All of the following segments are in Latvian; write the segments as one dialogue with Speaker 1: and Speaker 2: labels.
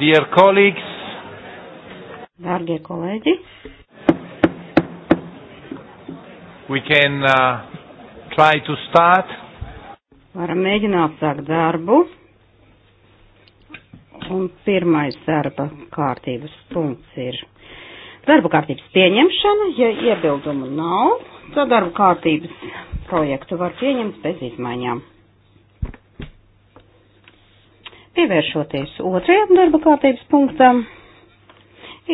Speaker 1: Dear colleagues,
Speaker 2: Dārgie kolēģi,
Speaker 1: we can uh, try to start.
Speaker 2: Varam mēģināt sākt darbu. Un pirmais darba kārtības punkts ir darba kārtības pieņemšana. Ja iebildumu nav, tad darba kārtības projektu var pieņemt bez izmaiņām. Pievēršoties otrajam darba kārtības punktam,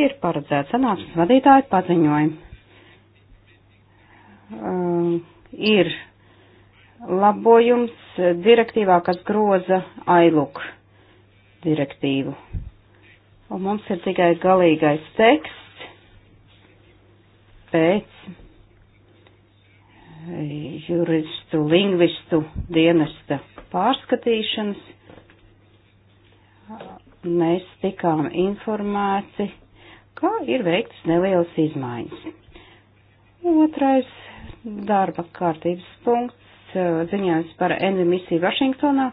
Speaker 2: ir paredzēts sanāksmes vadītāju paziņojumi. Uh, um, ir labojums direktīvā, kas groza ailuk direktīvu. Un mums ir tikai galīgais teksts pēc juristu, lingvistu dienesta pārskatīšanas mēs tikām informēti, ka ir veiktas nelielas izmaiņas. Otrais darba kārtības punkts uh, ziņojums par emisiju Vašingtonā.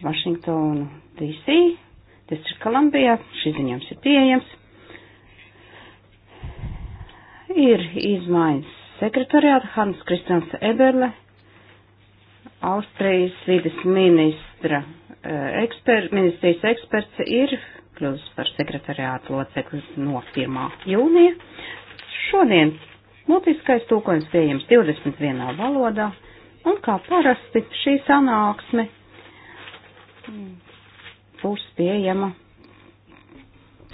Speaker 2: Vašingtonu DC, tas ir Kolumbijā, šis ziņojums ir pieejams. Ir izmaiņas sekretariāta Hans Kristians Eberle, Austrijas vides ministrs ministra, e, eksper, ministrijas eksperts ir kļuvis par sekretariātu locekli no 1. jūnija. Šodien mutiskais tūkojums pieejams 21. valodā, un kā parasti šī sanāksme būs pieejama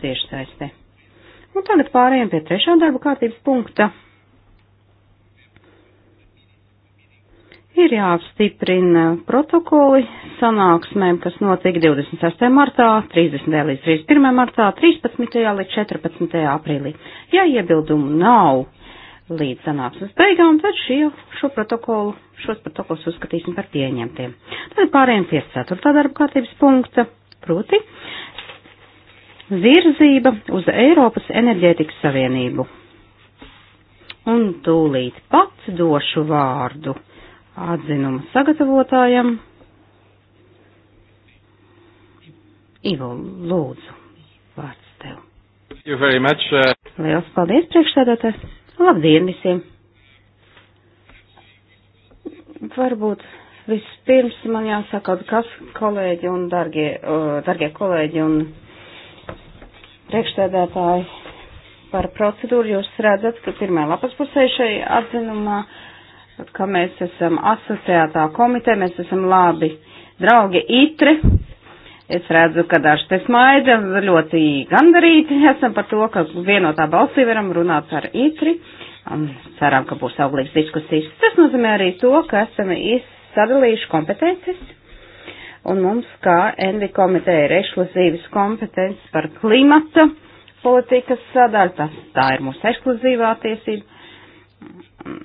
Speaker 2: tiešsaistē. Un tagad pārējiem pie trešā darba kārtības punkta. ir jāapstiprina protokoli sanāksmēm, kas notiek 26. martā, 30. līdz 31. martā, 13. līdz 14. aprīlī. Ja iebildumu nav līdz sanāksmes beigām, tad šie, šo protokolu, šos protokolus uzskatīsim par pieņemtiem. Tad pārējiem pie 4. darba kārtības punkta, proti virzība uz Eiropas enerģētikas savienību. Un tūlīt pats došu vārdu atzinuma sagatavotājam. Ivo, lūdzu, vārds tev.
Speaker 1: Much, uh... Liels
Speaker 2: paldies, priekšsēdētājs. Labdien visiem! Varbūt vispirms man jāsaka, kas kolēģi un dargie, uh, dargie kolēģi un priekšsēdētāji par procedūru. Jūs redzat, ka pirmā lapas pusē šai atzinumā uh, ka mēs esam asociētā komiteja, mēs esam labi draugi itri. Es redzu, ka daži te smaida, ļoti gandarīti esam par to, ka vienotā balsī varam runāt par itri. Un ceram, ka būs auglīgs diskusijas. Tas nozīmē arī to, ka esam sadalījuši kompetences. Un mums, kā Endi komiteja, ir ekskluzīvas kompetences par klimata politikas sadaļu. Tas, tā ir mūsu ekskluzīvā tiesība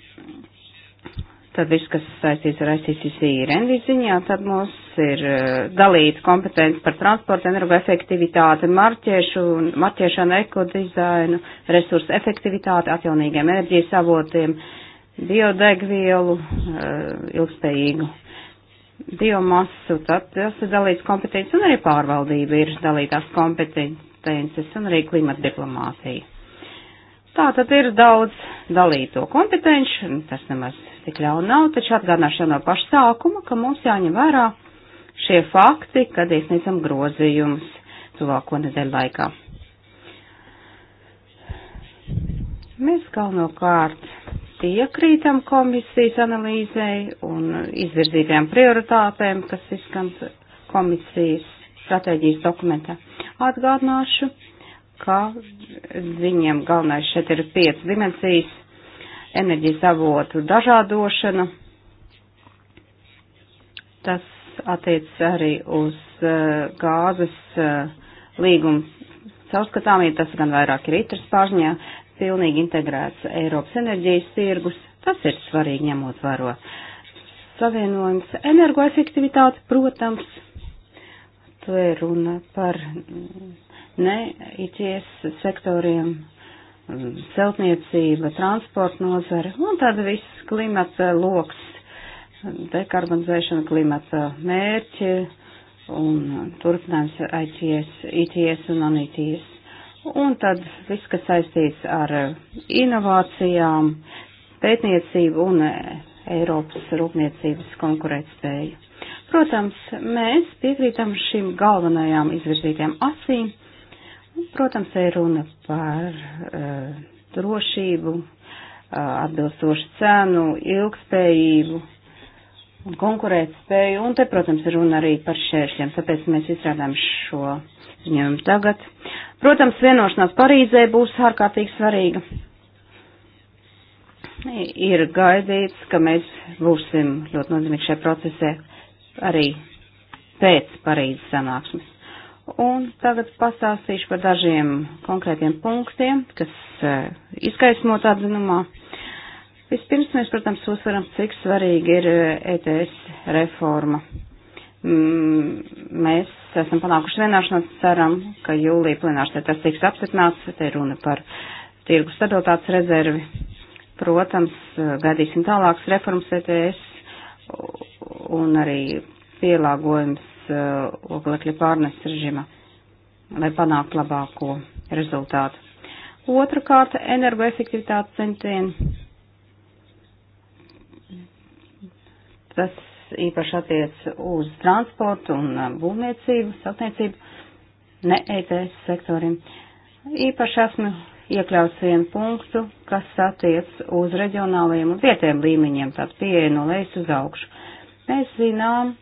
Speaker 2: Tad viss, kas saistīts ar ICCC ir Envi ziņā, tad mums ir eh, dalīta kompetence par transportu, energoefektivitāti, marķiešu, marķiešanu, ekodizainu, resursu efektivitāti, atjaunīgiem enerģijas avotiem, biodegvielu, eh, ilgspējīgu biomasu, tad tas ir dalīts kompetences un arī pārvaldība ir dalītās kompetences un arī klimata diplomātija. Tā tad ir daudz dalīto kompetenci, tas nemaz tik ļauni nav, taču atgādināšu no paša sākuma, ka mums jāņem vērā šie fakti, kad iesniedzam grozījumus tuvāko nedēļu laikā. Mēs galvenokārt piekrītam komisijas analīzei un izvirzītajām prioritātēm, kas izskan komisijas stratēģijas dokumentā. Atgādināšu, ka viņiem galvenais šeit ir piecas dimensijas - enerģijas avotu dažādošana. Tas attiec arī uz uh, gāzes uh, eh, līgumu caurskatāmību, tas gan vairāk ir itras pārziņā, pilnīgi integrēts Eiropas enerģijas tirgus, tas ir svarīgi ņemot vērā. Savienojums energoefektivitāte, protams, to ir runa par ne ITS sektoriem, mm, celtniecība, transporta nozare un tad viss klimata loks, dekarbonizēšana, klimata mērķi un turpinājums ITS, ITS un non-ITS. Un tad viss, kas saistīts ar inovācijām, pētniecību un Eiropas rūpniecības konkurētspēju. Protams, mēs piekrītam šīm galvenajām izvirzītām asīm Protams, ir runa par uh, drošību, uh, atbilstošu cenu, ilgspējību un konkurētspēju. Un te, protams, ir runa arī par šķēršļiem, tāpēc mēs izstrādājam šo ziņojumu tagad. Protams, vienošanās Parīzē būs ārkārtīgi svarīga. Ir gaidīts, ka mēs būsim ļoti nozīmīgi šajā procesē arī pēc Parīzes sanāksmes. Un tagad pastāstīšu par dažiem konkrētiem punktiem, kas eh, izgaismot atzinumā. Vispirms mēs, protams, uzsveram, cik svarīgi ir ETS eh, e reforma. Mm, mēs esam panākuši vienošanos, ceram, ka jūlija plenārs tas tiks apstiprināts, te runa par tirgu stabilitātes rezervi. Protams, gaidīsim tālākas reformas ETS un arī pielāgojums uh, oglekļa pārnes režima, lai panāktu labāko rezultātu. Otrakārt, energoefektivitātes centieni. Tas īpaši attiec uz transportu un uh, būvniecību, satniecību, ne ETS sektoriem. Īpaši esmu iekļauts vienu punktu, kas attiec uz reģionālajiem un vietējiem līmeņiem, tātad pieeja no lejas uz augšu. Mēs zinām,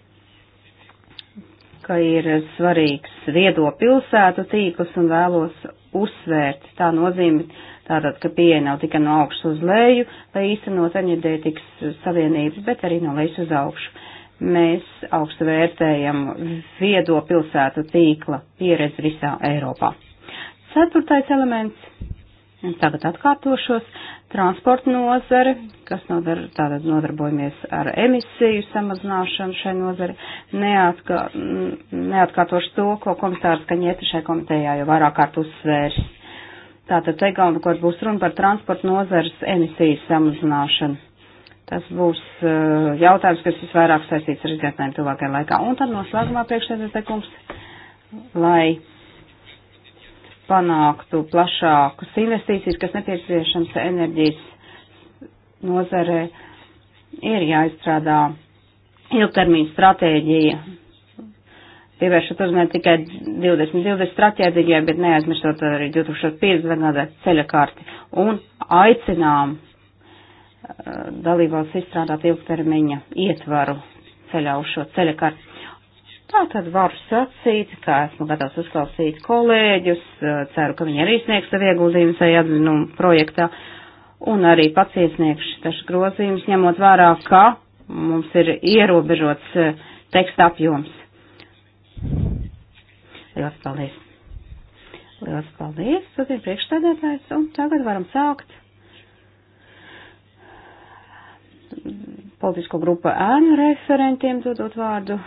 Speaker 2: ka ir svarīgs viedo pilsētu tīkls un vēlos uzsvērt tā nozīme, tātad, ka pieeja nav tikai no augšas uz leju, lai īstenot enerģētikas savienības, bet arī no lejas uz augšu. Mēs augstu vērtējam viedo pilsētu tīkla pieredzi visā Eiropā. Ceturtais elements Un tagad atkārtošos transporta nozari, kas nodar, tātad nodarbojamies ar emisiju samazināšanu šai nozari. Neatka, neatkārtošu to, ko komisārs Kaņieti šai komitejā jau vairāk kārt uzsvērs. Tātad te galvenokārt būs runa par transporta nozares emisiju samazināšanu. Tas būs uh, jautājums, kas visvairāk saistīts ar izgatnēm tuvākajā laikā. Un tad noslēgumā priekšsēdētājums, lai panāktu plašākas investīcijas, kas nepieciešams enerģijas nozarē, ir jāizstrādā ilgtermiņa stratēģija. Pievēršot uzmanību tikai 2020 stratēģijai, bet neaizmirstot arī 2050. gada ceļa karti. Un aicinām uh, dalībvalsts izstrādāt ilgtermiņa ietvaru ceļā uz šo ceļa karti. Tā tad varu sacīt, ka esmu gatavs uzklausīt kolēģus, ceru, ka viņi arī sniegs savu ieguldījumu vai atzinumu projektā, un arī pats iesniegšu tašu grozījumus, ņemot vērā, ka mums ir ierobežots teksta apjoms. Lielas paldies! Lielas paldies, sūtīt priekšstādētājs, un tagad varam sākt politisko grupu ēnu referentiem dodot vārdu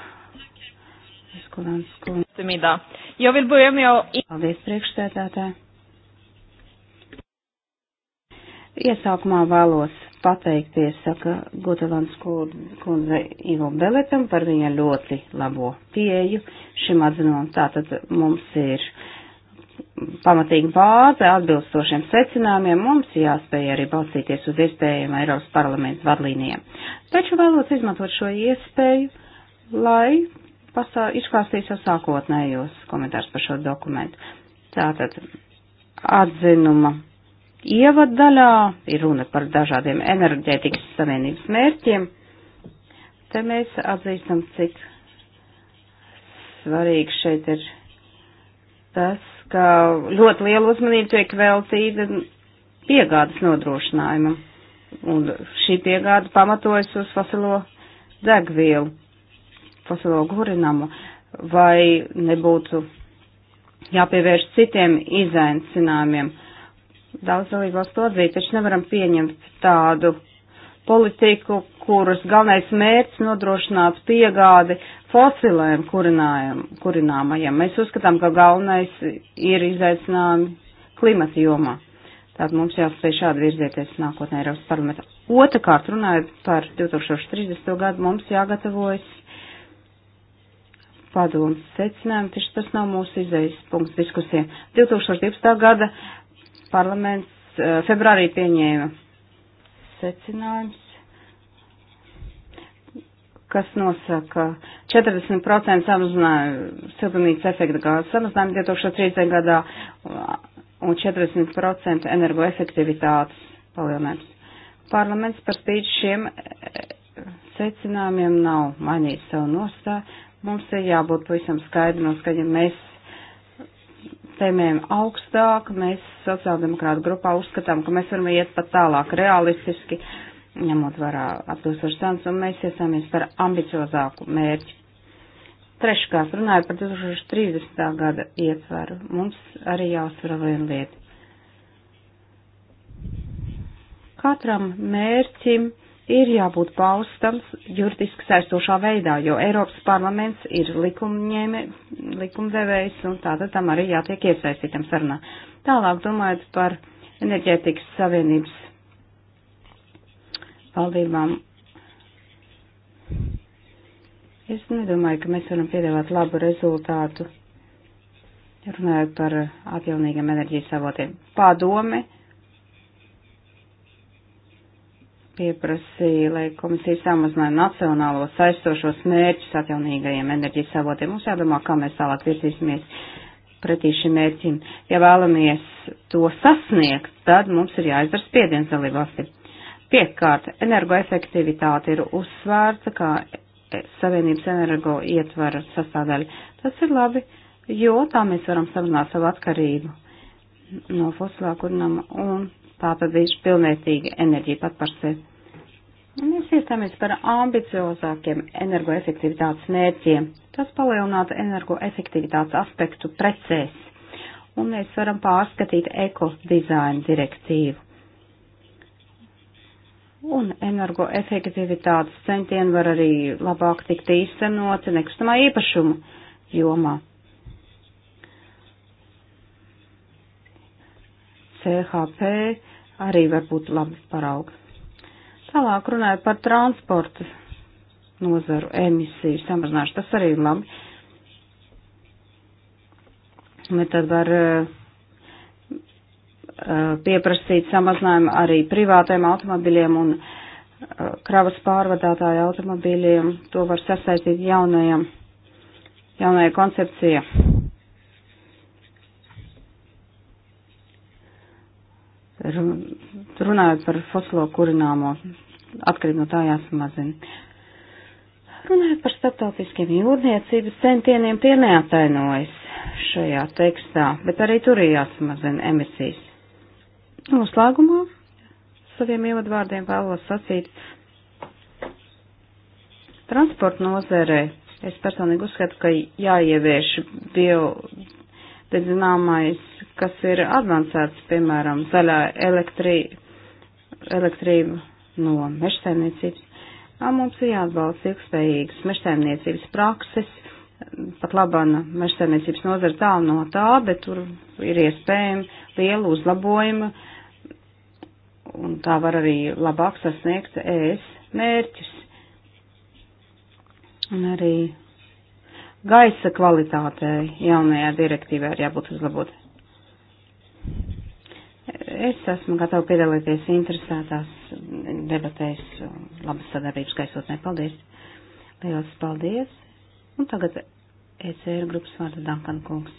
Speaker 2: Jag vill börja med att... Paldies, priekšstādātāji. Iesākumā vēlos pateikties, saka Gutelans kundze Ivo Beletam par viņa ļoti labo pieju šim atzinumam. Tātad mums ir pamatīga bāze atbilstošiem secinājumiem, mums jāspēj arī balstīties uz iespējām Eiropas parlamentu vadlīnijām. Taču vēlos izmantot šo iespēju, lai pasā, izklāstīju jau sākotnējos komentārus par šo dokumentu. Tātad atzinuma ievaddaļā ir runa par dažādiem enerģētikas savienības mērķiem. Te mēs atzīstam, cik svarīgi šeit ir tas, ka ļoti liela uzmanība tiek veltīta piegādes nodrošinājumam. Un šī piegāda pamatojas uz fosilo degvielu fosilo gurinamu, vai nebūtu jāpievērš citiem izaicinājumiem. Daudz dalībās to atzīt, taču nevaram pieņemt tādu politiku, kuras galvenais mērķis nodrošināt piegādi fosilēm kurināmajiem. Mēs uzskatām, ka galvenais ir izaicinājumi klimata jomā. Tātad mums jāspēj šādi virzieties nākotnē Eiropas parlamentā. Otrakārt, runājot par 2030. gadu, mums jāgatavojas padomas secinājumu, taču tas nav mūsu izējas punkts diskusijām. 2012. gada parlaments eh, februārī pieņēma secinājums, kas nosaka 40% samazinājumu siltumnīca efekta gāzes samazinājumu 2030. gadā un 40% energoefektivitātes palielinājums. Parlaments par spīti šiem
Speaker 3: eh,
Speaker 2: secinājumiem nav mainījis savu nostāju Mums ir jābūt pavisam skaidram, ka ja mēs tēmējam augstāk, mēs sociāldemokrātu grupā uzskatām, ka mēs varam iet pat tālāk realistiski, ņemot vērā atbilstošu cenas, un mēs iesāmies par ambiciozāku mērķi. Treškārt, runājot par 2030. gada ietveru, mums arī jāuzsver viena lieta. Katram mērķim ir jābūt paustams juridiski saistošā veidā, jo Eiropas parlaments ir likumņēme, likumdevējs un tātad tam arī jātiek iesaistītam sarunā. Tālāk domājot par enerģētikas savienības valdībām. Es nedomāju, ka mēs varam piedāvāt labu rezultātu, runājot par atjaunīgiem enerģijas avotiem. Pārdome pieprasīja, lai komisija samazināja nacionālo saistošos mērķus atjaunīgajiem enerģijas avotiem. Mums jādomā, kā mēs tālāk virzīsimies pretī šim mērķim. Ja vēlamies to sasniegt, tad mums ir jāizdara spiediens dalībvalstīm. Piekārt, energoefektivitāte ir uzsvērta kā Savienības energo ietvara sastāvdaļa. Tas ir labi, jo tā mēs varam samazināt savu atkarību no fosilā kurnama un tātad viņš pilnēcīga enerģija pat par sevi. Mēs iestāmies par ambiciozākiem energoefektivitātes mērķiem. Tas palielinātu energoefektivitātes aspektu precēs. Un mēs varam pārskatīt ekodizaina direktīvu. Un energoefektivitātes centieni var arī labāk tikt īstenoti nekustamā īpašuma jomā. CHP arī var būt labas parauga. Tālāk runājot par transporta nozaru emisiju samazināšanu, tas arī ir labi. Bet tad var uh, pieprasīt samazinājumu arī privātajiem automobiļiem un uh, kravas pārvadātāju automobiļiem. To var sasaistīt jaunajam, jaunajai koncepcijai. runājot par fosilo kurināmo, atkarību no tā jāsamazina. Runājot par starptautiskiem jūrniecības centieniem, tie neatainojas šajā tekstā, bet arī tur ir jāsamazina emisijas. Noslēgumā saviem ievadvārdiem vēlos sacīt, transporta nozērē es personīgi uzskatu, ka jāievieš bio, bet zināmais kas ir advancēts, piemēram, zaļā elektrī, elektrība no mežsaimniecības. Mums ir jāatbalsta ilgspējīgas mežsaimniecības prakses, pat labana mežsaimniecības nozara tālu no tā, bet tur ir iespējami liela uzlabojuma, un tā var arī labāk sasniegt ES mērķus. Un arī gaisa kvalitātei jaunajā direktīvā ir jābūt uzlabotai. Es esmu gatava piedalīties interesētās debatēs labas sadarbības gaisotnē. Paldies! Lielas paldies! Un tagad ECR grupas vārda Dankan Kungs.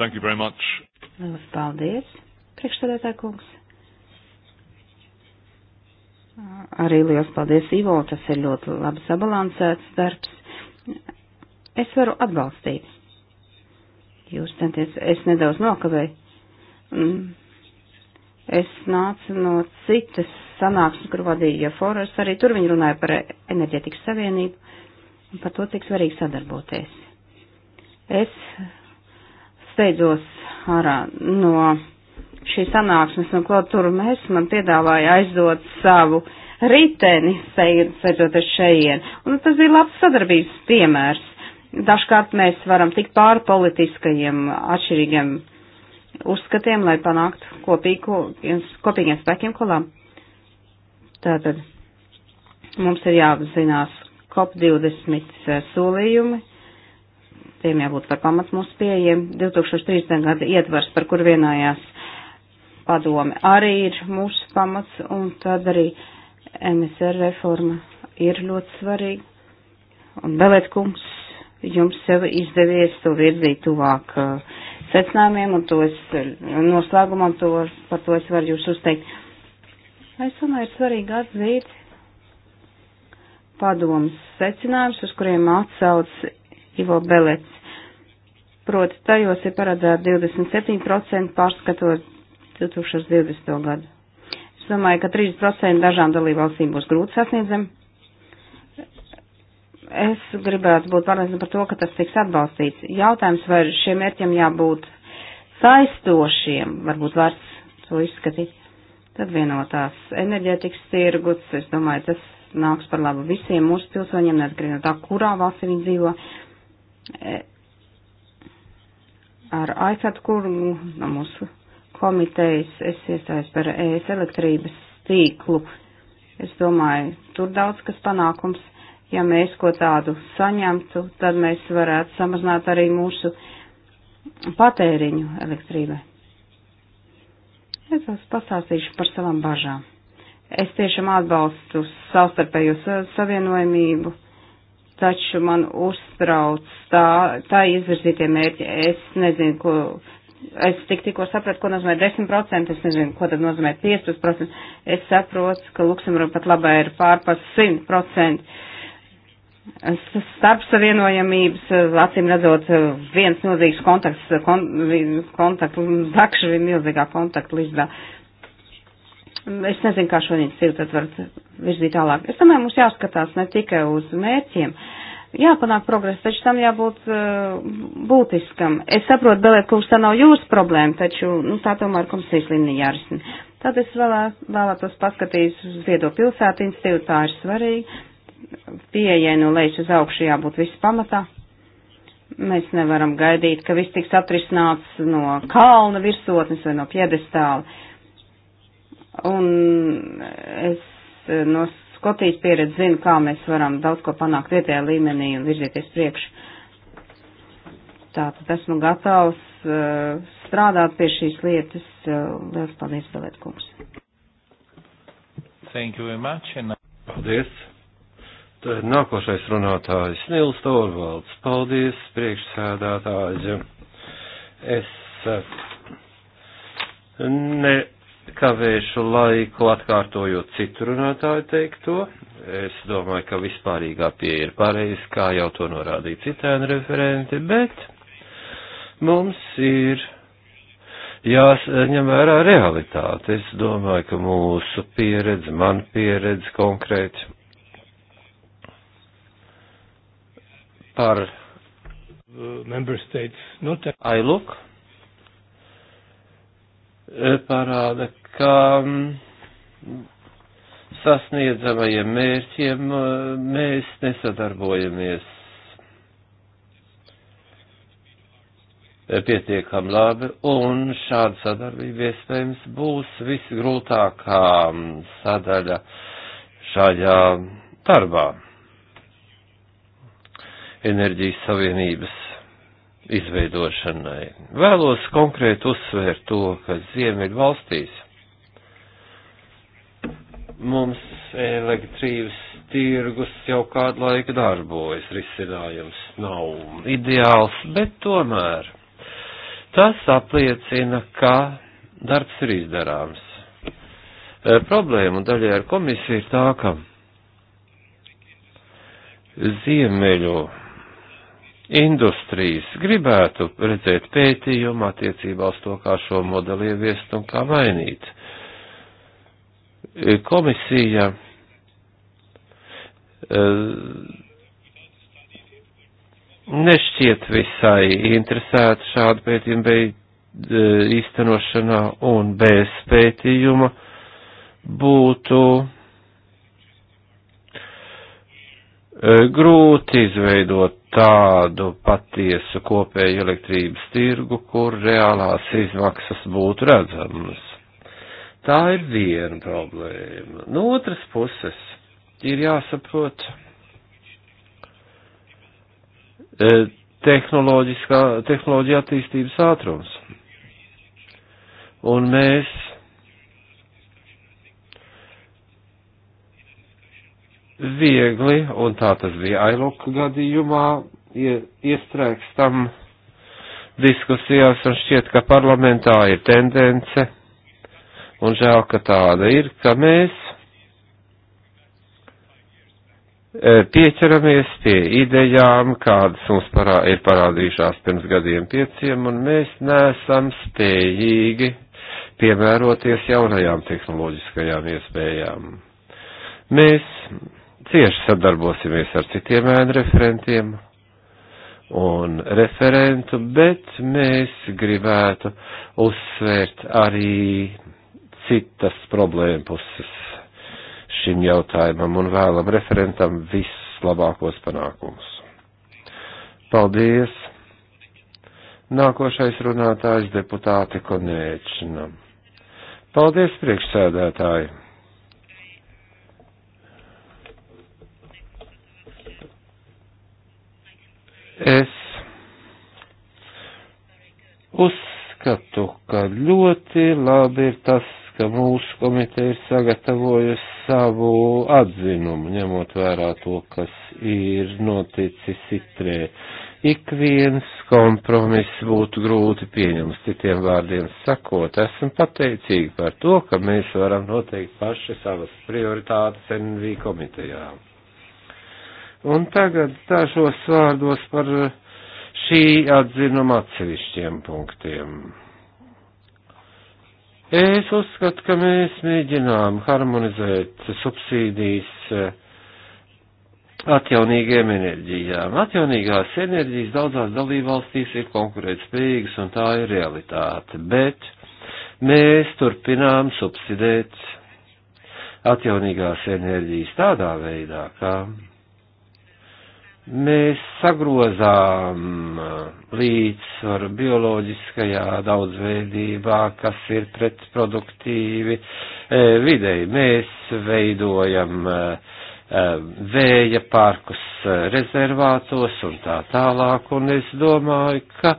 Speaker 4: Thank you very much.
Speaker 2: Lielas paldies! Priekšstādātā kungs. Arī liels paldies Ivo, tas ir ļoti labi sabalansēts darbs. Es varu atbalstīt. Jūs centies, es nedaudz nokavēju Mm. Es nācu no citas sanāksmes, kur vadīja Foras, arī tur viņi runāja par enerģetikas savienību un par to, cik svarīgi sadarboties. Es steidzos ārā no šīs sanāksmes, no ko tur mēs man piedāvāja aizdot savu riteni, steidzot ar šeien. Un tas bija labs sadarbības piemērs. Dažkārt mēs varam tikt pāri politiskajiem atšķirīgiem uzskatiem, lai panāktu kopīgu, kopīgiem spēkiem kolām. Tātad mums ir jāapzinās COP20 solījumi, tiem jābūt par pamats mūsu pieejiem. 2030. gada ietvars, par kur vienojās padome, arī ir mūsu pamats, un tad arī MSR reforma ir ļoti svarīga. Un Belēt kungs, jums jau izdevies to virzīt tuvāk uh, secinājumiem, un to es noslēgumā to, par to es varu jūs uzteikt. Es domāju, ir svarīgi atzīt padomus secinājumus, uz kuriem atsauc Ivo Belets. Proti, tajos ir paredzēta 27% pārskatot 2020. gadu. Es domāju, ka 3% dažām dalībvalstīm būs grūti sasniedzami Es gribētu būt pārliecināta par to, ka tas tiks atbalstīts. Jautājums, vai šiem mērķiem jābūt saistošiem, varbūt vārds to izskatīt. Tad vienotās enerģētikas tirgus, es domāju, tas nāks par labu visiem mūsu pilsoņiem, neatkarīgi no tā, kurā valstī viņi dzīvo. E, ar aicētu kurgu no mūsu komitejas es iestājos par ES elektrības tīklu. Es domāju, tur daudz kas panākums ja mēs ko tādu saņemtu, tad mēs varētu samazināt arī mūsu patēriņu elektrībai. Es jums pastāstīšu par savām bažām. Es tiešām atbalstu savstarpējo savienojumību, taču man uztrauc tā, tā izvirzītie mērķi. Es nezinu, ko, es tik tikko sapratu, ko nozīmē 10%, es nezinu, ko tad nozīmē 15%. Es saprotu, ka Luksemburga pat labā ir pārpas 100% starpsavienojamības, eh, acīm redzot, eh, viens milzīgs kontakts, eh, kon, kontaktu, dakšu bija milzīgā kontaktu līdzdā. Es nezinu, kā šodien sirds varat virzīt tālāk. Es domāju, mums jāskatās ne tikai uz mērķiem. Jāpanāk progress, taču tam jābūt uh, būtiskam. Es saprotu, Belēt, kungs, tā nav jūsu problēma, taču nu, tā tomēr komisijas līmenī jārisina. Tad es vēlā, vēlētos paskatīties uz Viedo pilsētu institūtu, tā ir svarīgi pieejai no nu, lejas uz augšu jābūt viss pamatā. Mēs nevaram gaidīt, ka viss tiks atrisināts no kalna virsotnes vai no piedestāla. Un es no Skotijas pieredzes zinu, kā mēs varam daudz ko panākt vietējā līmenī un virzieties priekšu. Tātad esmu gatavs uh, strādāt pie šīs lietas. Uh, liels paldies, Belēt kungs.
Speaker 1: Thank you very much. And... Paldies. Tad nākošais runātājs Nils Torvalds. Paldies, priekšsēdētāji. Es eh, nekavēšu laiku atkārtojot citu runātāju teikto. Es domāju, ka vispārīgā pieeja ir pareizi, kā jau to norādīja citēna referenti, bet mums ir jāņem vērā realitāte. Es domāju, ka mūsu pieredze, man pieredze konkrēti par
Speaker 4: uh,
Speaker 1: ailuk e, parāda, ka mm, sasniedzamajiem mērķiem e, mēs nesadarbojamies e, pietiekam labi, un šāda sadarbība iespējams būs visgrūtākā mm, sadaļa šajā darbā enerģijas savienības izveidošanai. Vēlos konkrēti uzsvērt to, ka Ziemeļu valstīs mums elektrības tirgus jau kādu laiku darbojas, risinājums nav ideāls, bet tomēr tas apliecina, ka darbs ir izdarāms. E, problēma daļai ar komisiju ir tā, ka ziemeļu industrijas gribētu redzēt pētījumu attiecībā uz to, kā šo modeli ieviest un kā mainīt. Komisija eh, nešķiet visai interesēta šādu pētījumu eh, īstenošanā un bez pētījuma būtu eh, grūti izveidot tādu patiesu kopēju elektrības tirgu, kur reālās izmaksas būtu redzamas. Tā ir viena problēma. No otras puses, ir jāsaprot e, tehnoloģiskā, tehnoloģija attīstības ātrums. Un mēs viegli, un tā tas bija Ailoka gadījumā, iestrēgstam diskusijās, un šķiet, ka parlamentā ir tendence, un žēl, ka tāda ir, ka mēs e, pieķeramies pie idejām, kādas mums parā, ir parādījušās pirms gadiem pieciem, un mēs nesam spējīgi piemēroties jaunajām tehnoloģiskajām iespējām. Mēs cieši sadarbosimies ar citiem ēnu referentiem un referentu, bet mēs gribētu uzsvērt arī citas problēma puses šim jautājumam un vēlam referentam vislabākos panākumus. Paldies! Nākošais runātājs deputāte Konēčina. Paldies, priekšsēdētāji! Es uzskatu, ka ļoti labi ir tas, ka mūsu komiteja ir sagatavojusi savu atzinumu, ņemot vērā to, kas ir noticis itrē. Ik viens kompromiss būtu grūti pieņems, citiem vārdiem sakot, esmu pateicīgi par to, ka mēs varam noteikt paši savas prioritātes NV komitejām. Un tagad dažos vārdos par eh, šī atzinuma atsevišķiem punktiem. Es uzskatu, ka mēs mēģinām harmonizēt subsīdijas eh, atjaunīgiem enerģijām. Atjaunīgās enerģijas daudzās dalībvalstīs ir konkurētspējīgas un tā ir realitāte, bet mēs turpinām subsidēt atjaunīgās enerģijas tādā veidā, kā mēs sagrozām uh, līdzsvaru bioloģiskajā daudzveidībā, kas ir pretproduktīvi uh, videi. Mēs veidojam uh, vēja parkus rezervātos un tā tālāk, un es domāju, ka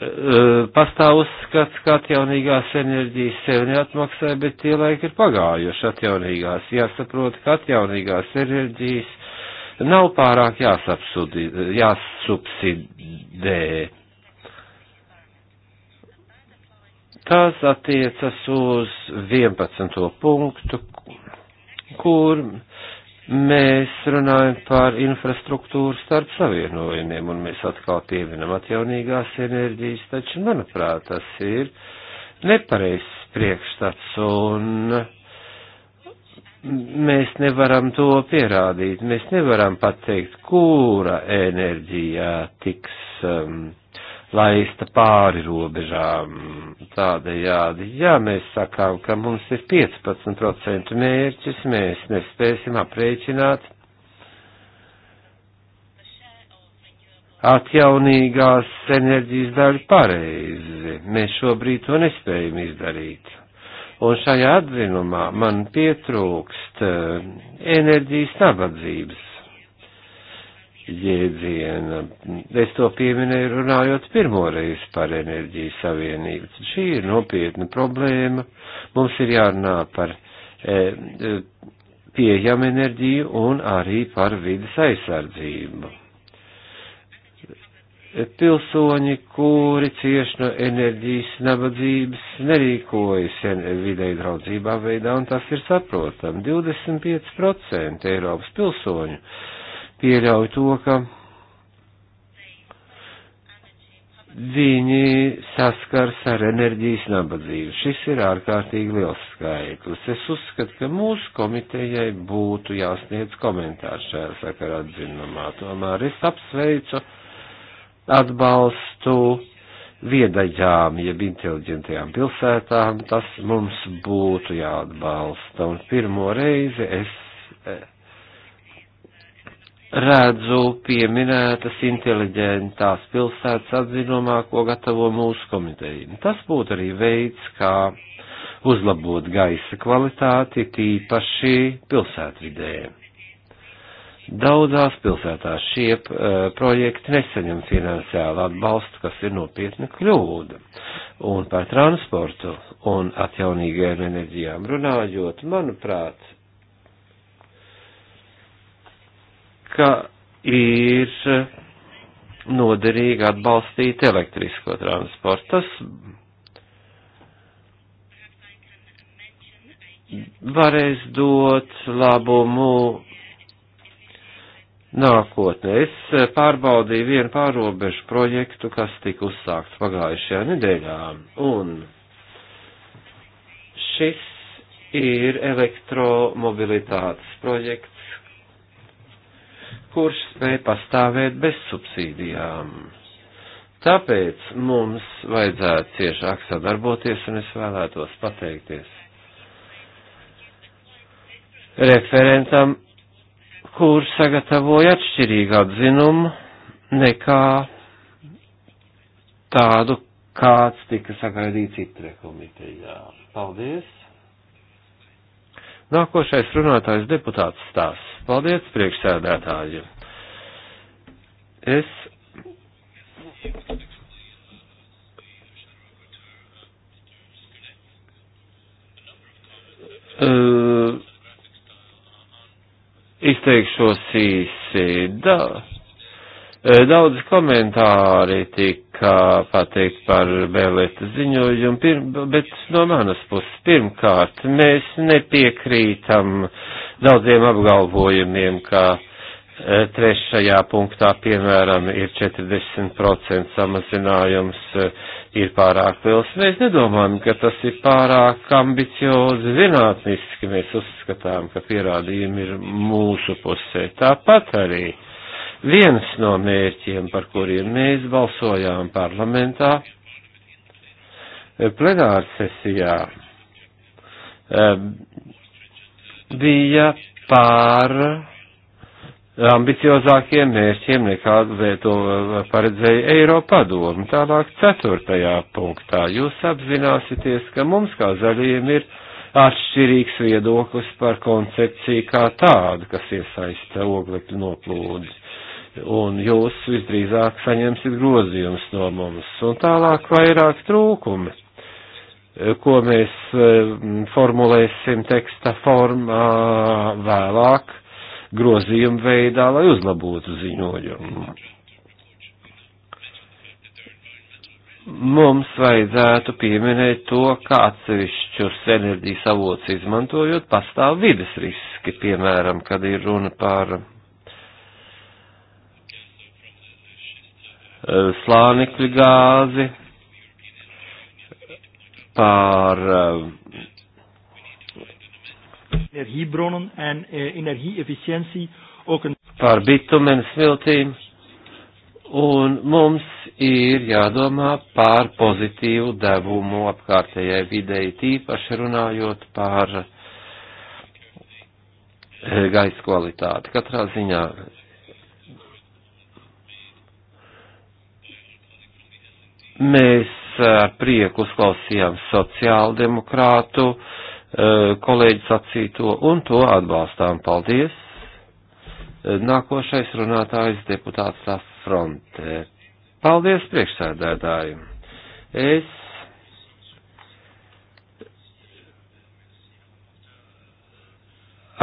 Speaker 1: Eh, pastāv uzskats, ka atjaunīgās enerģijas sev neatmaksā, bet tie laiki ir pagājuši atjaunīgās. Jāsaprot, ka atjaunīgās enerģijas nav pārāk jāsapsudi, jāsubsidē. Tās attiecas uz 11. punktu, kur mēs runājam par infrastruktūru starp savienojumiem, un mēs atkal pieminam atjaunīgās enerģijas, taču, manuprāt, tas ir nepareizs priekšstats, un mēs nevaram to pierādīt, mēs nevaram pateikt, kura enerģijā tiks um, laista pāri robežām. Tādējādi, ja mēs sakām, ka mums ir 15% mērķis, mēs nespēsim aprēķināt atjaunīgās enerģijas daļu pareizi. Mēs šobrīd to nespējam izdarīt. Un šajā atzinumā man pietrūkst eh, enerģijas nabadzības jēdziena. Es to pieminēju runājot pirmoreiz par enerģijas savienību. Šī ir nopietna problēma. Mums ir jārunā par e, e, pieejamu enerģiju un arī par vidas aizsardzību. Pilsoņi, kuri cieši no enerģijas nabadzības, nerīkojas videi draudzībā veidā, un tas ir saprotam. 25% Eiropas pilsoņu pieļauj to, ka viņi saskars ar enerģijas nabadzību. Šis ir ārkārtīgi liels skaitlis. Es uzskatu, ka mūsu komitejai būtu jāsniedz komentārs šajā sakarā atzinumā. Tomēr es apsveicu atbalstu viedaģām, jeb inteliģentajām pilsētām, tas mums būtu jāatbalsta. Un pirmo reizi es redzu pieminētas inteliģentās pilsētas atzinumā, ko gatavo mūsu komiteja. Tas būtu arī veids, kā uzlabot gaisa kvalitāti, tīpaši pilsētvidē. Daudzās pilsētās šie uh, projekti nesaņem finansiālu atbalstu, kas ir nopietna kļūda. Un par transportu un atjaunīgajām enerģijām runājot, manuprāt, ka ir noderīgi atbalstīt elektrisko transportu. Tas varēs dot labumu nākotnē. Es pārbaudīju vienu pārobežu projektu, kas tika uzsākts pagājušajā nedēļā, un šis ir elektromobilitātes projekts kurš spēj pastāvēt bez subsīdijām. Tāpēc mums vajadzētu ciešāk sadarboties, un es vēlētos pateikties referentam, kurš sagatavoja atšķirīgu atzinumu nekā tādu, kāds tika sagaidīts itre komitejā. Paldies! Nākošais runātājs deputāts stāsts. Paldies, priekšsēdētāji. Es Uh, izteikšos īsi. Da, eh, daudz komentāri tik kā pateikt par Bēlēta ziņojumu, pirm, bet no manas puses pirmkārt mēs nepiekrītam daudziem apgalvojumiem, ka e, trešajā punktā, piemēram, ir 40% samazinājums, e, ir pārāk liels. Mēs nedomājam, ka tas ir pārāk ambiciozi zinātniski, mēs uzskatām, ka pierādījumi ir mūsu pusē. Tāpat arī Viens no mērķiem, par kuriem mēs balsojām parlamentā, plenāra sesijā, eh, bija pār ambiciozākiem mērķiem nekā to paredzēja Eiropadomu. Tālāk ceturtajā punktā jūs apzināsieties, ka mums kā zaļiem ir atšķirīgs viedoklis par koncepciju kā tādu, kas iesaista oglekļu noplūdi un jūs visdrīzāk saņemsiet grozījumus no mums. Un tālāk vairāk trūkumi, eh, ko mēs eh, formulēsim teksta formā vēlāk grozījumu veidā, lai uzlabotu ziņojumu. Mums vajadzētu pieminēt to, kā atsevišķus enerģijas avots izmantojot, pastāv vides riski, piemēram, kad ir runa par Eh, slānekļa gāzi, par eh,
Speaker 3: energiebronnen en eh,
Speaker 1: energieefficiëntie ook een par bitumen smiltīm. Un mums ir jādomā par pozitīvu devumu apkārtējai videi, tīpaši runājot par gaisa kvalitāti. Katrā ziņā Mēs ar prieku uzklausījām sociāldemokrātu kolēģi sacīto un to atbalstām. Paldies! Nākošais runātājs deputāts Lafronte. Paldies priekšsēdētāji! Es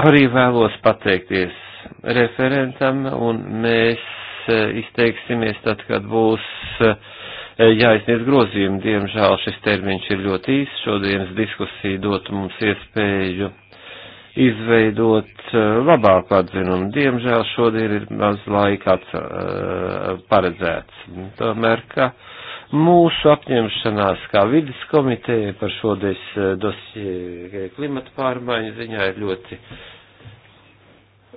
Speaker 1: arī vēlos pateikties referentam, un mēs izteiksimies tad, kad būs uh, Eh, jāizniedz grozījumi. Diemžēl šis termiņš ir ļoti īss. Šodienas diskusija dot mums iespēju izveidot eh, labāku atzinumu. Diemžēl šodien ir maz laika eh, paredzēts. Tomēr, ka mūsu apņemšanās kā vidas komiteja par šodien dosie klimata pārmaiņu ziņā ir ļoti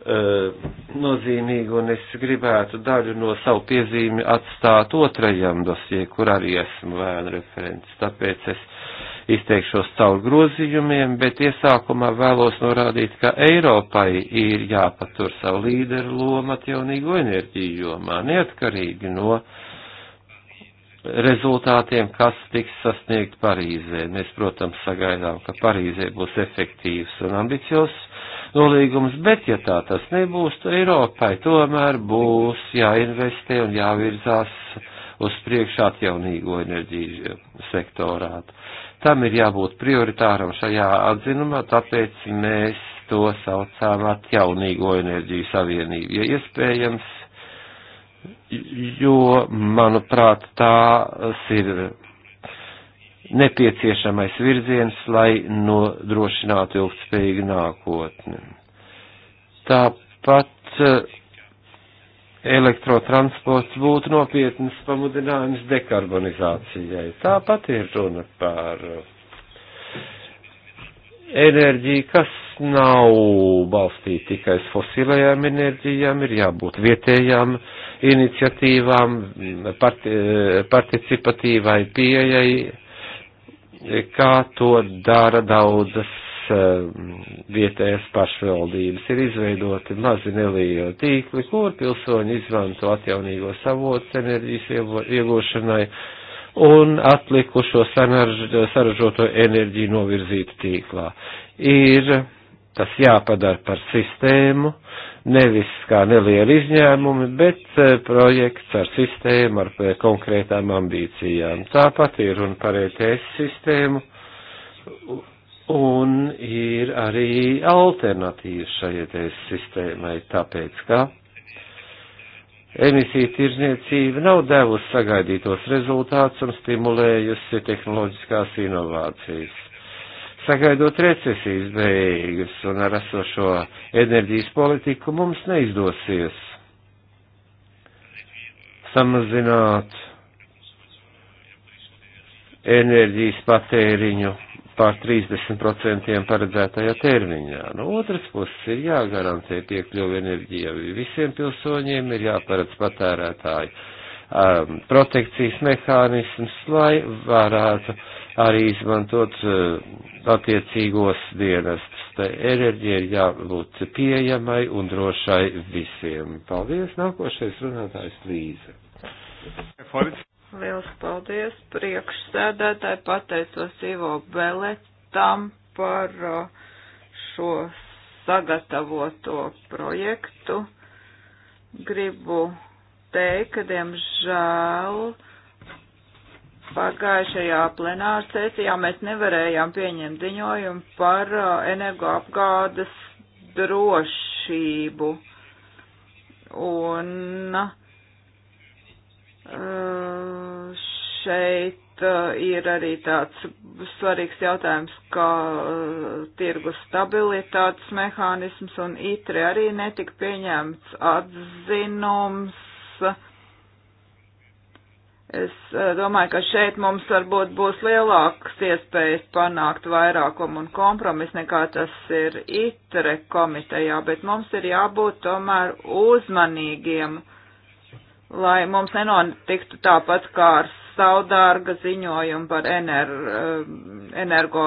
Speaker 1: Eh, nozīmīgi, un es gribētu daļu no savu piezīmi atstāt otrajam dosie, kur arī esmu vēna referents. Tāpēc es izteikšos caur grozījumiem, bet iesākumā vēlos norādīt, ka Eiropai ir jāpatur savu līderu lomu atjaunīgo enerģiju jomā, neatkarīgi no rezultātiem, kas tiks sasniegt Parīzē. Mēs, protams, sagaidām, ka Parīzē būs efektīvs un ambiciozs nolīgums, bet ja tā tas nebūs, tad Eiropai tomēr būs jāinvestē un jāvirzās uz priekšu atjaunīgo enerģiju sektorā. Tam ir jābūt prioritāram šajā atzinumā, tāpēc mēs to saucām atjaunīgo enerģiju savienību, ja iespējams, jo, manuprāt, tās ir nepieciešamais virziens, lai nodrošinātu ilgspējīgu nākotni. Tāpat eh, elektrotransports būtu nopietnas pamudinājums dekarbonizācijai. Tāpat ir runa par eh, enerģiju, kas nav balstīta tikai uz fosilajām enerģijām, ir jābūt vietējām iniciatīvām, part, eh, participatīvai pieejai kā to dara daudzas eh, vietējās pašvaldības. Ir izveidoti mazi nelieli tīkli, kur pilsoņi izmanto atjaunīgos avotus enerģijas iegūšanai un atlikušo saražoto enerģiju novirzītu tīklā. Ir tas jāpadara par sistēmu, uh, nevis kā nelieli izņēmumi, bet eh, projekts ar sistēmu, ar eh, konkrētām ambīcijām. Tāpat ir un par ETS sistēmu, un ir arī alternatīvas šai ETS sistēmai, tāpēc kā emisiju tirzniecība nav devusi sagaidītos rezultātus un stimulējusi tehnoloģiskās inovācijas sagaidot recesijas beigas un ar esošo enerģijas politiku mums neizdosies samazināt enerģijas patēriņu pār 30% paredzētajā termiņā. No otras puses ir jāgarantē piekļuvi enerģijai visiem pilsoņiem, ir jāparedz patērētāju um, protekcijas mehānisms, lai varētu arī izmantot uh, attiecīgos dienestus. Tā enerģija ir jābūt pieejamai un drošai visiem. Paldies, nākošais runātājs Līze.
Speaker 5: Liels paldies priekšsēdētāji, pateicos Ivo Beletam par uh, šo sagatavoto projektu. Gribu teikt, ka diemžēl pagājušajā plenāra sesijā mēs nevarējām pieņemt ziņojumu par uh, energoapgādes drošību. Un uh, šeit uh, ir arī tāds svarīgs jautājums, kā tirgus stabilitātes mehānisms un itri arī netika pieņemts atzinums Es eh, domāju, ka šeit mums varbūt būs lielākas iespējas panākt vairākumu un kompromisu nekā tas ir itre komitejā, bet mums ir jābūt tomēr uzmanīgiem, lai mums nenotiktu tāpat kā ar saudārga ziņojumu par ener, eh, energo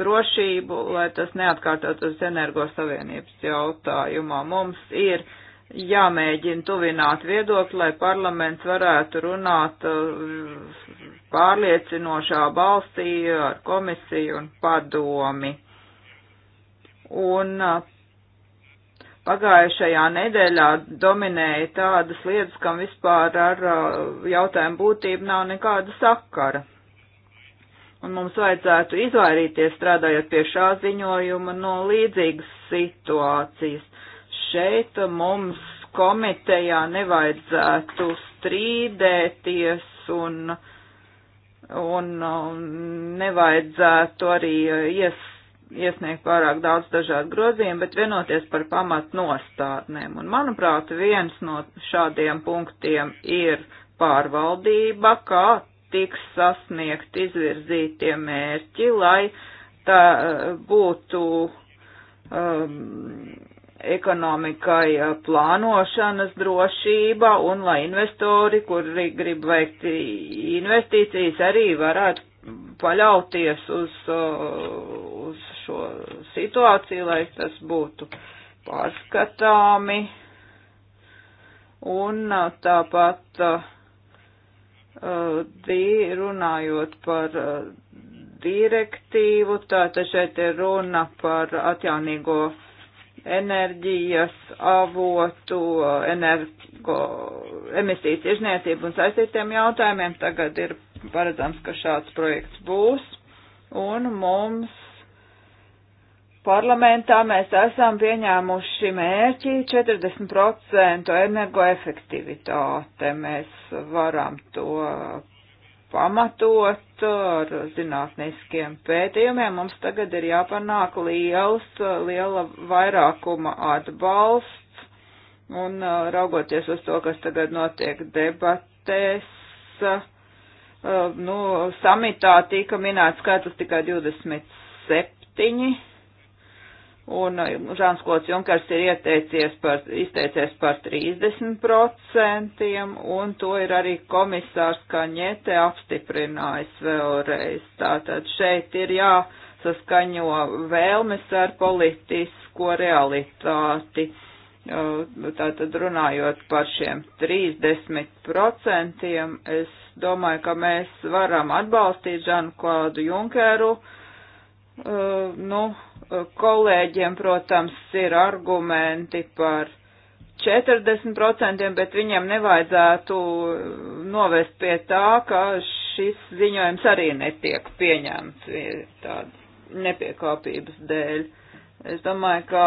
Speaker 5: drošību, lai tas neatkārtotos energo savienības jautājumā. Mums ir jāmēģina tuvināt viedokli, lai parlaments varētu runāt uh, pārliecinošā balstī ar komisiju un padomi. Un uh, pagājušajā nedēļā dominēja tādas lietas, kam vispār ar uh, jautājumu būtību nav nekāda sakara. Un mums vajadzētu izvairīties strādājot pie šā ziņojuma no līdzīgas situācijas šeit mums komitejā nevajadzētu strīdēties un, un nevajadzētu arī ies, iesniegt pārāk daudz dažādu grozījumu, bet vienoties par pamat nostādnēm. Un, manuprāt, viens no šādiem punktiem ir pārvaldība, kā tiks sasniegt izvirzītie mērķi, lai tā būtu um, ekonomikai eh, plānošanas drošība un lai investori, kuri grib veikt investīcijas, arī varētu paļauties uz, eh, uz šo situāciju, lai tas būtu pārskatāmi. Un eh, tāpat runājot par direktīvu, tātad šeit ir runa par atjaunīgo enerģijas avotu, energo, emisiju tiešniecību un saistītiem jautājumiem. Tagad ir paredzams, ka šāds projekts būs. Un mums parlamentā mēs esam pieņēmuši mērķi 40% energoefektivitāte. Mēs varam to pamatot ar zinātniskiem pētījumiem. Mums tagad ir jāpanāk liels, liela vairākuma atbalsts, un uh, raugoties uz to, kas tagad notiek debatēs, uh, nu, samitā tika minēts skaitlis tikai 27 Un uh, Žāns Klots Junkars ir ieteicies par, izteicies par 30%, un to ir arī komisārs Kaņete apstiprinājis vēlreiz. Tātad šeit ir jāsaskaņo vēlmes ar politisko realitāti. Uh, tātad runājot par šiem 30%, es domāju, ka mēs varam atbalstīt Žanu Klādu Junkeru. Uh, nu, kolēģiem, protams, ir argumenti par 40%, bet viņiem nevajadzētu novest pie tā, ka šis ziņojums arī netiek pieņemts tādas nepiekāpības dēļ. Es domāju, ka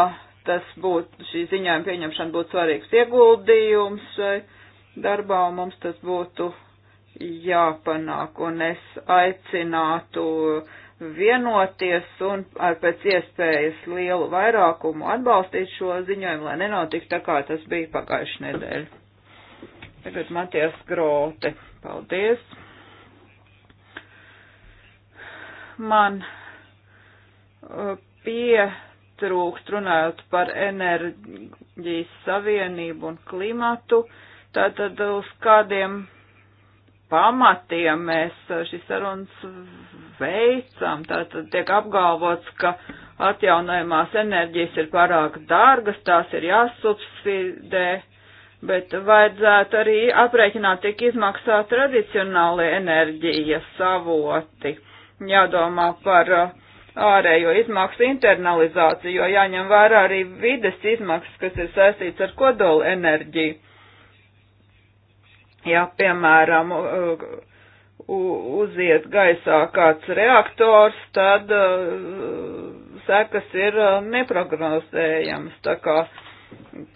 Speaker 5: tas būtu, šī ziņojuma pieņemšana būtu svarīgs ieguldījums šai darbā, un mums tas būtu jāpanāk, un es aicinātu uh, vienoties un ar pēc iespējas lielu vairākumu atbalstīt šo ziņojumu, lai nenotiktu tā kā tas bija pagājuši nedēļ. Tagad Matijas Grote. Paldies. Man uh, pietrūkst runājot par enerģijas savienību un klimatu, tātad uz kādiem pamatiem mēs uh, šīs sarunas veicam. Tātad tiek apgalvots, ka atjaunojumās enerģijas ir pārāk dārgas, tās ir jāsubsidē, bet vajadzētu arī aprēķināt, tiek izmaksā tradicionāli enerģijas savoti. Jādomā par uh, ārējo izmaksu internalizāciju, jo jāņem vērā arī vides izmaksas, kas ir saistīts ar kodola enerģiju. Ja, piemēram, uh, uziet gaisā kāds reaktors, tad uh, sekas ir uh, neprognozējamas. Tā kā,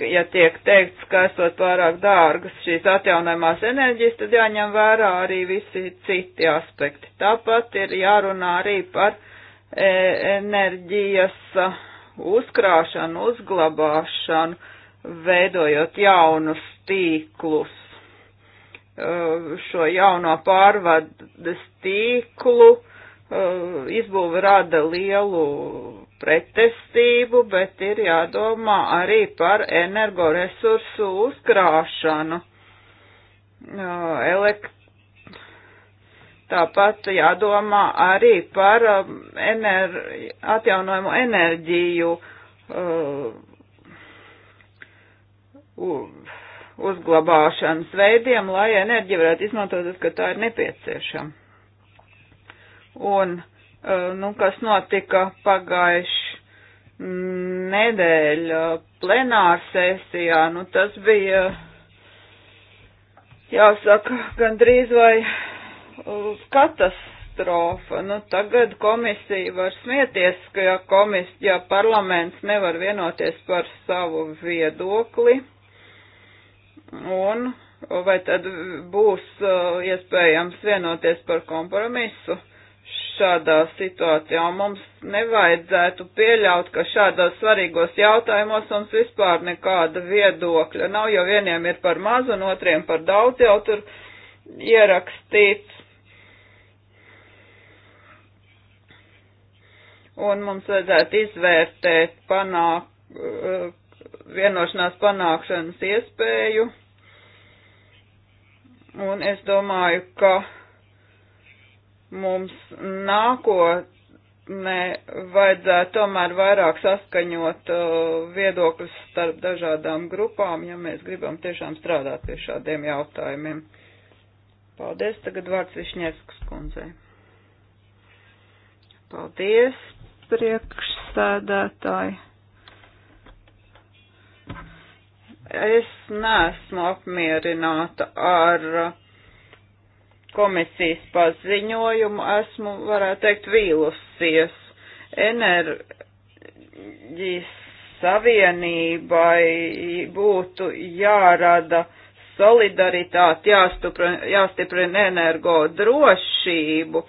Speaker 5: ja tiek teikts, ka esot pārāk dārgas šīs atjaunojumās enerģijas, tad jāņem vērā arī visi citi aspekti. Tāpat ir jārunā arī par e, enerģijas uh, uzkrāšanu, uzglabāšanu, veidojot jaunus tīklus Uh, šo jauno pārvades tīklu uh, izbūve rada lielu pretestību, bet ir jādomā arī par energoresursu uzkrāšanu. Uh, elekt Tāpat jādomā arī par um, ener atjaunojumu enerģiju uh, uzglabāšanas veidiem, lai enerģija varētu izmantot, kad tā ir nepieciešama. Un, eh, nu, kas notika pagājuši mm, nedēļa eh, plenārsēsijā, nu, tas bija, jāsaka, gandrīz vai eh, katastrofa. Nu, tagad komisija var smieties, ka ja, komis, ja parlaments nevar vienoties par savu viedokli Un vai tad būs uh, iespējams vienoties par kompromisu šādā situācijā? Mums nevajadzētu pieļaut, ka šādos svarīgos jautājumos mums vispār nekāda viedokļa nav, jo vieniem ir par maz un otriem par daudz jau tur ierakstīts. Un mums vajadzētu izvērtēt panāk, uh, vienošanās panākšanas iespēju. Un es domāju, ka mums nākotnē vajadzētu tomēr vairāk saskaņot uh, viedokļus starp dažādām grupām, ja mēs gribam tiešām strādāt pie šādiem jautājumiem. Paldies, tagad vārds Višņevskas kundzei. Paldies, priekšsēdētāji. Es neesmu apmierināta ar komisijas paziņojumu, esmu, varētu teikt, vīlusies. Enerģijas savienībai būtu jārada solidaritāte, jāstiprina, jāstiprina energo drošību.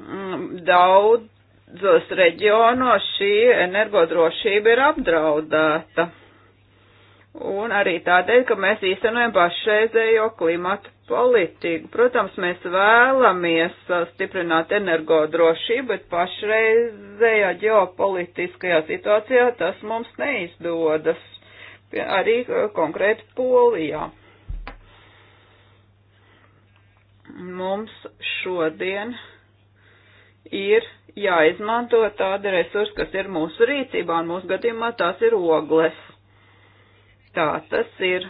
Speaker 5: Mm, daudzos reģionos šī energodrošība ir apdraudēta un arī tādēļ, ka mēs īstenojam pašreizējo klimatu politiku. Protams, mēs vēlamies uh, stiprināt energodrošību, bet pašreizējā ģeopolitiskajā situācijā tas mums neizdodas, arī uh, konkrēti Polijā. Mums šodien ir jāizmanto tādi resursi, kas ir mūsu rīcībā, un mūsu gadījumā tās ir ogles Tā tas ir.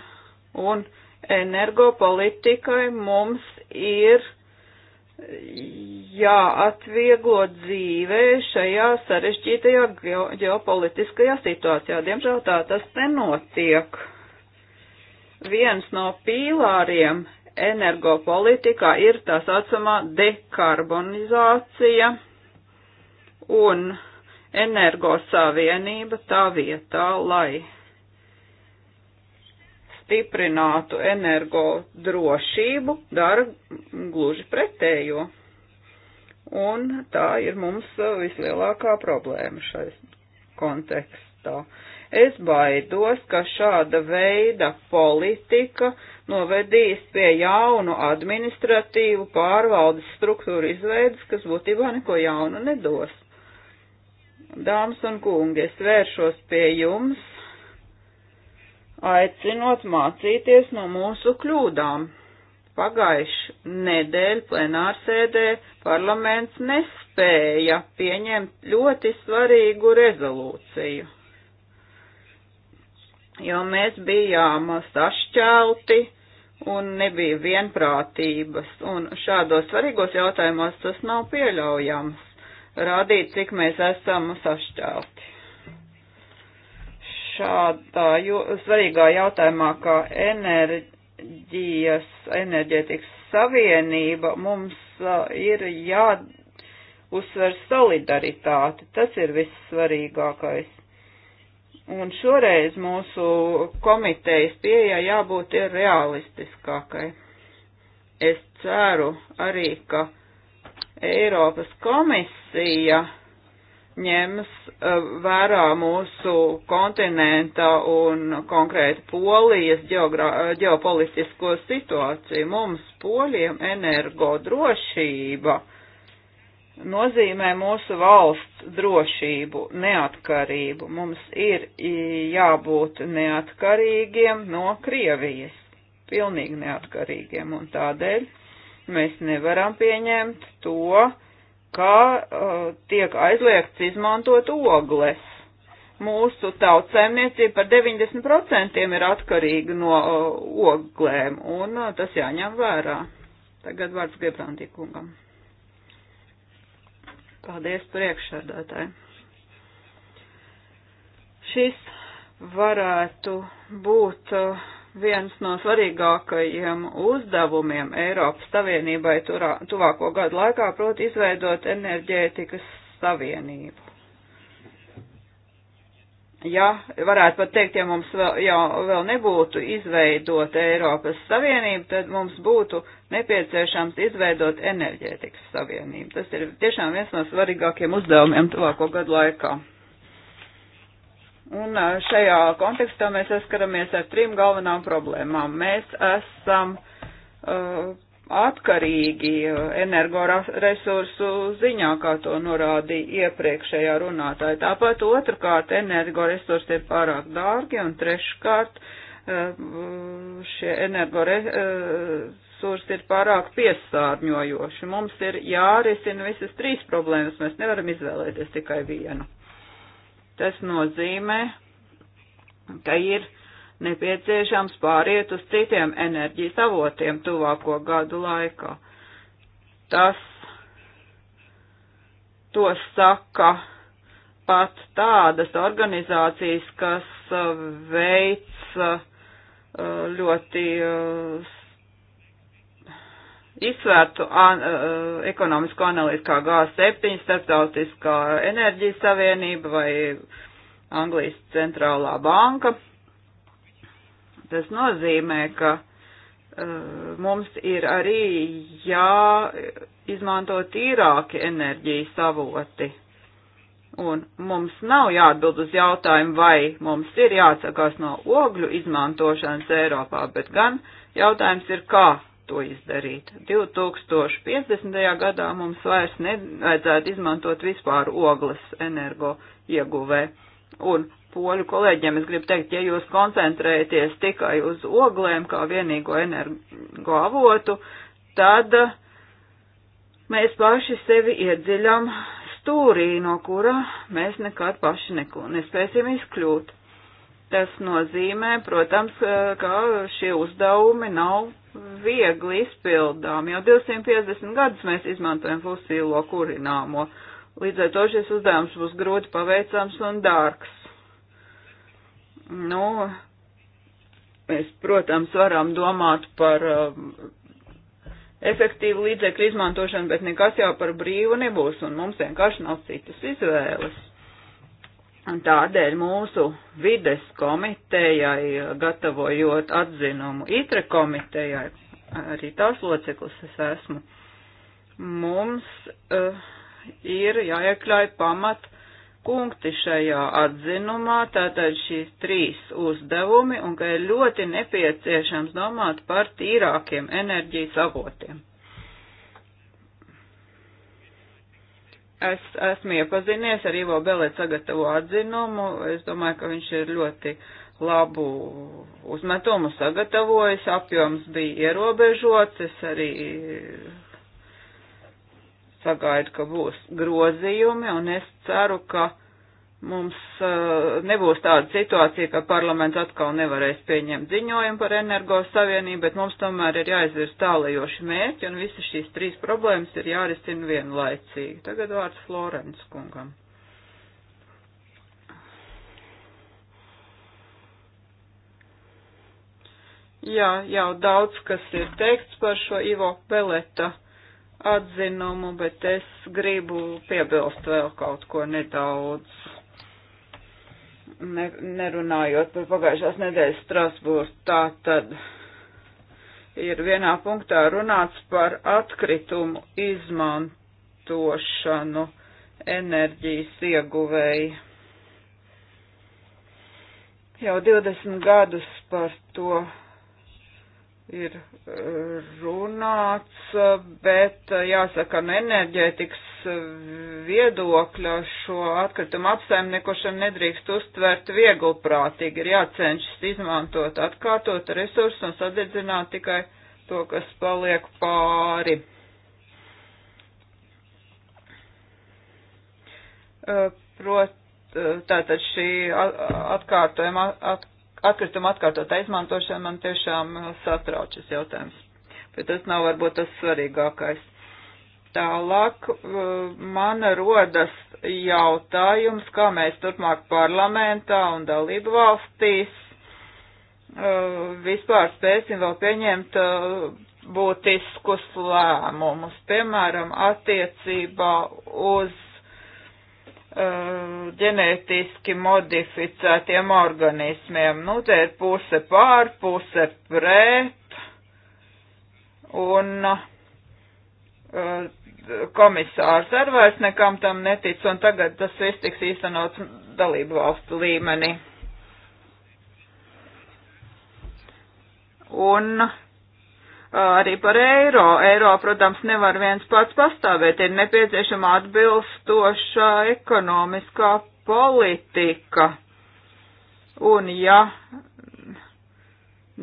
Speaker 5: Un energopolitikai mums ir jāatvieglo dzīvē šajā sarežģītajā ģeopolitiskajā situācijā. Diemžēl tā tas nenotiek. Viens no pīlāriem energopolitikā ir tā saucamā dekarbonizācija un energosavienība tā vietā, lai stiprinātu energo drošību, dara gluži pretējo. Un tā ir mums vislielākā problēma šai kontekstā. Es baidos, ka šāda veida politika novedīs pie jaunu administratīvu pārvaldes struktūru izveidas, kas būtībā neko jaunu nedos. Dāmas un kungi, es vēršos pie jums aicinot mācīties no mūsu kļūdām. Pagājuši nedēļu plenārsēdē parlaments nespēja pieņemt ļoti svarīgu rezolūciju, jo mēs bijām sašķelti un nebija vienprātības, un šādos svarīgos jautājumos tas nav pieļaujams, rādīt, cik mēs esam sašķelti šādā jo, svarīgā jautājumā kā enerģijas, enerģētikas savienība mums uh, ir jāuzsver solidaritāti. Tas ir vissvarīgākais. Un šoreiz mūsu komitejas pieeja jābūt ir realistiskākai. Es ceru arī, ka Eiropas komisija ņems eh, vērā mūsu kontinenta un konkrēti Polijas eh, ģeopolitisko situāciju. Mums poļiem energodrošība nozīmē mūsu valsts drošību, neatkarību. Mums ir jābūt neatkarīgiem no Krievijas, pilnīgi neatkarīgiem, un tādēļ mēs nevaram pieņemt to, ka uh, tiek aizliegts izmantot ogles. Mūsu tautsēmniecība par 90% ir atkarīga no uh, oglēm, un uh, tas jāņem vērā. Tagad vārds Gebrandī kungam. Paldies priekšsēdētāji. Šis varētu būt uh, viens no svarīgākajiem uzdevumiem Eiropas Savienībai turā, tuvāko gadu laikā, proti izveidot enerģētikas savienību. Ja, varētu pat teikt, ja mums vēl, ja vēl nebūtu izveidot Eiropas Savienību, tad mums būtu nepieciešams izveidot enerģētikas savienību. Tas ir tiešām viens no svarīgākiem uzdevumiem tuvāko gadu laikā. Un šajā kontekstā mēs saskaramies ar trim galvenām problēmām. Mēs esam uh, atkarīgi energoresursu ziņā, kā to norādīja iepriekšējā runātāja. Tāpat otrkārt energoresursi ir pārāk dārgi un treškārt šie energoresursi ir pārāk piesārņojoši. Mums ir jārisina visas trīs problēmas, mēs nevaram izvēlēties tikai vienu. Tas nozīmē, ka ir nepieciešams pāriet uz citiem enerģijas avotiem tuvāko gadu laikā. Tas to saka pat tādas organizācijas, kas veic uh, ļoti uh, izsvērtu an, uh, uh, ekonomisko analīzi kā G7, Starptautiskā enerģijas savienība vai Anglijas centrālā banka. Tas nozīmē, ka uh, mums ir arī jāizmanto tīrāki enerģijas avoti. Un mums nav jāatbild uz jautājumu, vai mums ir jāatsakās no ogļu izmantošanas Eiropā, bet gan jautājums ir, kā to izdarīt. 2050. gadā mums vairs nevajadzētu izmantot vispār ogles energo ieguvē. Un poļu kolēģiem es gribu teikt, ja jūs koncentrējaties tikai uz oglēm kā vienīgo energo avotu, tad eh, mēs paši sevi iedziļam stūrī, no kura mēs nekad paši neko nespēsim izkļūt. Tas nozīmē, protams, eh, ka šie uzdevumi nav viegli izpildām. Jau 250 gadus mēs izmantojam fosīlo kurināmo. Līdz ar to šis uzdevums būs grūti paveicams un dārgs. Nu, mēs, protams, varam domāt par um, efektīvu līdzekļu izmantošanu, bet nekas jau par brīvu nebūs, un mums vienkārši nav citas izvēles. Un tādēļ mūsu vides komitejai, gatavojot atzinumu ITRE komitejai, arī tās loceklis es esmu, mums uh, ir jāiekļauj pamat punkti šajā atzinumā, tātad šīs trīs uzdevumi, un ka ir ļoti nepieciešams domāt par tīrākiem enerģijas avotiem. Es esmu iepazinies ar Ivo Belēt sagatavo atzinumu. Es domāju, ka viņš ir ļoti labu uzmetumu sagatavojis. Apjoms bija ierobežots. Es arī sagaidu, ka būs grozījumi, un es ceru, ka mums uh, nebūs tāda situācija, ka parlaments atkal nevarēs pieņemt ziņojumu par energosavienību, bet mums tomēr ir jāizvirs tālajoši mērķi, un visas šīs trīs problēmas ir jārisina vienlaicīgi. Tagad vārds Florence kungam. Jā, jau daudz, kas ir teikts par šo Ivo Peleta atzinumu, bet es gribu piebilst vēl kaut ko nedaudz ne, nerunājot par pagājušās nedēļas Strasbūru, tā tad ir vienā punktā runāts par atkritumu izmantošanu enerģijas ieguvēji. Jau 20 gadus par to ir eh, runāts, eh, bet eh, jāsaka, no enerģētikas viedokļa šo atkritumu apsaimniekošanu nedrīkst uztvert vieglprātīgi. Ir jācenšas izmantot atkārtot resursus un sadedzināt tikai to, kas paliek pāri. Prot, tātad šī atkārtojuma at, atkrituma atkārtotā izmantošana man tiešām uh, satrauc šis jautājums, bet tas nav varbūt tas svarīgākais. Tālāk uh, man rodas jautājums, kā mēs turpmāk parlamentā un dalību valstīs uh, vispār spēsim vēl pieņemt būtiskus lēmumus, piemēram, attiecībā uz Eh, ģenētiski modificētiem organismiem. Nu, te ir puse pār, puse pret, un uh, komisārs ar vairs nekam tam netic, un tagad tas viss tiks īstenots dalību valstu līmenī. Un uh, Eh, arī par eiro. Eiro, protams, nevar viens pats pastāvēt, ir nepieciešama atbilstoša ekonomiskā politika. Un ja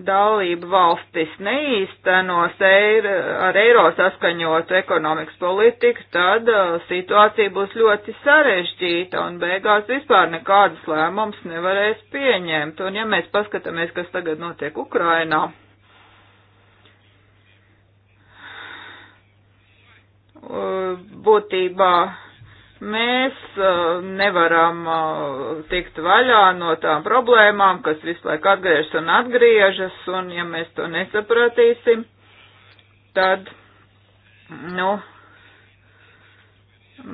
Speaker 5: dalība valstis neīstenos eiro, ar eiro saskaņotu ekonomikas politiku, tad eh, situācija būs ļoti sarežģīta un beigās vispār nekādas lēmums nevarēs pieņemt. Un ja mēs paskatāmies, kas tagad notiek Ukrainā, Eh, būtībā mēs eh, nevaram eh, tikt vaļā no tām problēmām, kas visu laiku atgriežas un atgriežas, un ja mēs to nesapratīsim, tad, nu,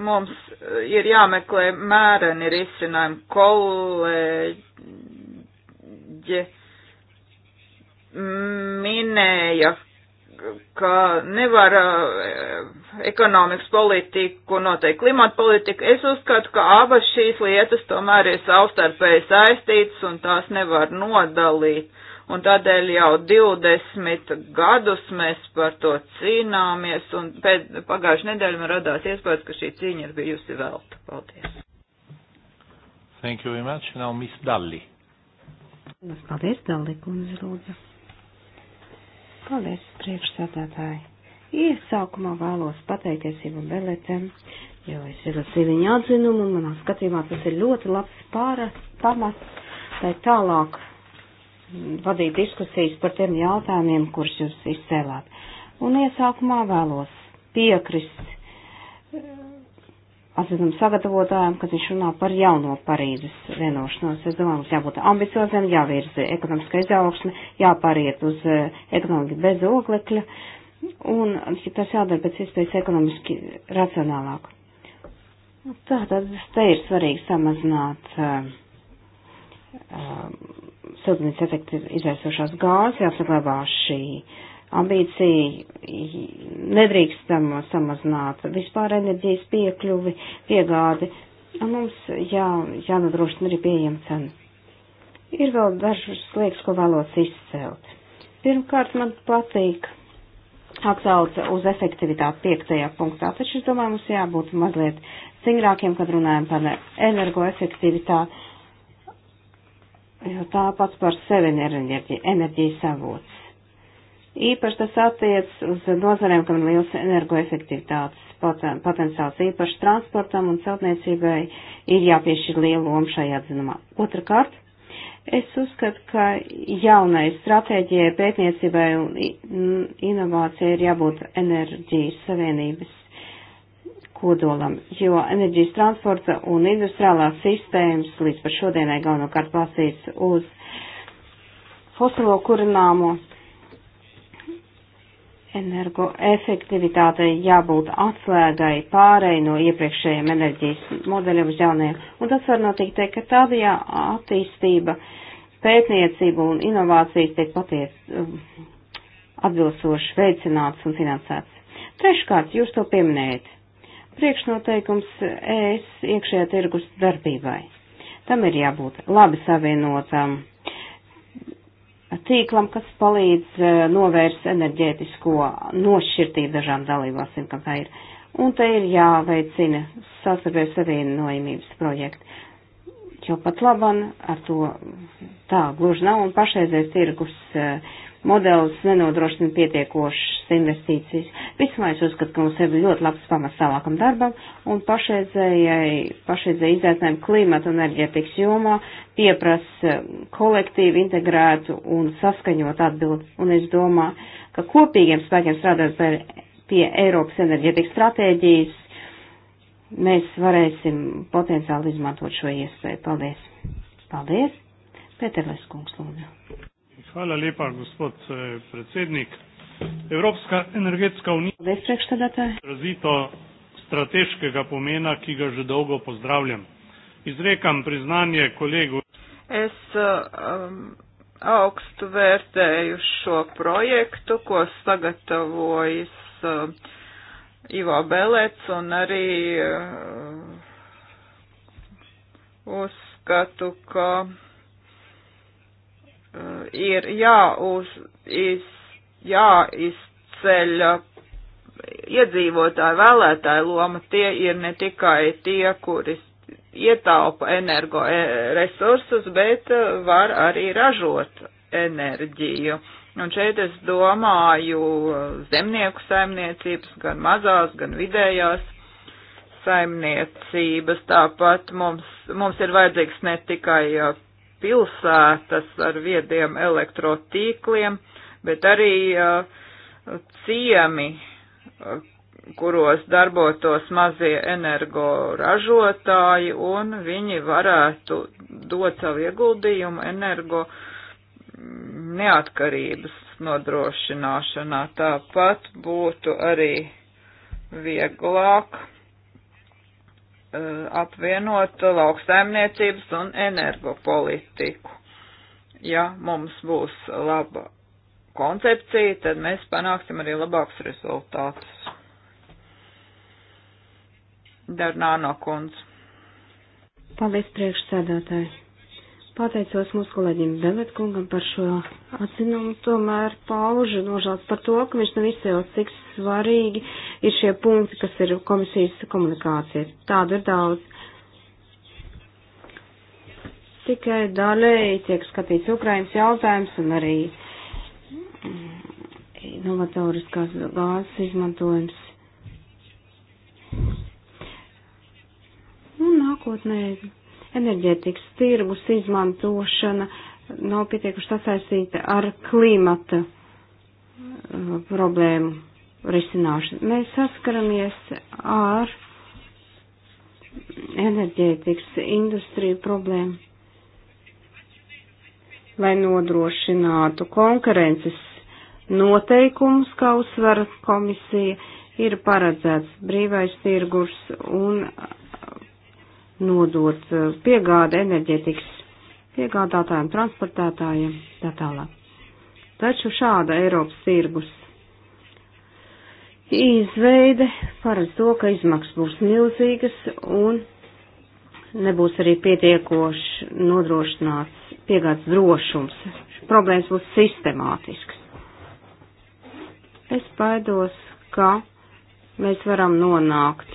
Speaker 5: mums ir jāmeklē mēreni risinājumi kolēģi minēja, ka nevar eh, ekonomikas politiku noteikt klimata politiku. Es uzskatu, ka abas šīs lietas tomēr ir savstarpēji saistītas un tās nevar nodalīt. Un tādēļ jau 20 gadus mēs par to cīnāmies, un pēc pagājušā nedēļa man radās iespējas, ka šī cīņa ir bijusi velta. Paldies!
Speaker 2: Thank you very much. Now Miss Dalli. Paldies, Dalli, kundze, lūdzu. Paldies, priekšsādātāji. Iesākumā vēlos pateikties Ivam Beletem, jo es izlasīju viņa atzinumu un manā skatījumā tas ir ļoti labs pāra, pamats, lai tālāk mm, vadīt diskusijas par tiem jautājumiem, kurus jūs izcēlāt. Un iesākumā vēlos piekrist atzinumu sagatavotājiem, kad viņš runā par jauno Parīzes vienošanos. Es domāju, mums jābūt ambiciozēm, jāvirza ekonomiskā izaugsme, jāpāriet uz eh, ekonomiku bez oglekļa, un ja tas jādara pēc iespējas ekonomiski racionālāk. Tātad te ir svarīgi samazināt uh, uh, siltumnīca efekta izraisošās gāzes, jāsaglabā šī uh, ambīciju nedrīkstam samazināt vispār enerģijas piekļuvi, piegādi, un mums jā, jānodrošina arī pieejama cena. Ir vēl dažas lietas, ko vēlos izcelt. Pirmkārt, man patīk atsauce uz efektivitāti piektajā punktā, taču es domāju, mums jābūt mazliet stingrākiem, kad runājam par energoefektivitāti, jo tā pats par sevi ir enerģija, enerģijas avots. Īpaši tas attiec uz nozarēm, kam ir liels energoefektivitātes potenciāls. Īpaši transportam un celtniecībai ir jāpiešķir liela loma šajā atzinumā. Otrakārt, es uzskatu, ka jaunai stratēģijai, pētniecībai un inovācijai ir jābūt enerģijas savienības kodolam, jo enerģijas transporta un industriālās sistēmas līdz pat šodienai galvenokārt balstīts uz fosilo kurināmo Energoefektivitātei jābūt atslēgai pārēj no iepriekšējiem enerģijas modeļiem uz jauniem, un tas var notikt teikt, ka tādā jā, attīstība, pētniecība un inovācijas tiek paties um, atbilstoši veicināts un finansēts. Treškārt, jūs to pieminējat. Priekšnoteikums ES iekšējā tirgus darbībai. Tam ir jābūt labi savienotam. Um, tīklam, kas palīdz e, novērst enerģētisko nošķirtību dažām dalībvalstīm, kam tā ir. Un te ir jāveicina savstarpēju savienojumības projekti. Jo pat laban ar to tā gluži nav un pašreizējais tirgus uh, modelis nenodrošina pietiekošas investīcijas. Vismā es uzskatu, ka mums ir ļoti labs pamats tālākam darbam un pašreizējai, pašreizēji izaicinājumi klimata un enerģetikas jomā pieprasa kolektīvi integrētu un saskaņot atbildi. Un es domāju, ka kopīgiem spēkiem strādājot pie, pie Eiropas enerģetikas stratēģijas, mēs varēsim potenciāli izmantot šo iespēju. Paldies! Paldies! Pēterlis kungs lūdzu.
Speaker 4: Hvala lepa, gospod eh, predsednik. Evropska energetska unija je razito strateškega pomena, ki ga že dolgo pozdravljam. Izrekam priznanje kolegu.
Speaker 5: Es um, augstu vērtēju šo projektu, ko sagatavojas uh, Ivo Belec un arī uh, uzskatu, ka ir jāuz, iz, jāizceļ iedzīvotāju vēlētāju loma. Tie ir ne tikai tie, kuri ietaupa energo e, resursus, bet e, var arī ražot enerģiju. Un šeit es domāju e, zemnieku saimniecības, gan mazās, gan vidējās saimniecības. Tāpat mums, mums ir vajadzīgs ne tikai pilsētas ar viediem elektrotīkliem, bet arī uh, ciemi, uh, kuros darbotos mazie energoražotāji, un viņi varētu dot savu ieguldījumu energo neatkarības nodrošināšanā. Tāpat būtu arī vieglāk Uh, apvienot lauksaimniecības un energopolitiku. Ja mums būs laba koncepcija, tad mēs panāksim arī labākus rezultātus. Darnāno kundze.
Speaker 2: Paldies priekšsēdētāji. Pateicos mūsu kolēģim Beletkungam par šo atzinumu, tomēr paužu nožāds par to, ka viņš nav izcēlis, cik svarīgi ir šie punkti, kas ir komisijas komunikācija. Tāda ir daudz. Tikai daļēji tiek skatīts Ukrainas jautājums un arī mm, novatoriskās gāzes izmantojums. Un nākotnē enerģētikas tirgus izmantošana nav pietiekuši sasaistīta ar klimata
Speaker 5: uh,
Speaker 2: problēmu risināšanu. Mēs saskaramies ar enerģētikas industriju problēmu, lai nodrošinātu konkurences noteikumus, kā uzsver komisija, ir paredzēts brīvais tirgus un nodot eh, piegāde enerģetikas piegādātājiem, transportētājiem, tā tālāk. Taču šāda Eiropas tirgus izveide paredz to, ka izmaksas būs milzīgas un nebūs arī pietiekoši nodrošināts piegādes drošums. Problēmas būs sistemātisks. Es baidos, ka mēs varam nonākt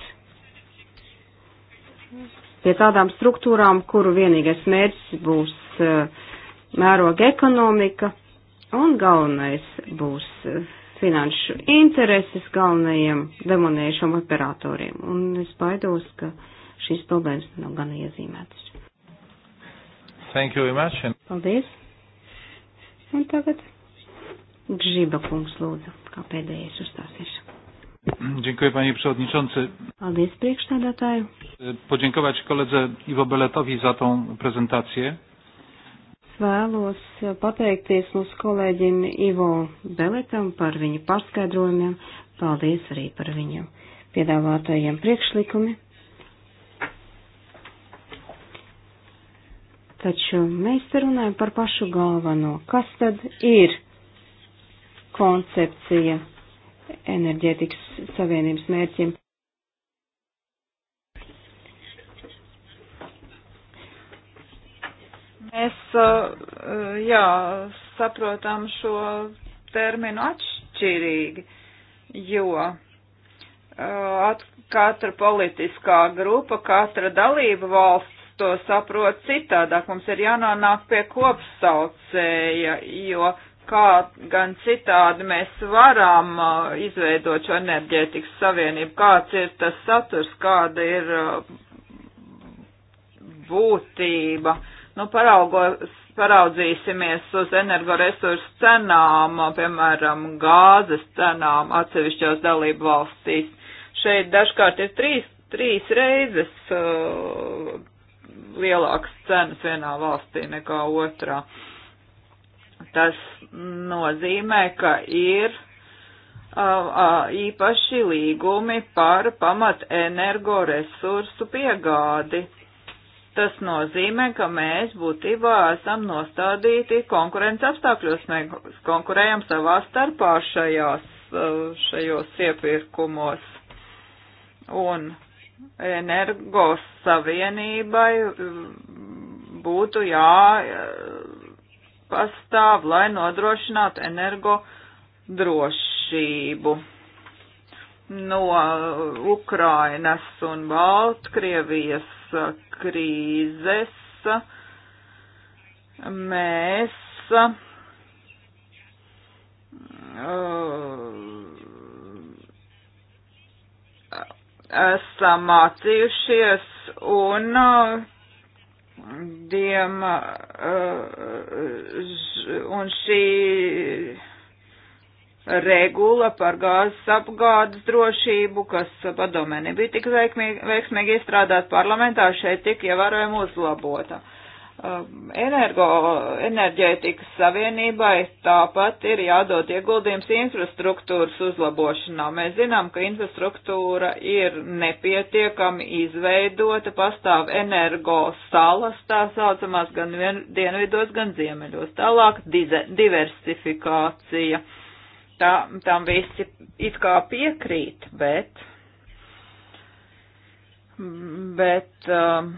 Speaker 2: pie tādām struktūrām, kuru vienīgais mērķis būs eh, mēroga ekonomika un galvenais būs eh, finanšu intereses galvenajiem demonējušiem operatoriem. Un es baidos, ka šīs problēmas nav gan iezīmētas.
Speaker 1: Thank you very much.
Speaker 2: Paldies. Un tagad Gžiba kungs lūdzu, kā pēdējais uzstāsies.
Speaker 1: Mm, dziękuję panie przewodniczący.
Speaker 2: Paldies priekšstādātāju.
Speaker 1: E, podziękować koledze Ivo Beletovi za tą prezentację.
Speaker 2: Vēlos pateikties mūsu kolēģim Ivo Beletam par viņu paskaidrojumiem. Paldies arī par viņu piedāvātajiem priekšlikumiem. Taču mēs te runājam par pašu galveno. Kas tad ir koncepcija enerģētikas savienības mērķiem.
Speaker 5: Mēs, uh, uh, jā, saprotam šo terminu atšķirīgi, jo uh, at, katra politiskā grupa, katra dalība valsts to saprot citādāk. Mums ir jānonāk pie kopsaucēja, jo kā gan citādi mēs varam uh, izveidot šo enerģētikas savienību, kāds ir tas saturs, kāda ir uh, būtība. Nu, paraugos, paraudzīsimies uz energoresursu cenām, uh, piemēram, gāzes cenām atsevišķos dalību valstīs. Šeit dažkārt ir trīs, trīs reizes uh, lielākas cenas vienā valstī nekā otrā. Tas nozīmē, ka ir īpaši līgumi par pamat energoresursu piegādi. Tas nozīmē, ka mēs būtībā esam nostādīti konkurences apstākļos, mēs konkurējam savā starpā šajās, šajos iepirkumos. Un energos savienībai būtu jā pastāv, lai nodrošinātu energo drošību no uh, Ukrainas un Baltkrievijas uh, krīzes. Uh, mēs esam mācījušies un, diem, un šī regula par gāzes apgādes drošību, kas padomē nebija tik veiksmīgi, veiksmīgi izstrādāt parlamentā, šeit tik ievērojami uzlabota. Uh, Um, energo, enerģētikas savienībai tāpat ir jādod ieguldījums infrastruktūras uzlabošanā. Mēs zinām, ka infrastruktūra ir nepietiekami izveidota, pastāv energo salas, tā saucamās gan vien, dienvidos, gan ziemeļos. Tālāk dize, diversifikācija. Tā, tam visi it kā piekrīt, bet. bet um,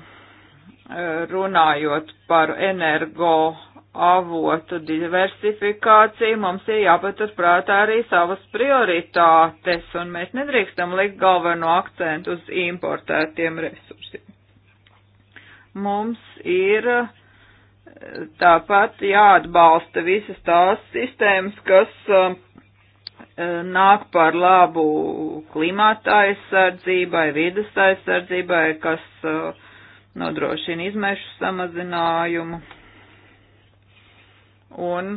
Speaker 5: runājot par energo avotu diversifikāciju, mums ir jāpatur prātā arī savas prioritātes, un mēs nedrīkstam likt galveno akcentu uz importētiem resursiem. Mums ir eh, tāpat jāatbalsta visas tās sistēmas, kas eh, nāk par labu klimata aizsardzībai, vidas aizsardzībai, kas uh, nodrošina izmešu samazinājumu un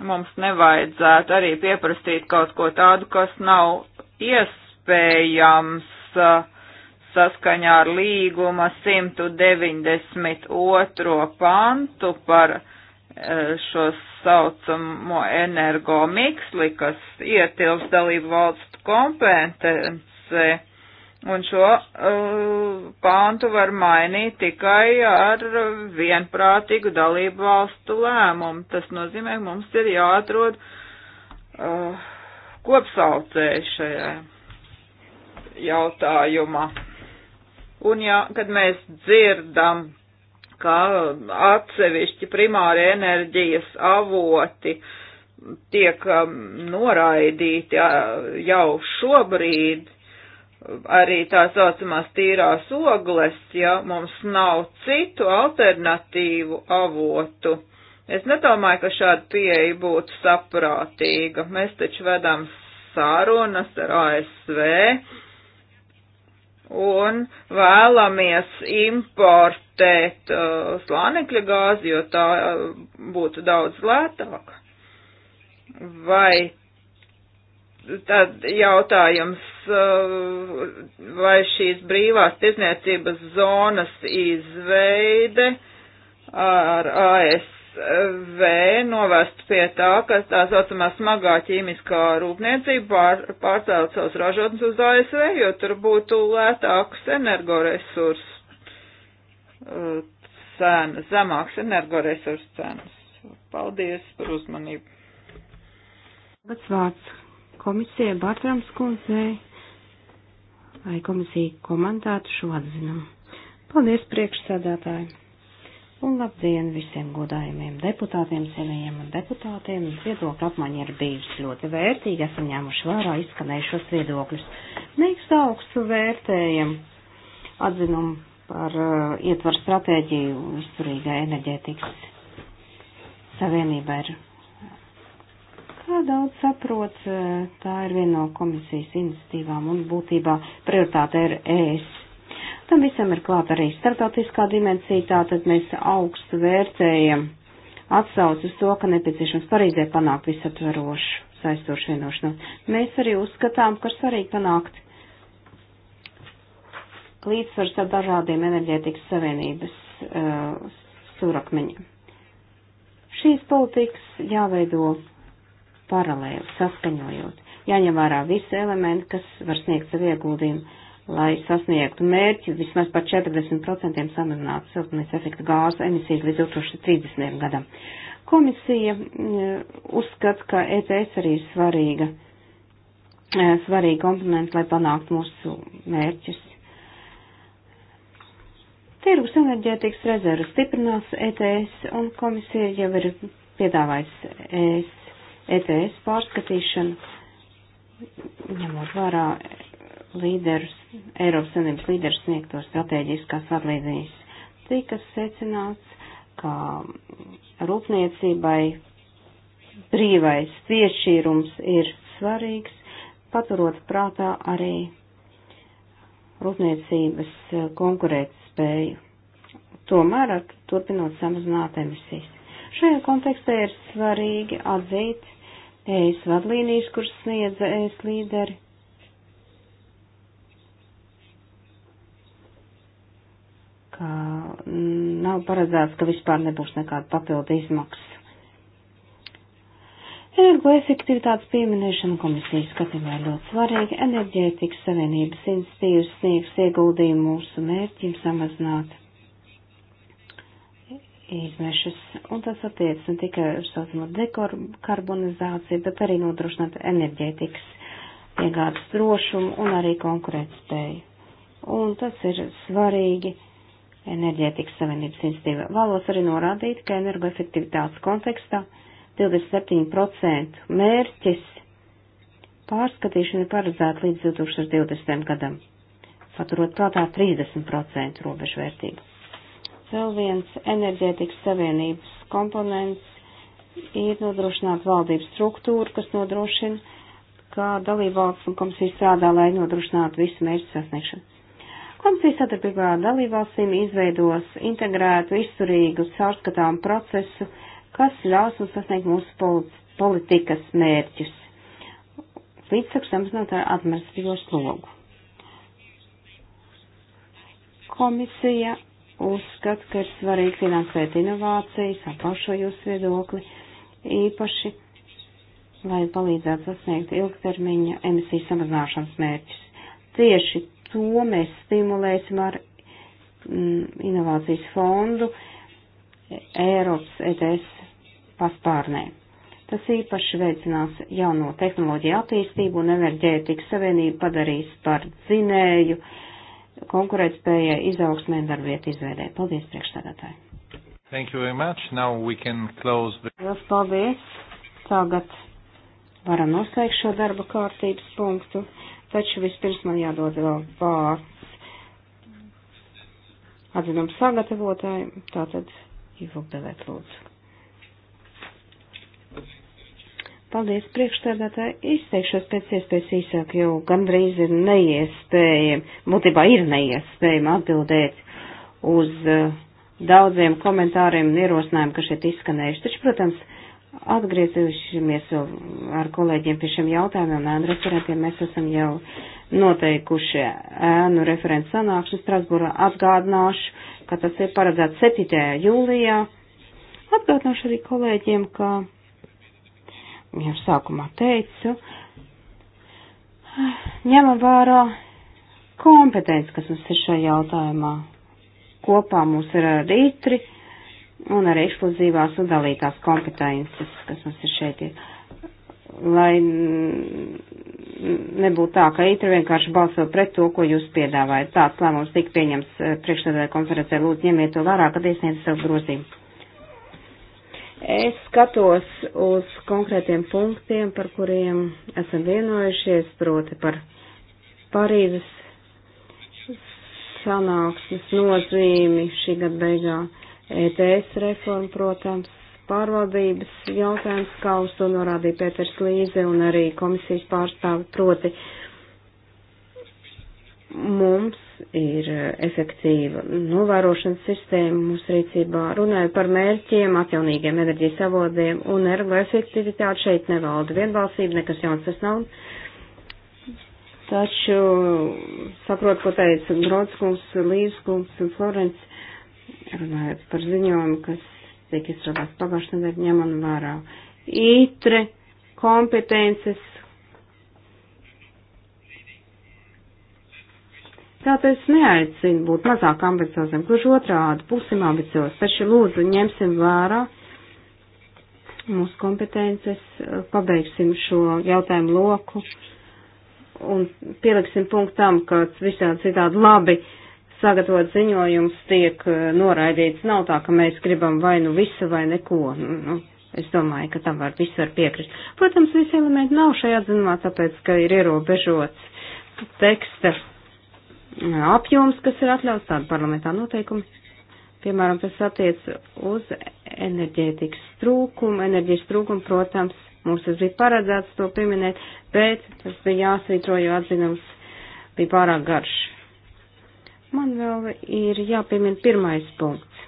Speaker 5: mums nevajadzētu arī pieprastīt kaut ko tādu, kas nav iespējams uh, saskaņā ar līguma 192. pantu par uh, šo saucamo energomiksli, kas ietilps dalību valstu kompetence Un šo uh, pāntu var mainīt tikai ar vienprātīgu dalību valstu lēmumu. Tas nozīmē, ka mums ir jāatrod uh, kopsaucēji šajā jautājumā. Un ja, kad mēs dzirdam, ka atsevišķi primāri enerģijas avoti tiek um, noraidīti uh, jau šobrīd, arī tā saucamās tīrās ogles, ja mums nav citu alternatīvu avotu. Es nedomāju, ka šāda pieeja būtu saprātīga. Mēs taču vedām sārunas ar ASV un vēlamies importēt uh, slānekļa gāzi, jo tā uh, būtu daudz lētāka. Vai Tad jautājums, eh, vai šīs brīvās tirzniecības zonas izveide ar ASV novest pie tā, ka tā saucamā smagā ķīmiskā rūpniecība pār, pārcelt savus ražotnes uz ASV, jo tur būtu lētāks energoresurs eh, cenas, zemāks energoresursu cenas. Paldies par uzmanību.
Speaker 2: Tagad vārds komisijai Bartrams kundzei, lai komisija komentētu šo atzinumu. Paldies priekšsēdētāji! Un labdien visiem godājumiem deputātiem, senajiem un deputātiem. Viedokļa apmaiņa ir bijusi ļoti vērtīga, esam ņēmuši vērā izskanējušos viedokļus. Mēs augstu vērtējam atzinumu par uh, ietvaru stratēģiju izturīgai enerģētikas savienībai ir Kā daudz saprot, eh, tā ir viena no komisijas iniciatīvām un būtībā prioritāte ir ES. Tam visam ir klāt arī startautiskā dimensija, tātad mēs augstu vērtējam atsauc uz to, ka nepieciešams Parīzē panākt visatverošu saistošu vienošanos. Mēs arī uzskatām, ka svarīgi panākt līdzsvars ar dažādiem enerģētikas savienības uh, stūrakmeņiem. Šīs politikas jāveido paralēli, saskaņojot. Jāņem vērā visi elementi, kas var sniegt savu ieguldījumu, lai sasniegtu mērķi vismaz par 40% samazināt siltumnīca efekta gāzu emisijas līdz 2030. gadam. Komisija eh, uzskata, ka ETS arī ir svarīga, eh, svarīga komponenta, lai panāktu mūsu mērķus. Tirgus enerģētikas rezervu stiprinās ETS un komisija jau ir piedāvājis ES ETS pārskatīšanu, ņemot vērā līderus, Eiropas Savienības līderus sniegto strateģiskās atlīdzīs. Tika secināts, ka rūpniecībai brīvais piešķīrums ir svarīgs, paturot prātā arī rūpniecības konkurētspēju. Tomēr turpinot samazināt emisijas. Šajā kontekstā ir svarīgi atzīt ES vadlīnijas, kuras sniedz ES līderi. Kā nav paredzēts, ka vispār nebūs nekāda papildu izmaksa. Energoefektivitātes pieminēšana komisijas skatījumā ir ļoti svarīga. Enerģētikas savienības institīvas sniegs ieguldījumu mūsu mērķim samazināt izmešus, un tas attiecas ne tikai uz saucamo dekarbonizāciju, bet arī nodrošināt enerģētikas iegādes drošumu un arī konkurētspēju. Un tas ir svarīgi enerģētikas savienības institīva. Vēlos arī norādīt, ka energoefektivitātes kontekstā 27% mērķis pārskatīšana paredzēta līdz 2020. gadam, paturot prātā 30% robežvērtību. Vēl viens enerģētikas savienības komponents ir nodrošināt valdības struktūru, kas nodrošina, ka dalībvalsts un komisija strādā, lai nodrošinātu visu mērķu sasniegšanu. Komisija sadarbībā ar dalībvalstīm izveidos integrētu, izturīgu, caurskatāmu procesu, kas ļaus mums sasniegt mūsu politikas mērķus. Līdzsaks samazināt ar administratīvo slogu. Komisija uzskata, ka ir svarīgi finansēt inovācijas, apašo jūsu viedokli, īpaši, lai palīdzētu sasniegt ilgtermiņa emisiju samazināšanas mērķus. Tieši to mēs stimulēsim ar mm, inovācijas fondu Eiropas ETS paspārnē. Tas īpaši veicinās jauno tehnoloģiju attīstību un enerģētikas savienību padarīs par zinēju, uh, konkurētspējai, izaugsmē un darbvietu izveidē. Paldies, priekšsēdētāji!
Speaker 1: Thank you very much. Now we can close the...
Speaker 2: Lielas paldies! Tagad varam noslēgt šo darba kārtības punktu, taču vispirms man jādod vēl vārds atzinumu sagatavotāju, tātad Ivo Belēt lūdzu. Paldies priekšstādātāji, izteikšos pēc iespējas īsāk, jo gandrīz ir neiespējami, būtībā ir neiespējami atbildēt uz uh, daudziem komentāriem un ierosinājumiem, kas šeit izskanējuši. Taču, protams, atgriezīsimies ar kolēģiem pie šiem jautājumiem, ēnu referentiem mēs esam jau noteikuši ēnu referentu sanākšanu Strasbūrā. Atgādināšu, ka tas ir paredzēts 7. jūlijā. Atgādināšu arī kolēģiem, ka jau sākumā teicu, ņemam vērā kompetenci, kas mums ir šajā jautājumā. Kopā mums ir ar rītri un arī ekskluzīvās un dalītās kompetences, kas mums ir šeit. Ir. Lai nebūtu tā, ka itri vienkārši balso pret to, ko jūs piedāvājat. Tāds lēmums tika pieņems eh, priekšsēdētāja konferencē. Lūdzu, ņemiet to vērā, kad iesniedz savu grozījumu. Es skatos uz konkrētiem punktiem, par kuriem esam vienojušies, proti par Parīzes sanāksmes nozīmi šī gada beigā, ETS reforma, protams, pārvaldības jautājums, kā uz to norādīja Pēters Līze un arī komisijas pārstāvi, proti mums ir eh, efektīva novērošanas sistēma mūsu rīcībā. Runāju par mērķiem, atjaunīgiem enerģijas avodiem un energoefektivitāti. Šeit nevalda vienbalsība, nekas jauns tas nav. Taču saprotu, ko teica Grodskungs, Līdzkungs un Florence, runājot par ziņojumu, kas tiek izstrādāts pagājušajā nedēļā, ņemam vērā. Ītre kompetences Tātad es neaicinu būt mazāk ambiciozam, kurš otrādi būsim ambiciozi, taču lūdzu ņemsim vērā mūsu kompetences, pabeigsim šo jautājumu loku un pieliksim punktam, ka visādi citādi labi sagatavot ziņojums tiek eh, noraidīts. Nav tā, ka mēs gribam vai nu visu vai neko. Nu, es domāju, ka tam var, viss var piekrist. Protams, visi elementi nav šajā atzinumā, tāpēc, ka ir ierobežots teksta apjoms, kas ir atļauts tādu parlamentā noteikumu. Piemēram, tas attiec uz enerģētikas trūkumu, enerģijas trūkumu, protams, mums tas bija paredzēts to pieminēt, bet tas bija jāsvītro, jo atzinums bija pārāk garš. Man vēl ir jāpiemina pirmais punkts.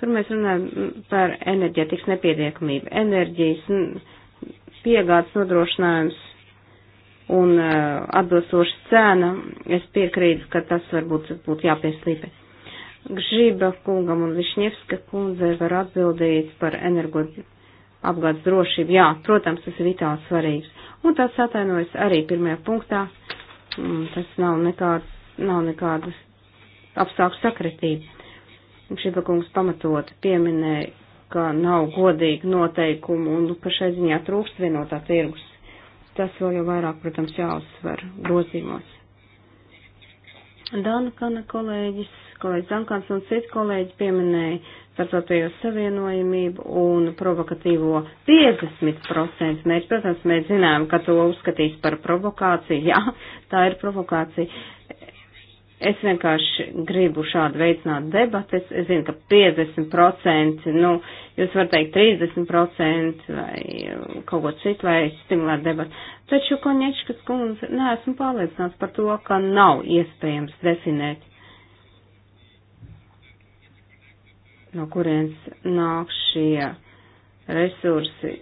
Speaker 2: Tur mēs runājam par enerģētikas nepietiekamību, enerģijas piegādes nodrošinājums un uh, atbilstoši cena, es piekrītu, ka tas varbūt būtu jāpieslīpē. Gžiba kungam un Višņevska kundze var atbildīt par energo apgādes drošību. Jā, protams, tas ir vitāli svarīgs. Un tas atainojas arī pirmajā punktā. Mm, tas nav nekāds, nav nekādas apstākļu sakritība. Gžiba kungs pamatot pieminēja, ka nav godīgi noteikumu un ka šai ziņā trūkst vienotā tirgus. Tas vēl jau vairāk, protams, jāuzsver grozījumos. Dāna Kana kolēģis, kolēģis Zankans un citi kolēģi pieminēja starptautējo savienojumību un provokatīvo 50% mērķi. Protams, mēs zinām, ka to uzskatīs par provokāciju. Jā, tā ir provokācija. Es vienkārši gribu šādu veicināt debates. Es zinu, ka 50%, nu, jūs varat teikt 30% vai uh, kaut ko citu, lai stimulētu debatu. Taču, Koņečkas kundze, neesmu pārliecināts par to, ka nav iespējams definēt, no kurienes nāk šie resursi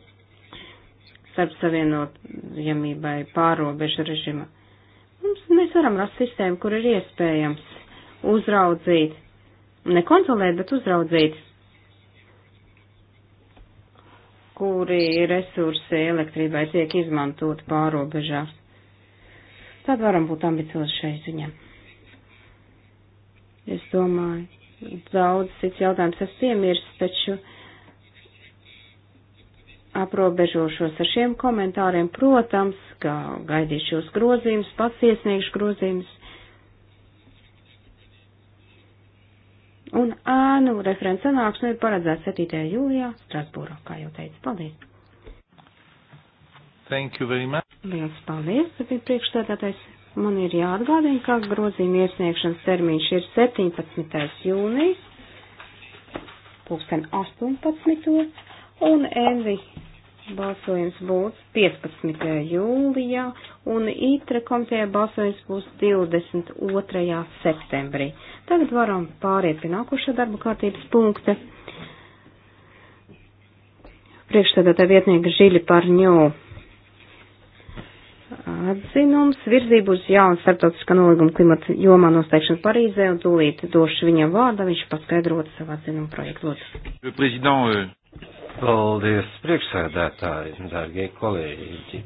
Speaker 2: starp savienojamībai pārobežu režimā Mums, mēs varam rast sistēmu, kur ir iespējams uzraudzīt, nekontrolēt, bet uzraudzīt, kuri resursi elektrībai tiek izmantoti pārobežās. Tad varam būt ambiciozi šai ziņā. Es domāju, daudz cits jautājums es piemirstu, taču aprobežošos ar šiem komentāriem, protams, ka gaidīšu jūs grozījumus, pats iesniegšu grozījumus. Un ēnu referents sanāksme ir paredzēta 7. jūlijā Strasbūrā, kā jau teicu. Paldies!
Speaker 4: Thank you very much.
Speaker 2: Liels paldies, bija priekšstādātais. Man ir jāatgādina, ka grozījuma iesniegšanas termiņš ir 17. jūnijas, pulksten 18. un Envi balsojums būs 15. jūlijā un ITRE komitē balsojums būs 22. septembrī. Tagad varam pāriet pie nākošā darba kārtības punkta. Priekšstādātā vietnieka Žiļa Parņo atzinums virzību uz jaunu starptautiskā nolīguma klimata jomā nosteikšanu Parīzē un tūlīt došu viņam vārdu, viņš paskaidrotu savu atzinumu projektu.
Speaker 1: Lūdzu. Paldies, priekšsēdētāji, dārgie kolēģi.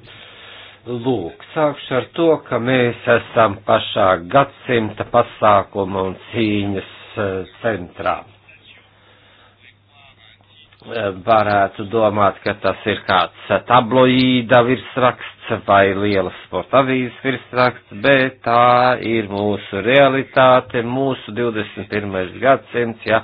Speaker 1: Lūk, sākšu ar to, ka mēs esam pašā gadsimta pasākuma un cīņas e, centrā. E, varētu domāt, ka tas ir kāds tabloīda virsraksts vai liela sporta avīzes virsraksts, bet tā ir mūsu realitāte, mūsu 21. gadsimts, ja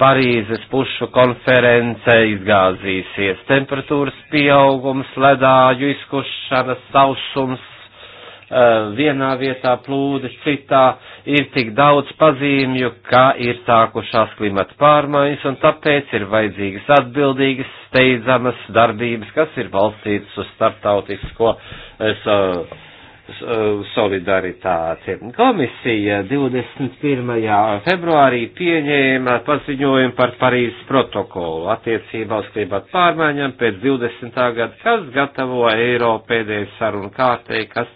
Speaker 1: Parīzes pušu konference izgāzīsies, temperatūras pieaugums, ledāju izkušanas, sausums, eh, vienā vietā plūdi, citā ir tik daudz pazīmju, ka ir sākušās klimata pārmaiņas, un tāpēc ir vajadzīgas atbildīgas, steidzamas darbības, kas ir balstītas uz starptautisko es, uh, solidaritāti. Komisija 21. februārī pieņēma paziņojumu par Parīzes protokolu attiecībā uz klimatu pārmaiņām pēc 20. gada, kas gatavo eiro pēdējai sarunu kārtei, kas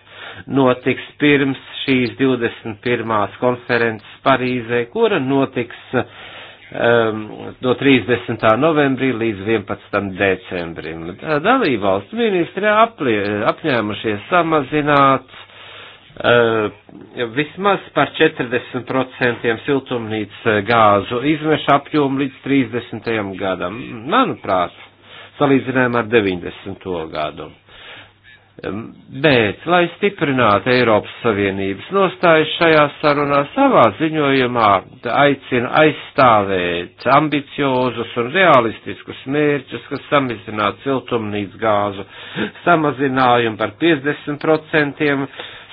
Speaker 1: notiks pirms šīs 21. konferences Parīzē, kura notiks uh, Um, no 30. novembrī līdz 11. decembrim. Dalībvalstu ministri aplie, apņēmušies samazināt uh, vismaz par 40% siltumnīca gāzu izmešu apjomu līdz 30. gadam. Manuprāt, salīdzinājumā ar 90. gadu. Bet, lai stiprinātu Eiropas Savienības nostājas šajā sarunā, savā ziņojumā aicina aizstāvēt ambiciozus un realistiskus mērķus, kas samazinātu siltumnīcas gāzu samazinājumu par 50%,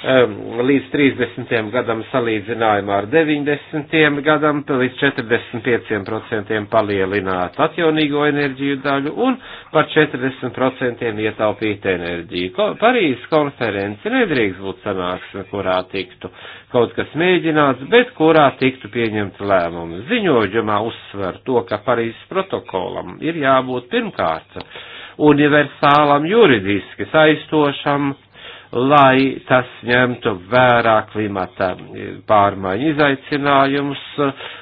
Speaker 1: līdz 30. gadam salīdzinājumā ar 90. gadam līdz 45% palielināt atjaunīgo enerģiju daļu un par 40% ietaupīt enerģiju. Ko, Parīzes konference nedrīkst būt sanāksme, kurā tiktu kaut kas mēģināts, bet kurā tiktu pieņemts lēmums. Ziņojumā uzsver to, ka Parīzes protokolam ir jābūt pirmkārt universālam juridiski saistošam lai tas ņemtu vērā klimata pārmaiņu izaicinājumus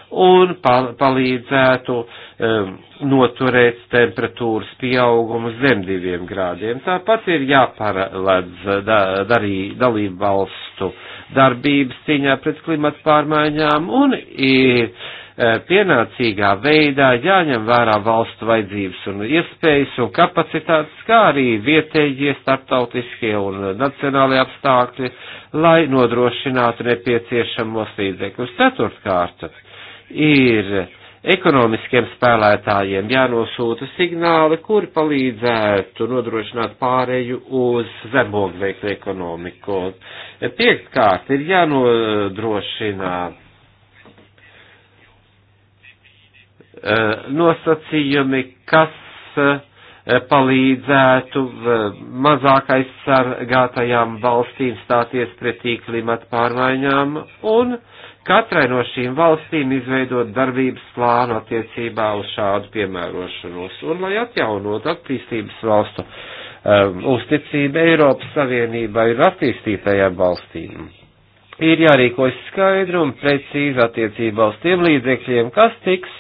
Speaker 1: un pal palīdzētu um, noturēt temperatūras pieaugumu zem diviem grādiem. Tāpat ir jāparalēdz da darī, dalību valstu darbības cīņā pret klimata pārmaiņām un ir Eh, pienācīgā veidā jāņem vērā valstu vajadzības un iespējas un kapacitātes, kā arī vietējie starptautiskie un nacionālie apstākļi, lai nodrošinātu nepieciešamos līdzekļus. Ceturtkārt ir ekonomiskiem spēlētājiem jānosūta signāli, kuri palīdzētu nodrošināt pāreju uz zemogveiklu ekonomiku. Piektkārt ir jānodrošināt Eh, nosacījumi, kas eh, palīdzētu eh, mazāk aizsargātajām valstīm stāties pretī klimata pārmaiņām un katrai no šīm valstīm izveidot darbības plānu attiecībā uz šādu piemērošanos. Un lai atjaunot attīstības valstu um, uzticību Eiropas Savienībai un attīstītajām valstīm ir jārīkojas skaidri un precīzi attiecībā uz tiem līdzekļiem, kas tiks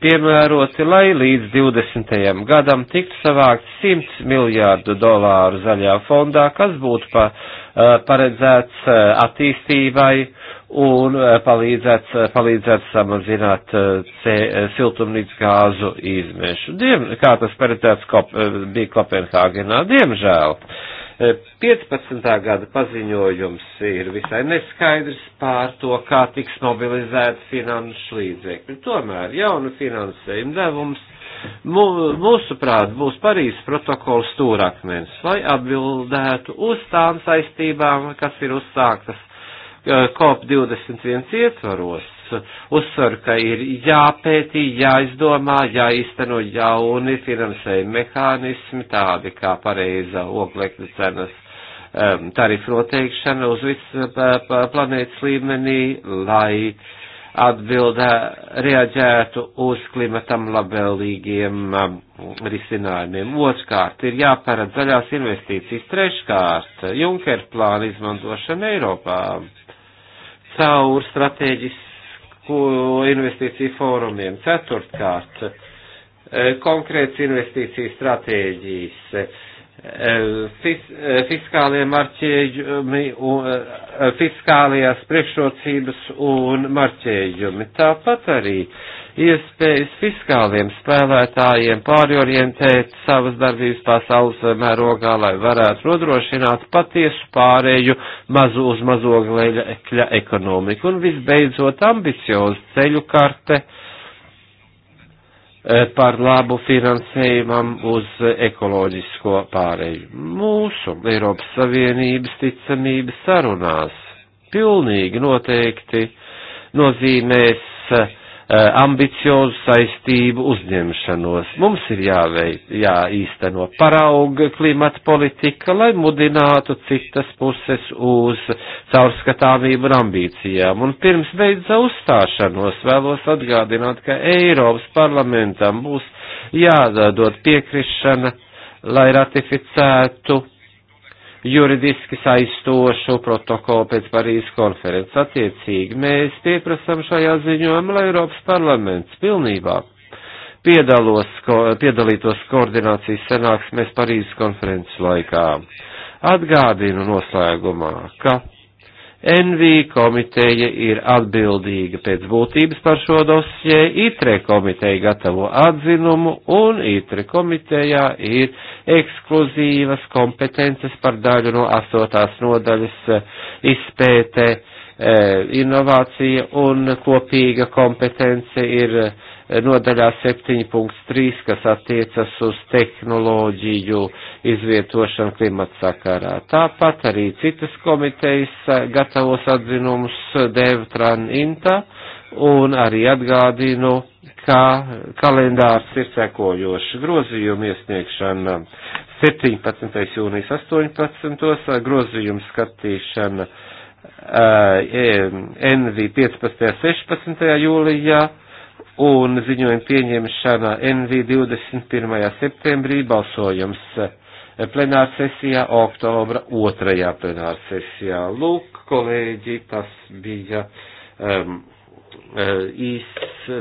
Speaker 1: piemēroti, lai līdz 20. gadam tiktu savākt 100 miljārdu dolāru zaļā fondā, kas būtu pa, eh, paredzēts eh, attīstībai un palīdzēts, eh, palīdzēts samazināt c, siltumnīcas gāzu izmešu. Diem, kā tas paredzēts kop, bija Kopenhāgenā, diemžēl. Uh, 15. E, gada paziņojums ir visai neskaidrs pār to, kā tiks mobilizēta finanšu līdzekļi. Tomēr jauna finansējuma devums mūsuprāt būs Parīzes protokola stūrakmens, lai atbildētu uz tām saistībām, kas ir uzsāktas e, COP21 ietvaros uzsver, ka ir jāpētī, jāizdomā, jāizteno jauni finansējuma mehānismi, tādi kā pareiza oglekļa cenas um, tarifu noteikšana uz visu uh, planētas līmenī, lai atbildā reaģētu uz klimatam labvēlīgiem um, risinājumiem. Otrkārt, ir jāparedz zaļās investīcijas. Treškārt, Junker plāna izmantošana Eiropā caur stratēģis investīciju fórumiem. Ceturtkārt, e, konkrēts investīciju stratēģijas, e, fis, e, fiskālie marķējumi, fiskālajās priekšrocības un marķējumi. Tāpat arī uh, iespējas fiskāliem spēlētājiem pāriorientēt savas darbības pasaules mērogā, lai varētu nodrošināt patiesu pārēju mazu uz mazo gleļa ekonomiku. Un visbeidzot ambiciozu ceļu karte e, par labu finansējumam uz ekoloģisko pārēju. Mūsu Eiropas Savienības ticamības sarunās pilnīgi noteikti nozīmēs uh, Eh, ambiciozu saistību uzņemšanos. Mums ir jāveic, jāīsteno parauga klimata politika, lai mudinātu citas puses uz caurskatāmību un ambīcijām. Un pirms beidza uzstāšanos vēlos atgādināt, ka Eiropas parlamentam būs jādod piekrišana, lai ratificētu juridiski saistošu protokolu pēc Parīzes konferences. Attiecīgi mēs pieprasām šajā ziņojumā, lai Eiropas parlaments pilnībā piedalos, ko, piedalītos koordinācijas sanāksmēs Parīzes konferences laikā. Atgādinu noslēgumā, ka NV komiteja ir atbildīga pēc būtības par šo dosie, ITRE komiteja gatavo atzinumu un ITRE komitejā ir ekskluzīvas kompetences par daļu no astotās nodaļas eh, izpētē. Eh, inovācija un kopīga kompetence ir uh, nodaļā 7.3, kas attiecas uz tehnoloģiju izvietošanu klimata sakarā. Tāpat arī citas komitejas eh, gatavos atzinumus Devtran Inta un arī atgādinu, ka kalendārs ir sekojošs grozījumu iesniegšana 17. jūnijas 18. grozījumu skatīšana. Uh, NV 15. 16. jūlijā, uh, un ziņojuma pieņemšana NV 21. septembrī balsojums eh, plenāra sesijā, oktobra otrajā plenāra sesijā. Lūk, kolēģi, tas bija um, īs,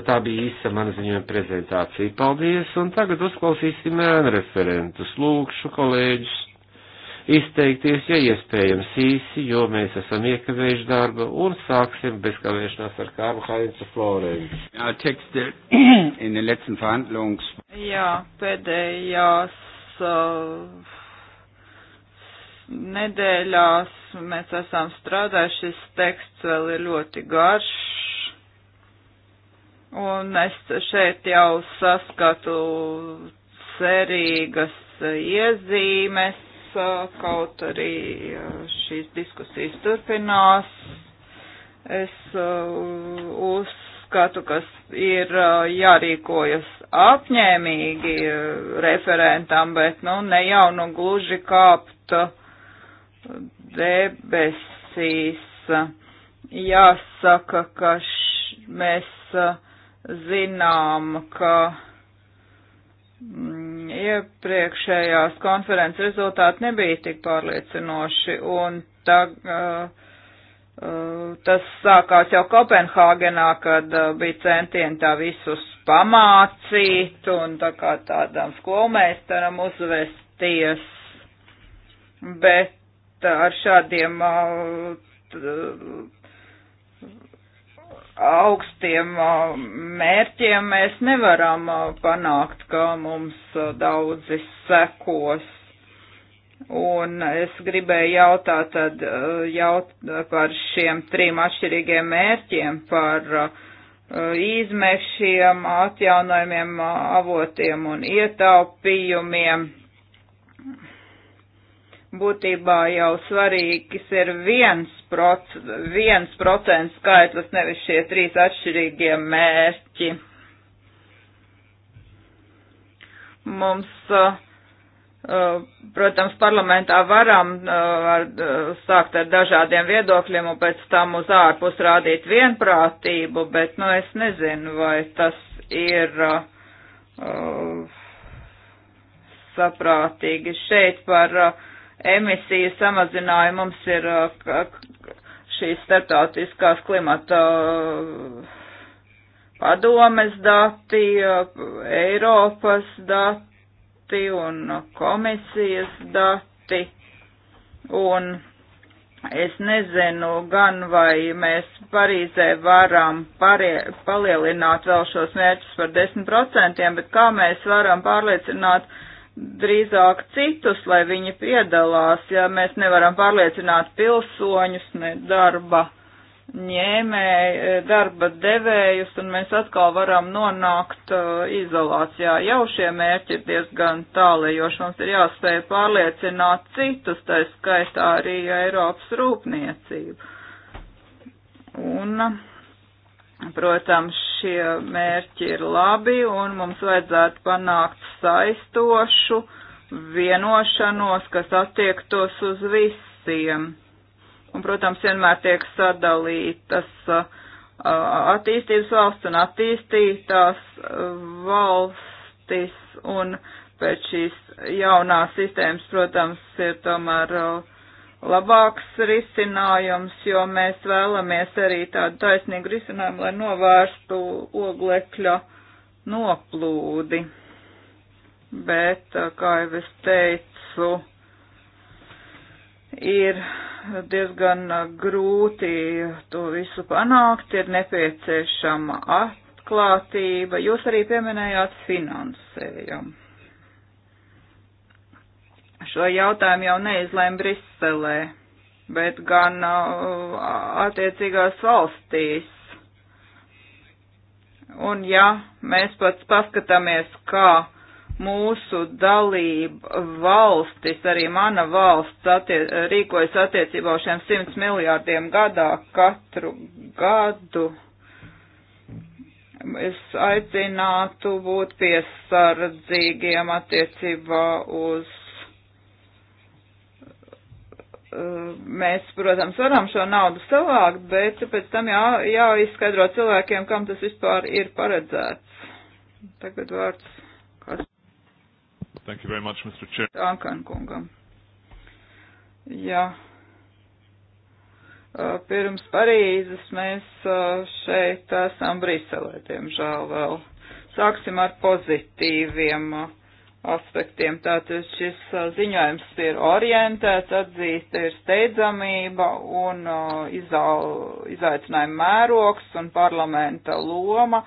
Speaker 1: tā bija īsa mana ziņojuma prezentācija. Paldies, un tagad uzklausīsim referentus. Lūkšu kolēģus izteikties, ja iespējams īsi, jo mēs esam iekavējuši darbu un sāksim bez kavēšanās ar Kārlu Hainzu Florenci. Jā, tekste in den letzten verhandlungs.
Speaker 5: Jā, pēdējās uh, nedēļās mēs esam strādājuši, šis teksts vēl ir ļoti garš. Un es šeit jau saskatu cerīgas iezīmes, kaut arī šīs diskusijas turpinās. Es uzskatu, ka ir jārīkojas apņēmīgi referentam, bet nu ne jau nu gluži kāpt debesīs. Jāsaka, ka š, mēs zinām, ka mm, iepriekšējās konferences rezultāti nebija tik pārliecinoši, un tag, uh, uh, tas sākās jau Kopenhāgenā, kad uh, bija centieni tā visus pamācīt un tā kā tādam skolmeistaram uzvesties, bet uh, ar šādiem uh, augstiem mērķiem mēs nevaram panākt, ka mums daudzi sekos. Un es gribēju jautāt tad, jaut, par šiem trim atšķirīgiem mērķiem, par izmešiem, atjaunojumiem, avotiem un ietaupījumiem būtībā jau svarīgs ir viens, proc, viens procents skaitlis, nevis šie trīs atšķirīgie mērķi. Mums, uh, uh, protams, parlamentā varam var uh, sākt ar dažādiem viedokļiem un pēc tam uz ārpus rādīt vienprātību, bet, nu, es nezinu, vai tas ir. Uh, saprātīgi šeit par uh, emisiju samazināja. Mums ir uh, šīs starptautiskās klimata uh, padomes dati, uh, Eiropas dati un komisijas dati. Un Es nezinu gan, vai mēs Parīzē varam parie, palielināt vēl šos mērķus par 10%, bet kā mēs varam pārliecināt drīzāk citus, lai viņi piedalās, ja mēs nevaram pārliecināt pilsoņus, ne darba ņēmēju, eh, darba devējus, un mēs atkal varam nonākt uh, izolācijā. Jau šie mērķi ir diezgan tālējoši, mums ir jāspēj pārliecināt citus, tā skaitā arī Eiropas rūpniecību. Un, uh, Protams, šie mērķi ir labi un mums vajadzētu panākt saistošu vienošanos, kas attiektos uz visiem. Un, protams, vienmēr tiek sadalītas attīstības valsts un attīstītās valstis un pēc šīs jaunās sistēmas, protams, ir tomēr uh, labāks risinājums, jo mēs vēlamies arī tādu taisnīgu risinājumu, lai novērstu oglekļa noplūdi. Bet, eh, kā jau es teicu, ir diezgan eh, grūti to visu panākt, ir nepieciešama atklātība. Jūs arī pieminējāt finansējumu šo jautājumu jau neizlēma Briselē, bet gan uh, attiecīgās valstīs. Un ja mēs pats paskatāmies, kā mūsu dalība valstis, arī mana valsts attie rīkojas attiecībā uz šiem 100 miljārdiem gadā katru gadu, es aicinātu būt piesardzīgiem attiecībā uz mēs, protams, varam šo naudu savākt, bet pēc tam jā, jāizskaidro cilvēkiem, kam tas vispār ir paredzēts. Tagad vārds. Kas?
Speaker 4: Thank you very much, Mr. Chair.
Speaker 5: Tankan kungam. Jā. Pirms Parīzes mēs šeit esam Briselē, diemžēl vēl. Sāksim ar pozitīviem aspektiem. Tātad šis uh, ziņojums ir orientēts, atzīst, ir steidzamība un uh, izaicinājuma mērogs un parlamenta loma.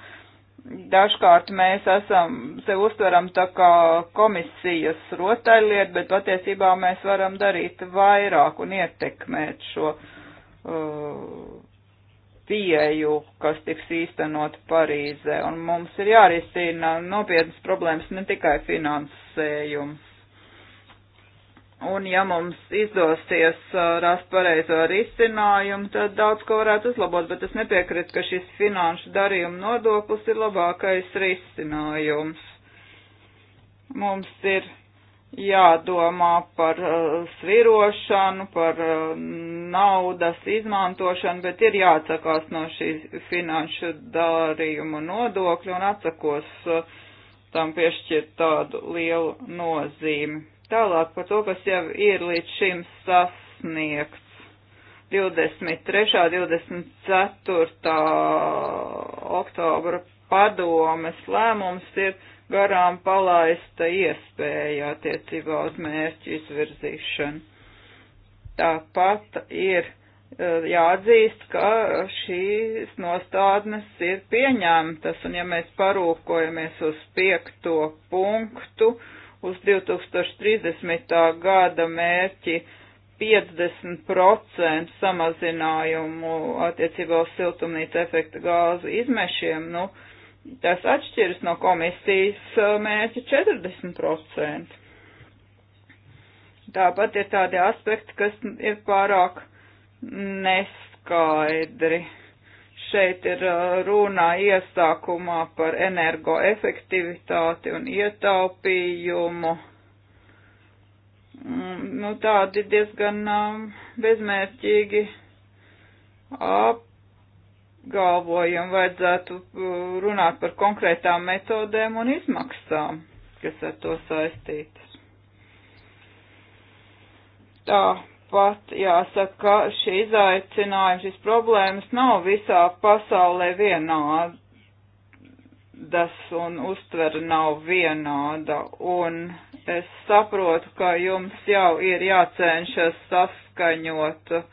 Speaker 5: Dažkārt mēs esam, sev uztveram tā kā komisijas rotaļliet, bet patiesībā mēs varam darīt vairāk un ietekmēt šo uh, pieeju, kas tiks īstenot Parīzē, un mums ir jārisina nopietnas problēmas, ne tikai finansējums. Un ja mums izdosies uh, rast pareizo risinājumu, tad daudz ko varētu uzlabot, bet es nepiekrītu, ka šis finanšu darījuma nodoklis ir labākais risinājums. Mums ir jādomā par uh, svirošanu, par uh, naudas izmantošanu, bet ir jāatsakās no šīs finanšu darījumu nodokļu un atsakos uh, tam piešķirt tādu lielu nozīmi. Tālāk par to, kas jau ir līdz šim sasniegts. 23. 24. oktobra padomes lēmums ir garām palaista iespēja attiecībā uz mērķu izvirzīšanu. Tāpat ir eh, jāatzīst, ka šīs nostādnes ir pieņemtas, un ja mēs parūkojamies uz piekto punktu, uz 2030. gada mērķi 50% samazinājumu attiecībā uz siltumnīca efekta gāzu izmešiem, nu, uh, Tas atšķiras no komisijas uh, mērķa 40%. Tāpat ir tādi aspekti, kas ir pārāk neskaidri. Šeit ir uh, runā iesākumā par energoefektivitāti un ietaupījumu. Mm, nu, tādi diezgan uh, bezmērķīgi ap apgalvojam, vajadzētu uh, runāt par konkrētām metodēm un izmaksām, kas ar to saistītas. Tāpat jāsaka, ka šī izaicinājuma, šīs problēmas nav visā pasaulē vienādas un uztvera nav vienāda. Un es saprotu, ka jums jau ir jācenšas saskaņot uh,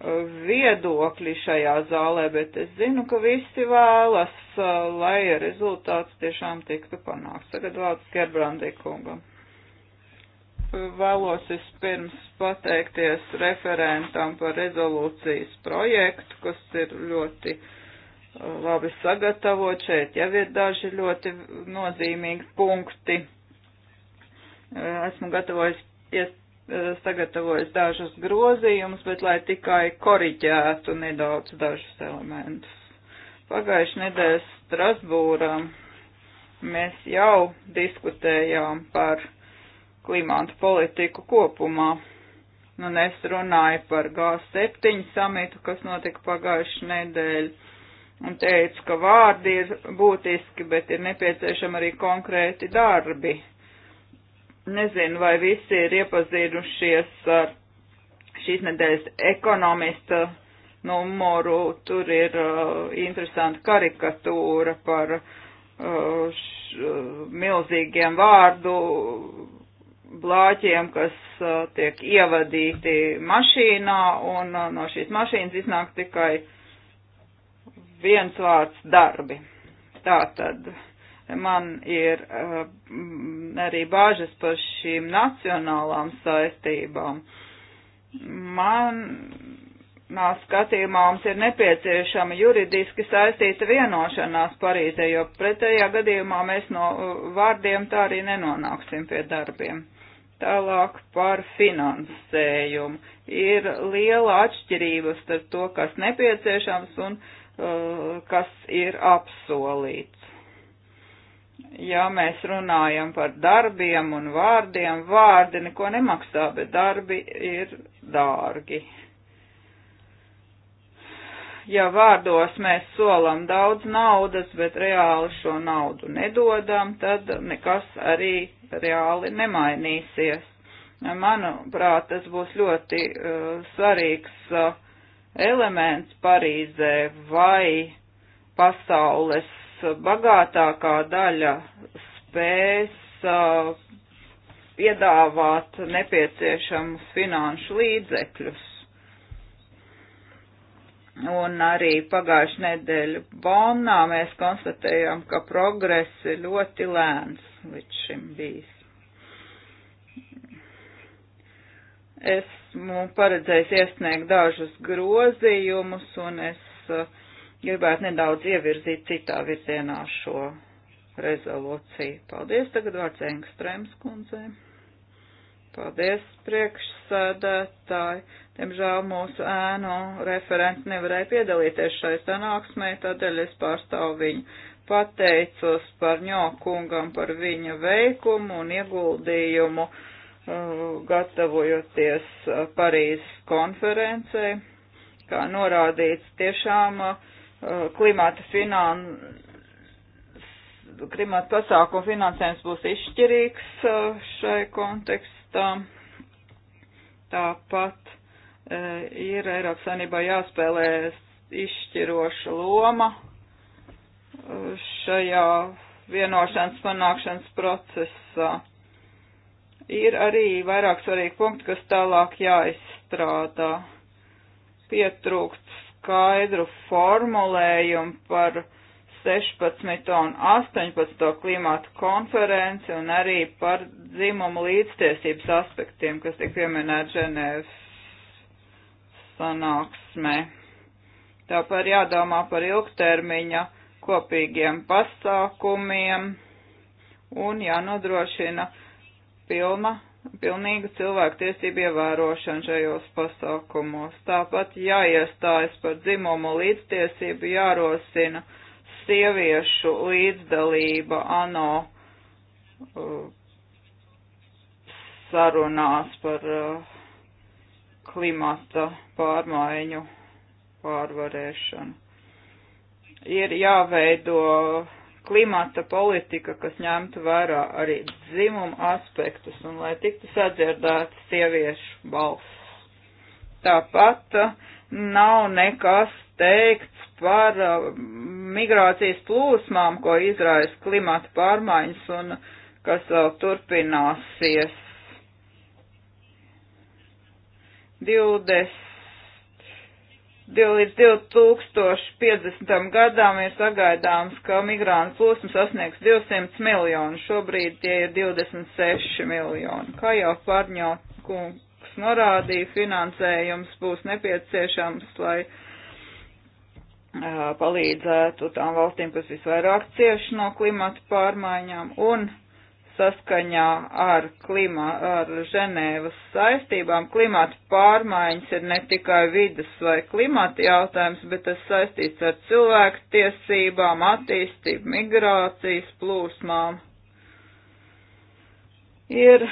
Speaker 5: viedokļi šajā zālē, bet es zinu, ka visi vēlas, uh, lai rezultāts tiešām tiktu panākts. Tagad vārds Gerbrandī kungam. Vēlos vispirms pateikties referentam par rezolūcijas projektu, kas ir ļoti uh, labi sagatavot. Šeit jau ir daži ļoti ļoti nozīmīgi punkti. Uh, esmu gatavojis Eh, sagatavojis dažus grozījumus, bet lai tikai koriģētu nedaudz dažus elementus. Pagājuši nedēļas Strasbūrā mēs jau diskutējām par klimātu politiku kopumā. Nu, un es runāju par G7 samitu, kas notika pagājuši nedēļu, un teicu, ka vārdi ir būtiski, bet ir nepieciešama arī konkrēti darbi Nezinu, vai visi ir iepazinušies ar šīs nedēļas ekonomista numuru. Tur ir uh, interesanta karikatūra par uh, š, milzīgiem vārdu blāķiem, kas uh, tiek ievadīti mašīnā, un uh, no šīs mašīnas iznāk tikai viens vārds darbi. Tātad. tad Man ir uh, arī bāžas par šīm nacionālām saistībām. Man Nā skatījumā mums ir nepieciešama juridiski saistīta vienošanās Parīzē, jo pretējā gadījumā mēs no vārdiem tā arī nenonāksim pie darbiem. Tālāk par finansējumu. Ir liela atšķirība starp to, kas nepieciešams un uh, kas ir apsolīts ja mēs runājam par darbiem un vārdiem, vārdi neko nemaksā, bet darbi ir dārgi. Ja vārdos mēs solam daudz naudas, bet reāli šo naudu nedodam, tad nekas arī reāli nemainīsies. Manuprāt, tas būs ļoti uh, svarīgs uh, elements Parīzē vai pasaules bagātākā daļa spēs uh, piedāvāt nepieciešamus finanšu līdzekļus. Un arī pagājušajā nedēļu Bonnā mēs konstatējām, ka progress ir ļoti lēns līdz šim bijis. Esmu paredzējis iesniegt dažus grozījumus, un es uh, gribētu nedaudz ievirzīt citā virzienā šo rezolūciju. Paldies tagad vārds Engstrēms kundzei. Paldies priekšsēdētāji. Diemžēl mūsu ēnu referents nevarēja piedalīties šai sanāksmē, tādēļ es pārstāvu viņu. Pateicos par ņokungam par viņa veikumu un ieguldījumu, uh, gatavojoties uh, Parīzes konferencei. Kā norādīts, tiešām uh, Eh, klimata finan, klimata pasākumu finansējums būs izšķirīgs eh, šai kontekstā. Tāpat eh, ir Eiropas Savienībā jāspēlē izšķiroša loma šajā vienošanas panākšanas procesā. Ir arī vairāk svarīgi punkti, kas tālāk jāizstrādā. Pietrūkst skaidru formulējumu par 16. un 18. klimātu konferenci un arī par dzimumu līdztiesības aspektiem, kas tiek pieminēti Ženēvas sanāksmē. Tāpēc jādomā par ilgtermiņa kopīgiem pasākumiem un jānodrošina pilna pilnīgu cilvēku tiesību ievērošanu šajos pasākumos. Tāpat jāiestājas par dzimumu līdztiesību, jārosina sieviešu līdzdalība ANO uh, sarunās par uh, klimata pārmaiņu pārvarēšanu. Ir jāveido klimata politika, kas ņemtu vērā arī dzimumu aspektus un lai tiktu sadzirdētas sieviešu balss. Tāpat uh, nav nekas teikts par uh, migrācijas plūsmām, ko izraisa klimata pārmaiņas un kas vēl turpināsies. 20 Līdz 2050. gadām ir sagaidāms, ka migrāntu plūsmas sasniegs 200 miljonu, šobrīd tie ir 26 miljoni. Kā jau Pārņo kungs norādīja, finansējums būs nepieciešams, lai uh, palīdzētu tām valstīm, kas visvairāk cieši no klimata pārmaiņām, un saskaņā ar, klima, ar Ženēvas saistībām. Klimata pārmaiņas ir ne tikai vidas vai klimata jautājums, bet tas saistīts ar cilvēku tiesībām, attīstību, migrācijas plūsmām. Ir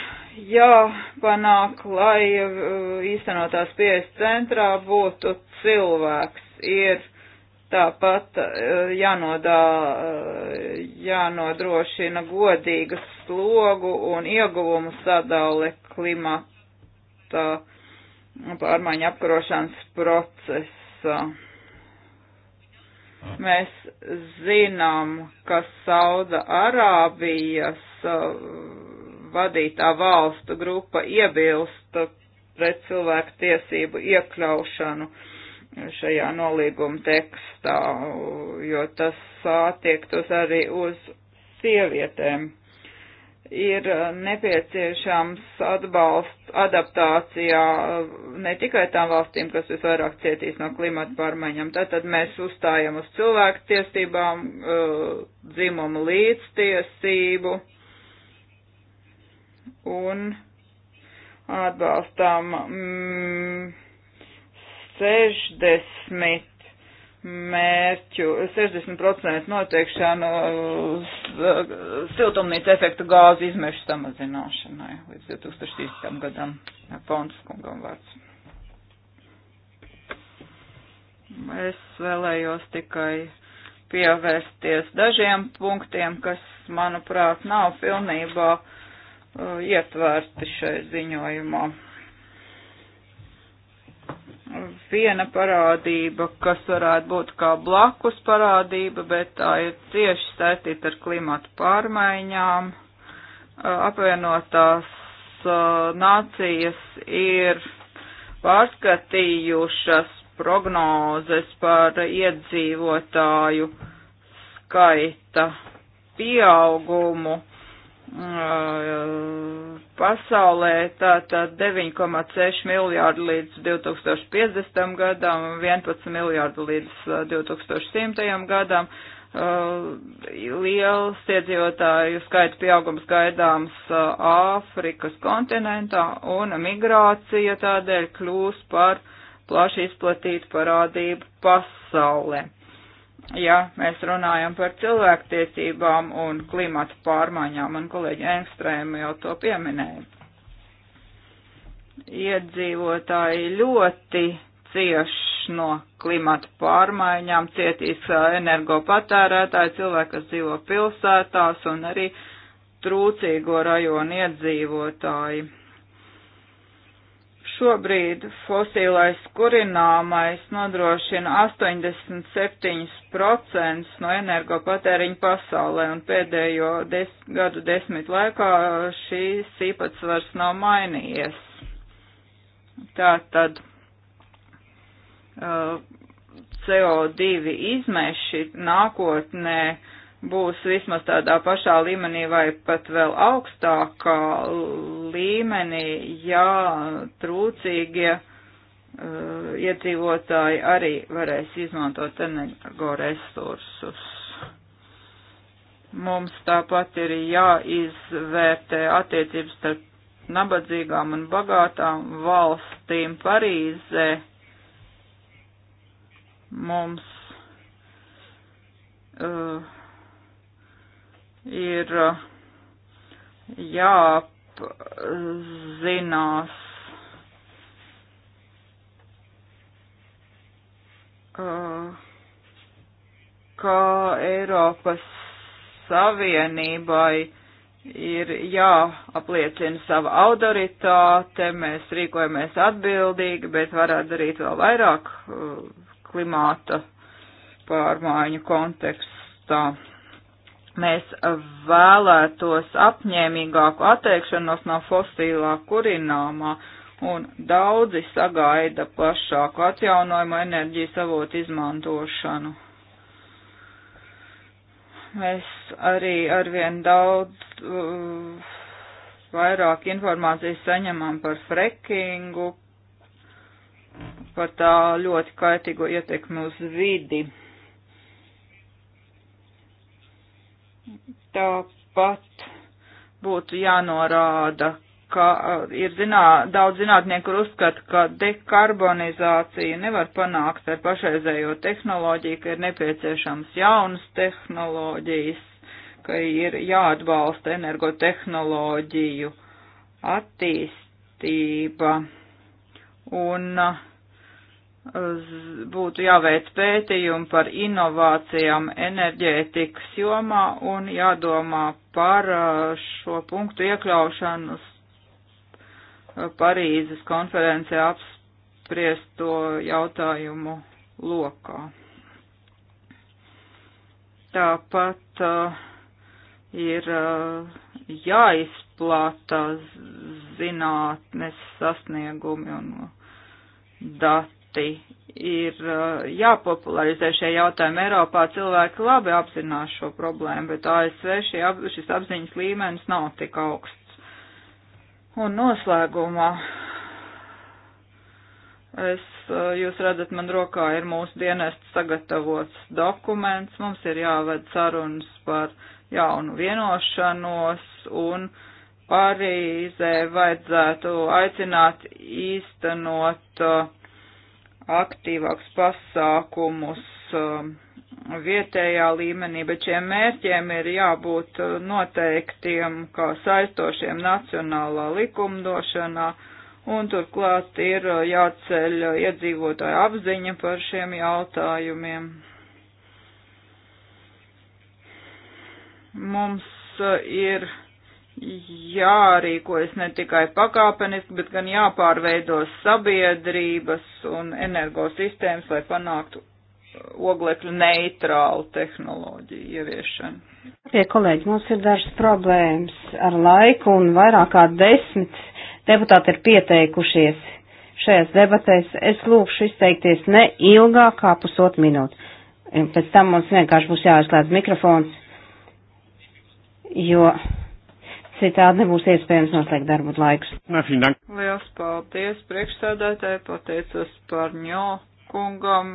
Speaker 5: jāpanāk, lai uh, īstenotās pieejas centrā būtu cilvēks. Ir Tāpat eh, jānodā, eh, jānodrošina godīga slogu un ieguvumu sadale klimata pārmaiņu apkarošanas procesa. Mēs zinām, ka Sauda Arābijas eh, vadītā valstu grupa iebilst pret cilvēku tiesību iekļaušanu uh, šajā nolīguma tekstā, jo tas attiektos arī uz sievietēm. Ir nepieciešams atbalsts adaptācijā uh, ne tikai tām valstīm, kas visvairāk cietīs no klimata pārmaiņām. Tātad mēs uzstājam uz cilvēku tiesībām, uh, dzimumu līdztiesību un atbalstām. Mm, 60 mērķu, 60% noteikšanu eh, siltumnīca efektu gāzu izmešu samazināšanai līdz 2030. gadam. Fonds kungam vārds. Es vēlējos tikai pievērsties dažiem punktiem, kas, manuprāt, nav pilnībā uh, ietverti šai ziņojumā viena parādība, kas varētu būt kā blakus parādība, bet tā ir cieši saistīta ar klimatu pārmaiņām. Apvienotās nācijas ir pārskatījušas prognozes par iedzīvotāju skaita pieaugumu pasaulē, tātad 9,6 miljārdi līdz 2050. gadam, 11 miljārdi līdz 2100. gadam. Liels iedzīvotāju skaita pieaugums gaidāms Āfrikas kontinentā un migrācija tādēļ kļūs par plaši izplatītu parādību pasaulē ja mēs runājam par cilvēktiesībām un klimatu pārmaiņām, un kolēģi Engstrēma jau to pieminēja. Iedzīvotāji ļoti cieš no klimatu pārmaiņām, cietīs uh, energopatērētāji, cilvēki, kas dzīvo pilsētās un arī trūcīgo rajonu iedzīvotāji Šobrīd fosīlais kurināmais nodrošina 87% no energopatēriņa pasaulē, un pēdējo des, gadu desmit laikā šīs īpatsvars nav mainījies. Tā tad uh, CO2 izmeši nākotnē uh, būs vismaz tādā pašā līmenī vai pat vēl augstākā līmenī, ja trūcīgie uh, iedzīvotāji arī varēs izmantot energoresursus. Mums tāpat ir jāizvērtē attiecības starp nabadzīgām un bagātām valstīm Parīzē. Mums uh, ir uh, jāapzinās uh, kā Eiropas Savienībai ir jāapliecina sava autoritāte, mēs rīkojamies atbildīgi, bet varētu darīt vēl vairāk uh, klimāta pārmaiņu kontekstā mēs vēlētos apņēmīgāku atteikšanos no fosilā kurināmā, un daudzi sagaida plašāku atjaunojumu enerģijas avotu izmantošanu. Mēs arī arvien daudz uh, vairāk informācijas saņemam par frekingu, par tā ļoti kaitīgo ietekmi uz vidi. Tāpat būtu jānorāda, ka uh, ir zinā, daudz zinātnieku, kur uzskata, ka dekarbonizācija nevar panākt ar pašreizējo tehnoloģiju, ka ir nepieciešams jaunas tehnoloģijas, ka ir jāatbalsta energotehnoloģiju attīstība. Un uh, būtu jāveic pētījumi par inovācijām enerģētikas jomā un jādomā par uh, šo punktu iekļaušanu Parīzes konferencē apspriesto jautājumu lokā. Tāpat uh, ir uh, jāizplāta zinātnes sasniegumi un dati ļoti ir eh, jāpopularizē šie jautājumi Eiropā. Cilvēki labi apzinās šo problēmu, bet ASV ap, šis apziņas līmenis nav tik augsts. Un noslēgumā es, eh, jūs redzat, man rokā ir mūsu dienests sagatavots dokuments. Mums ir jāved sarunas par jaunu vienošanos un. Parīzē vajadzētu aicināt īstenot uh, aktīvāks pasākumus um, vietējā līmenī, bet šiem mērķiem ir jābūt uh, noteiktiem kā saistošiem nacionālā likumdošanā, un turklāt ir uh, jāceļ iedzīvotāju apziņa par šiem jautājumiem. Mums uh, ir jārīkojas ne tikai pakāpeniski, bet gan jāpārveido sabiedrības un energosistēmas, lai panāktu uh, oglekļu neitrālu tehnoloģiju ieviešanu.
Speaker 2: Tie kolēģi, mums ir dažas problēmas ar laiku un vairāk kā desmit deputāti ir pieteikušies šajās debatēs. Es lūkšu izteikties ne ilgāk kā pusot minūti. Pēc tam mums vienkārši būs jāizslēdz mikrofons, jo Citādi nebūs iespējams noslēgt darbu laikus. Lielas
Speaker 5: paldies priekšsēdētāji, pateicos par ņo kungam.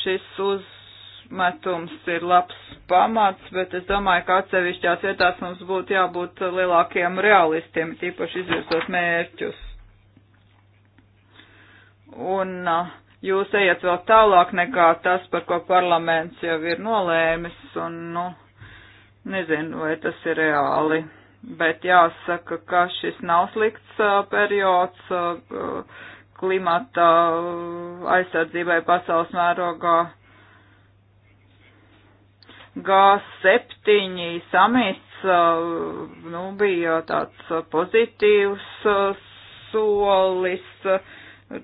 Speaker 5: Šis uzmetums ir labs pamats, bet es domāju, ka atsevišķās vietās mums būtu jābūt lielākiem realistiem, tīpaši izvirsot mērķus. Un uh, jūs ejat vēl tālāk nekā tas, par ko parlaments jau ir nolēmis, un, nu, nezinu, vai tas ir reāli bet jāsaka, ka šis nav slikts periods klimata aizsardzībai pasaules mērogā. G7 samits nu, bija tāds pozitīvs solis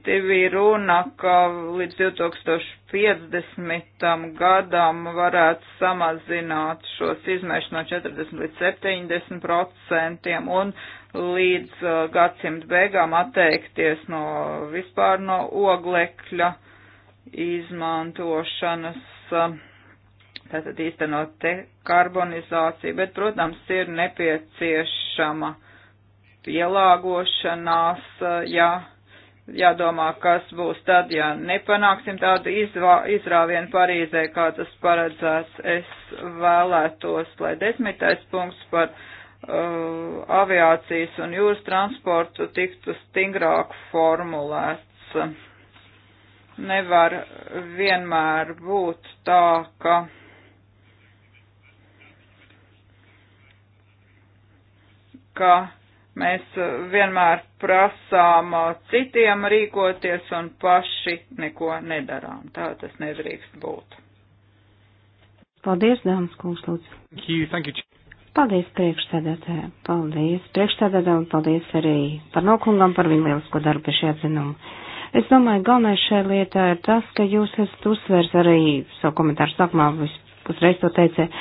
Speaker 5: Te bija runa, ka līdz 2050. gadam varētu samazināt šos izmešus no 40 līdz 70 procentiem un līdz uh, gadsimta beigām atteikties no vispār no oglekļa izmantošanas. Uh, tātad īstenot dekarbonizāciju, bet, protams, ir nepieciešama pielāgošanās, uh, ja jādomā, kas būs tad, ja nepanāksim tādu izvā, izrāvienu Parīzē, kā tas paredzēts. Es vēlētos, lai desmitais punkts par uh, aviācijas un jūras transportu tiktu stingrāk formulēts. Nevar vienmēr būt tā, ka. ka Mēs uh, vienmēr prasām uh, citiem rīkoties un paši neko nedarām. Tā tas nedrīkst būt.
Speaker 2: Paldies, dāmas kungs, lūdzu.
Speaker 5: Thank you, thank you.
Speaker 2: Paldies priekšstādātājai, paldies priekšstādātājai un paldies arī par nokungam par viņu lielisko darbu pie šī atzinuma. Es domāju, galvenais šajā lietā ir tas, ka jūs esat uzsvērs arī savu komentāru sākumā, vispusreiz to teicāt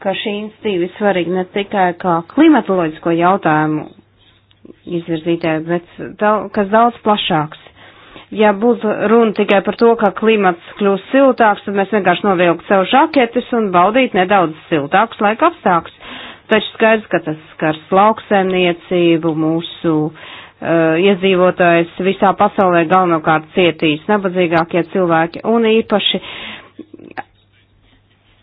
Speaker 2: ka šī institīva ir svarīga ne tikai kā klimatoloģisko jautājumu izvirzītāja, bet daudz, kas daudz plašāks. Ja būtu runa tikai par to, ka klimats kļūst siltāks, tad mēs vienkārši novilkt sev žaketes un baudīt nedaudz siltāks laika apstākļus. Taču skaidrs, ka tas skars lauksēmniecību, mūsu uh, iedzīvotājs visā pasaulē galvenokārt cietīs nabadzīgākie cilvēki un īpaši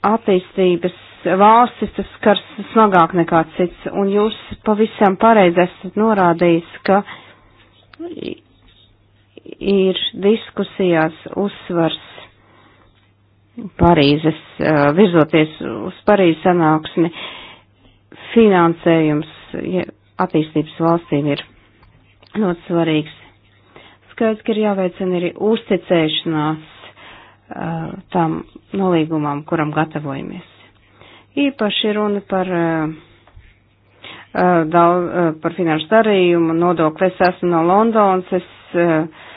Speaker 2: attīstības valstis tas skars smagāk nekā cits, un jūs pavisam pareizi esat norādījis, ka ir diskusijās uzsvars Parīzes, eh, virzoties uz Parīzes sanāksmi, finansējums attīstības valstīm ir ļoti svarīgs. Skaidrs, ka ir jāveicina arī uzticēšanās eh, tam nolīgumam, kuram gatavojamies. Īpaši runa par, uh, daudz, uh, par finanšu darījumu, nodokli. Es esmu no Londonas, es uh,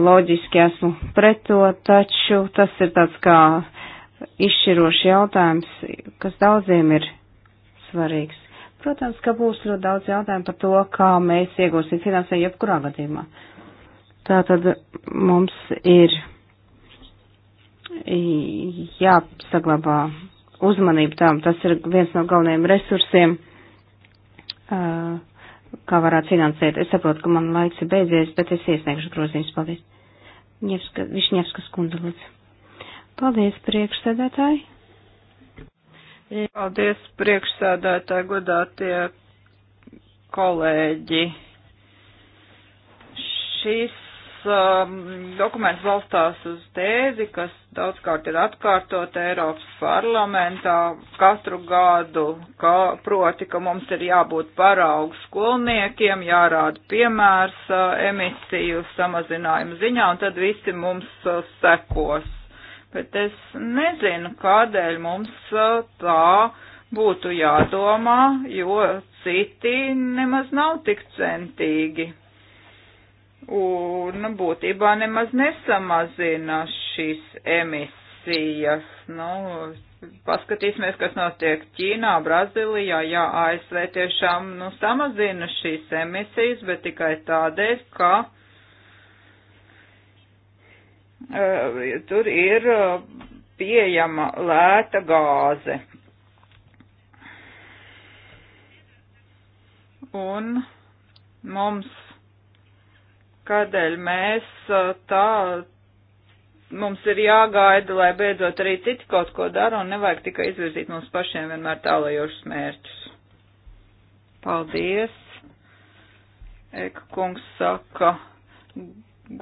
Speaker 2: loģiski esmu pret to, taču tas ir tāds kā izšķirošs jautājums, kas daudziem ir svarīgs. Protams, ka būs ļoti daudz jautājumu par to, kā mēs iegūsim finansējumu jebkurā gadījumā. Tā tad mums ir jāsaglabā uzmanību tām. Tas ir viens no galvenajiem resursiem, kā varētu finansēt. Es saprotu, ka man laiks ir beidzies, bet es iesniegšu grozījumus. Paldies. Ņevska, Višņevskas kundze, lūdzu. Paldies, priekšsēdētāji.
Speaker 5: Paldies, priekšsēdētāji, godātie kolēģi. Šis um, dokuments valstās uz tēzi, kas daudzkārt ir atkārtot Eiropas parlamentā katru gadu, ka, proti, ka mums ir jābūt paraugu skolniekiem, jārāda piemērs uh, emisiju samazinājuma ziņā, un tad visi mums uh, sekos. Bet es nezinu, kādēļ mums uh, tā būtu jādomā, jo citi nemaz nav tik centīgi. Un būtībā nemaz nesamazina šīs emisijas. Nu, paskatīsimies, kas notiek Ķīnā, Brazīlijā, jā, ASV tiešām nu, samazina šīs emisijas, bet tikai tādēļ, ka uh, tur ir uh, pieejama lēta gāze. Un mums kādēļ mēs tā, mums ir jāgaida, lai beidzot arī citi kaut ko dara un nevajag tikai izvirzīt mums pašiem vienmēr tālajošus mērķus. Paldies. Eka kungs saka,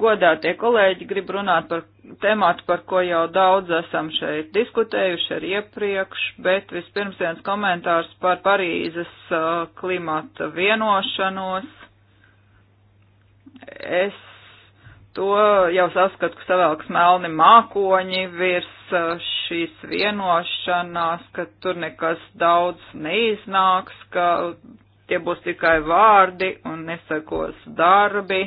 Speaker 5: godātie kolēģi, grib runāt par tematu, par ko jau daudz esam šeit diskutējuši ar iepriekš, bet vispirms viens komentārs par Parīzes klimata vienošanos Es to jau saskatu, ka savelks melni mākoņi virs uh, šīs vienošanās, ka tur nekas daudz neiznāks, ka tie būs tikai vārdi un nesakos darbi.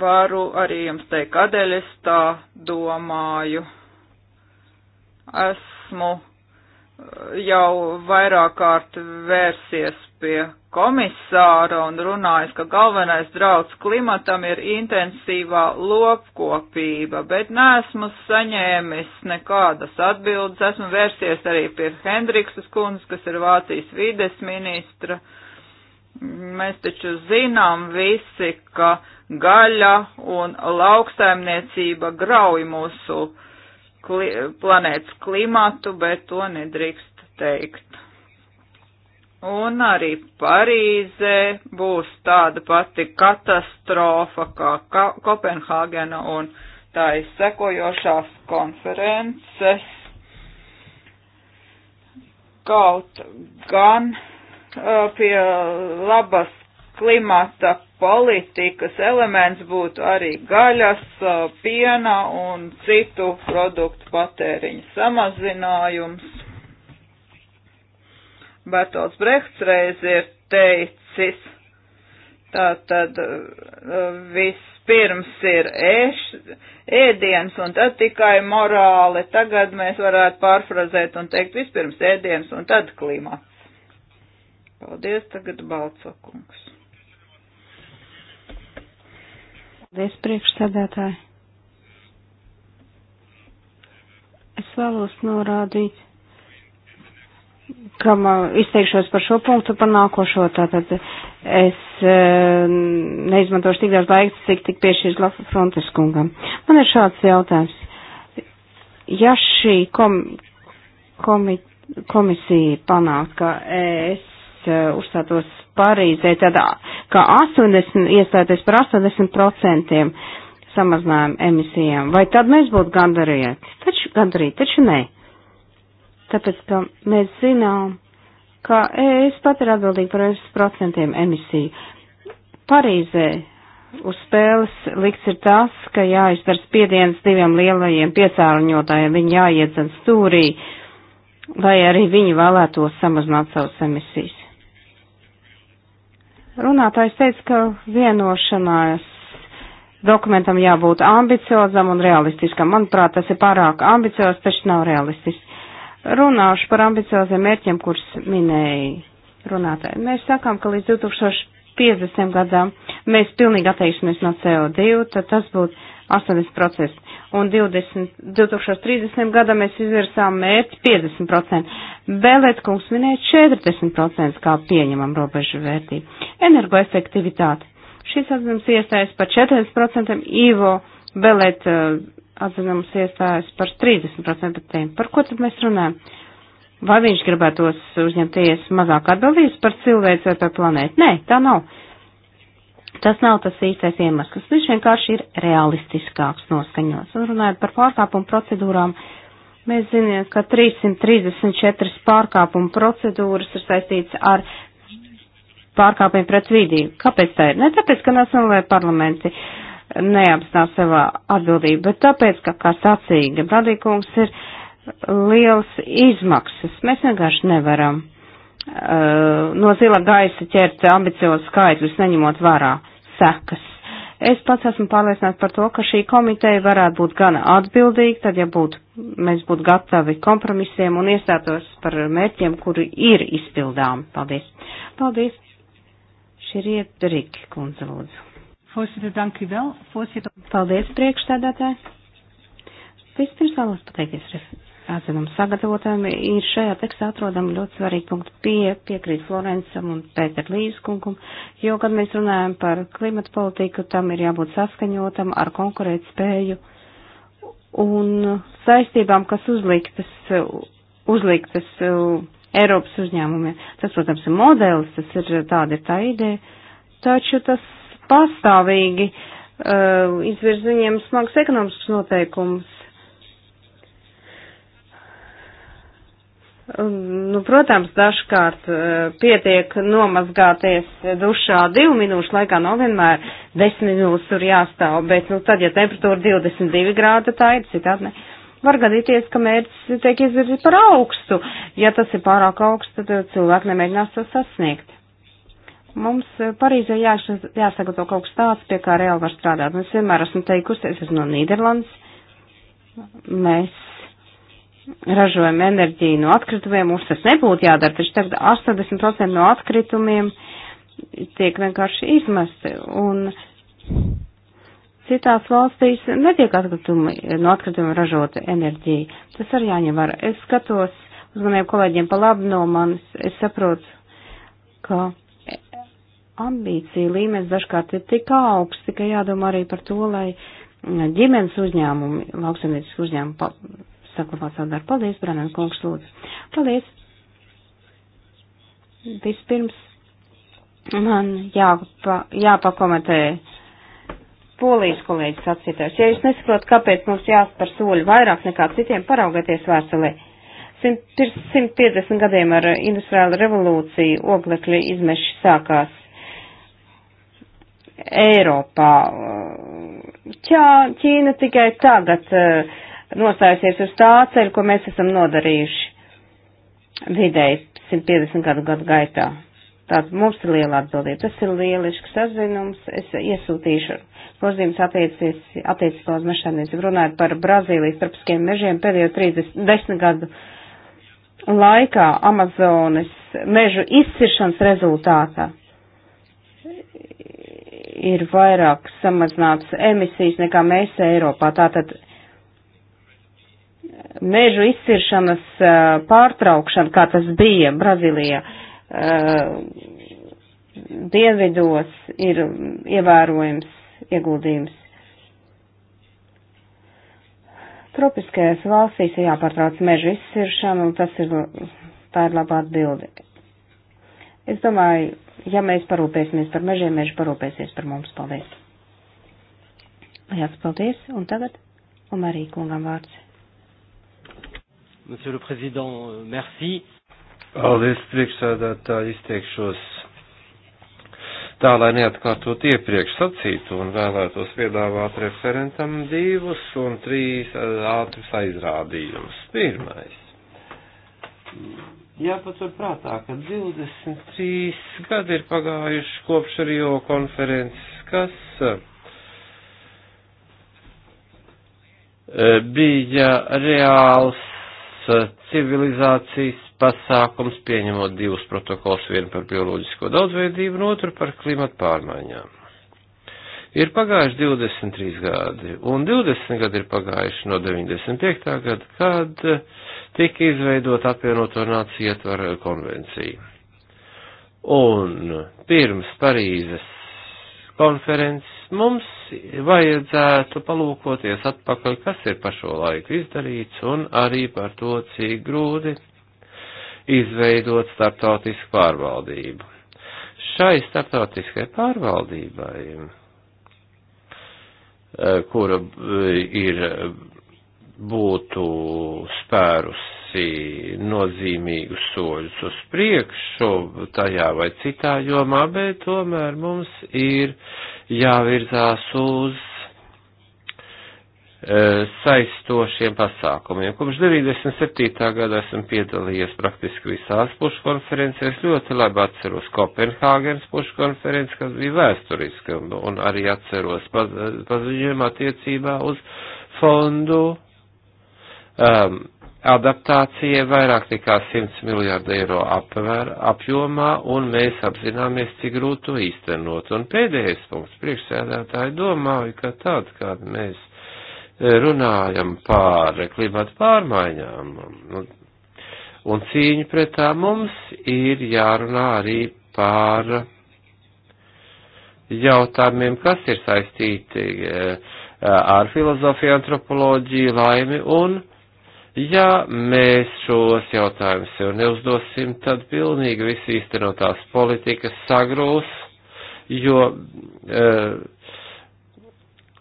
Speaker 5: Varu arī jums teikt, kādēļ es tā domāju. Esmu jau vairāk kārt vērsies pie komisāra un runājis, ka galvenais draudz klimatam ir intensīvā lopkopība, bet neesmu saņēmis nekādas atbildes. Esmu vērsies arī pie Hendriksas kundzes, kas ir Vācijas vides ministra. Mēs taču zinām visi, ka gaļa un lauksaimniecība grauj mūsu uh, kli, planētas klimatu, bet to nedrīkst teikt. Un arī Parīze būs tāda pati katastrofa kā Ka Kopenhāgena un tā izsekojošās konferences. Kaut gan pie labas klimata politikas elements būtu arī gaļas, piena un citu produktu patēriņa samazinājums. Bertolds Brechts reiz ir teicis, tātad vispirms ir ēš, ēdiens un tad tikai morāli. Tagad mēs varētu pārfrazēt un teikt vispirms ēdiens un tad klimats. Paldies, tagad Balcokungs.
Speaker 2: Paldies, priekšsēdētāji. Es vēlos norādīt, ka izteikšos par šo punktu, par nākošo. Tātad es e, neizmantošu tik daudz laika, cik tik piešķirs Lafa Frontes kungam. Man ir šāds jautājums. Ja šī kom, komi, komisija panāk, ka es Eh, uzstātos Parīzē, tad kā 80, iestāties par 80% samazinājumu emisijām, vai tad mēs būtu gandarīti? Taču gandarīti, taču nē. Tāpēc, ka mēs zinām, ka es pat ir atbildīgi par 80% emisiju. Parīzē uz spēles likts ir tas, ka jāizdara spiediens diviem lielajiem piesārņotājiem, viņi jāiedzen stūrī, lai arī viņi vēlētos samazināt savas emisijas. Runātājs teica, ka vienošanās dokumentam jābūt ambiciozam un realistiskam. Manuprāt, tas ir pārāk ambiciozs, taču nav realistisks. Runāšu par ambicioziem mērķiem, kurus minēja runātāji. Mēs sakām, ka līdz 2050 gadām mēs pilnīgi atteiksimies no CO2, tad tas būtu 80% un 20, 2030. gadam mēs izvirsām mērķi 50%. Bēlēt kungs minēja 40% kā pieņemam robežu vērtību. Energoefektivitāte. Šis atzinums iestājas par 40%, Ivo Bēlēt uh, atzinums iestājas par 30%. Par ko tad mēs runājam? Vai viņš gribētos uzņemties mazāk atbildības par cilvēku vai par planētu? Nē, tā nav tas nav tas īstais iemesls. Viņš vienkārši ir realistiskāks noskaņots. Un runājot par pārkāpumu procedūrām, mēs zinām, ka 334 pārkāpumu procedūras ir saistīts ar pārkāpumu pret vidī. Kāpēc tā ir? Ne tāpēc, ka nacionālajie parlamenti neapstāv savā atbildību, bet tāpēc, ka, kā sacīga, Bradīkungs ir liels izmaksas. Mēs vienkārši nevaram uh, no zila gaisa ķert ambiciozu skaitļus, neņemot vērā sekas. Es pats esmu pārliecināts par to, ka šī komiteja varētu būt gana atbildīga, tad, ja būtu, mēs būtu gatavi kompromisiem un iestātos par mērķiem, kuri ir izpildām. Paldies. Paldies. Šī ir ietrika, kundze, lūdzu. Fosita, danki vēl. Fosita. Paldies, priekšstādātāji. Vispirms vēlos pateikties atzinumu sagatavotājiem, ir šajā tekstā atrodama ļoti svarīgi punkti pie, piekrīt Florencam un Pēter Līskungam, jo, kad mēs runājam par klimatu politiku, tam ir jābūt saskaņotam ar konkurēt spēju un saistībām, kas uzliktas, uzliktas uh, Eiropas uzņēmumiem. Tas, protams, ir modelis, tas ir tāda ir tā ideja, taču tas pastāvīgi uh, izvirz viņiem smagas ekonomiskas noteikumus Nu, protams, dažkārt eh, pietiek nomazgāties dušā divu minūšu laikā, nav vienmēr desmit minūtes tur jāstāv, bet, nu, tad, ja temperatūra 22 grāda, tā ir citādi. Ne. Var gadīties, ka mērķis tiek izvirzīts par augstu. Ja tas ir pārāk augsts, tad eh, cilvēki nemēģinās to sasniegt. Mums eh, Parīzē jāsagatavo kaut kas tāds, pie kā reāli var strādāt. Es vienmēr esmu teikusi, es esmu no Nīderlandes. Mēs ražojam enerģiju no atkritumiem, mums tas nebūtu jādara, taču tagad 80% no atkritumiem tiek vienkārši izmesti, un citās valstīs netiek atkritumi, no atkritumiem ražota enerģija. Tas arī jāņem vērā. Es skatos uz maniem kolēģiem pa labi no manis, es saprotu, ka ambīcija līmenis dažkārt ir tik augsts, ka jādomā arī par to, lai ģimenes uzņēmumi, lauksaimniecības uzņēmumi saglabāt savu darbu. Paldies, Branan kungs, lūdzu. Paldies. Vispirms man jāpa, jāpakomentē polijas kolēģis atcītājs. Ja jūs nesaprotat, kāpēc mums jāspēr soļi vairāk nekā citiem, paraugieties vēstulē. Pirms 150 gadiem ar industriālu revolūciju oglekļa izmeši sākās Eiropā. Ķā, Ķīna tikai tagad uh, nostājusies uz tā ceļa, ko mēs esam nodarījuši vidēji 150 gadu gadu gaitā. Tātad mums ir liela atbildība. Tas ir lielisks sazinums. Es iesūtīšu grozījums attiecībā uz mešanīcību. Runājot par Brazīlijas starpskiem mežiem pēdējo 30 gadu laikā Amazonas mežu izciršanas rezultātā ir vairāk samazināts emisijas nekā mēs Eiropā. Tātad mežu izciršanas pārtraukšana, kā tas bija Brazīlijā, dienvidos ir ievērojams ieguldījums. Tropiskajās valstīs ir jāpārtrauc mežu izciršana, un tas ir, tā ir labā atbilde. Es domāju, ja mēs parūpēsimies par mežiem, meži parūpēsies par mums. Paldies! Lielas paldies! Un tagad Omarī kungam vārds.
Speaker 1: Monsieur le Président, euh, merci. Paldies, priekšsēdētāji, izteikšos tā, lai neatkārtot iepriekš sacītu un vēlētos piedāvāt referentam divus un trīs ātrus aizrādījumus. Pirmais. Jāpatur prātā, ka 23 gadi ir pagājuši kopš Rio konferences, kas bija reāls Uh, civilizācijas pasākums, pieņemot divus protokols, vienu par bioloģisko daudzveidību un otru par klimatu pārmaiņām. Ir pagājuši 23 gadi, un 20 gadi ir pagājuši no 95. gada, kad uh, tika izveidota apvienoto nāciju ietvara konvencija. Un pirms Parīzes konferences mums vajadzētu palūkoties atpakaļ, kas ir pa šo laiku izdarīts, un arī par to, cik grūti izveidot starptautisku pārvaldību. Šai starptautiskai pārvaldībai, e, kura e, ir būtu spērusi nozīmīgus soļus uz priekšu tajā vai citā jomā, bet tomēr mums ir jāvirzās uz e, saistošiem pasākumiem. Kopš 97. gada esmu piedalījies praktiski visās pušu konferencēs, ļoti labi atceros Kopenhāgenes pušu konferenci, kas bija vēsturiski, un, un arī atceros paziņojumā attiecībā uz fondu um, adaptācijai vairāk nekā 100 miljārdu eiro apvēr, apjomā, un mēs apzināmies, cik grūti to īstenot. Un pēdējais punkts priekšsēdētāji domāju, ka tad, kad mēs runājam pār klimatu pārmaiņām un, un cīņu pret tā mums, ir jārunā arī pār jautājumiem, kas ir saistīti eh, ar filozofiju, antropoloģiju, laimi un Ja mēs šos jautājumus jau neuzdosim, tad pilnīgi viss īstenotās politikas sagrūs, jo uh,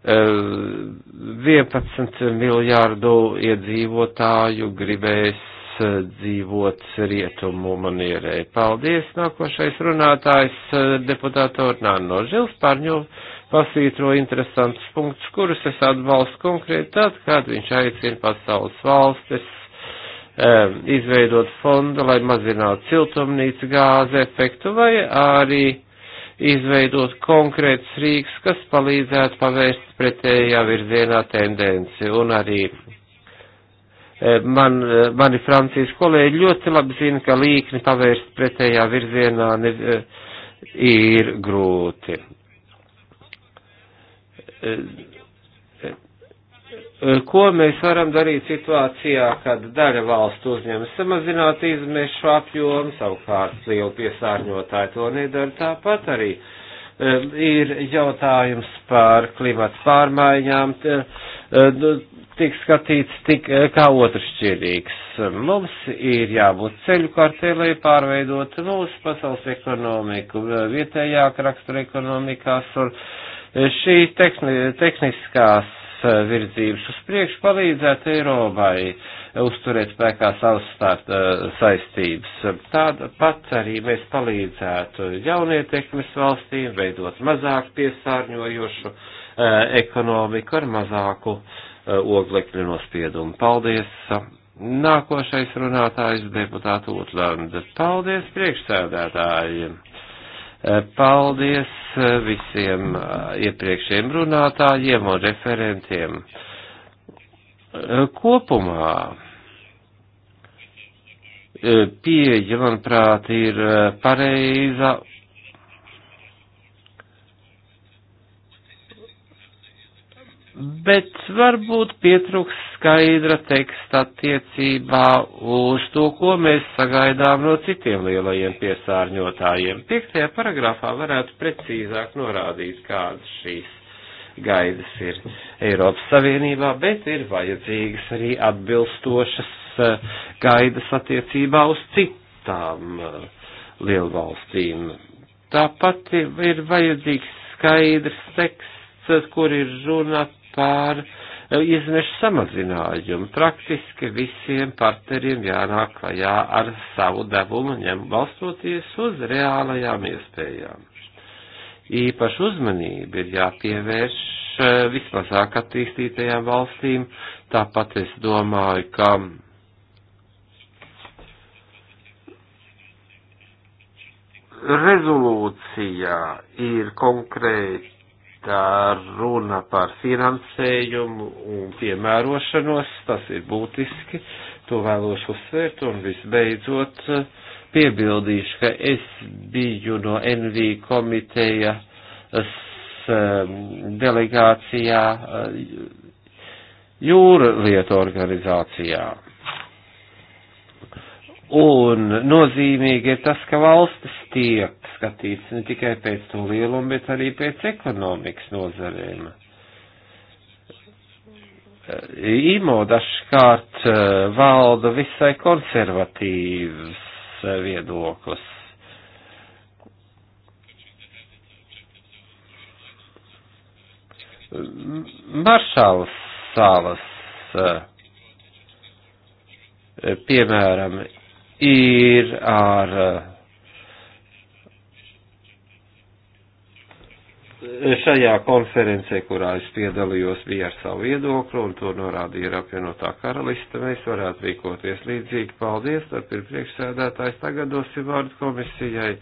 Speaker 1: uh, 11 miljārdu iedzīvotāju gribēs eh, dzīvot rietumu manierē. Paldies, nākošais runātājs eh, deputāta Ornāno Žils Pārņov pasvītro interesantus punktus, kurus es atbalstu konkrēti tad, kad viņš aicina pasaules valstis um, izveidot fondu, lai mazinātu ciltumnīca gāze efektu, vai arī izveidot konkrēts rīks, kas palīdzētu pavērst pretējā virzienā tendenci un arī man, mani Francijas kolēģi ļoti labi zina, ka līkni pavērst pretējā virzienā ne, ir grūti. Eh, eh, ko mēs varam darīt situācijā, kad daļa valstu uzņemas samazināt izmešu apjomu, savukārt liela piesārņotāja to nedara tāpat arī. Eh, ir jautājums par klimatu pārmaiņām, nu, tiek skatīts tik, kā otršķirīgs. Mums ir jābūt ceļu kartē, lai pārveidotu mūsu pasaules ekonomiku, vietējāk rakstura ekonomikās un. Uh, Šī tehni, tehniskās eh, virzības uz priekšu palīdzētu Eiropai uzturēt spēkā savas start, eh, saistības. Tāpat arī mēs palīdzētu jaunietekmes valstīm veidot mazāk piesārņojošu eh, ekonomiku ar mazāku oglekļu nospiedumu. Paldies! Nākošais runātājs deputāta Utlanda. Paldies priekšsēdētājiem! Eh, paldies eh, visiem eh, iepriekšējiem runātājiem un referentiem. Kopumā pieeja, manuprāt, ir pareiza bet varbūt pietrūks skaidra teksta attiecībā uz to, ko mēs sagaidām no citiem lielajiem piesārņotājiem. Piektajā paragrāfā varētu precīzāk norādīt, kādas šīs gaidas ir Eiropas Savienībā, bet ir vajadzīgas arī atbilstošas eh, gaidas attiecībā uz citām eh, lielvalstīm. Tāpat ir vajadzīgs skaidrs teksts, kur ir runa par eh, izmešu samazinājumu. Praktiski visiem partneriem jānāk klajā ar savu devumu, ņem balstoties uz reālajām iespējām. Īpaši uzmanība ir jāpievērš eh, vismazāk attīstītajām valstīm, tāpat es domāju, ka rezolūcijā ir konkrēti kā runa par finansējumu un piemērošanos, tas ir būtiski, to vēlos uzsvērt un visbeidzot piebildīšu, ka es biju no NV komiteja delegācijā eh, jūra lietu organizācijā. Un nozīmīgi ir tas, ka valstis tiek skatīts ne tikai pēc to lielumu, bet arī pēc ekonomikas nozarēm. IMO dažkārt eh, valda visai konservatīvs eh, viedoklis. Maršāls salas, eh, piemēram, ir ar eh, šajā konferencē, kurā es piedalījos, bija ar savu viedokli, un to norādīja ir apvienotā karalista. Mēs varētu rīkoties līdzīgi. Paldies, tad ir priekšsēdētājs. Tagad dosim vārdu komisijai,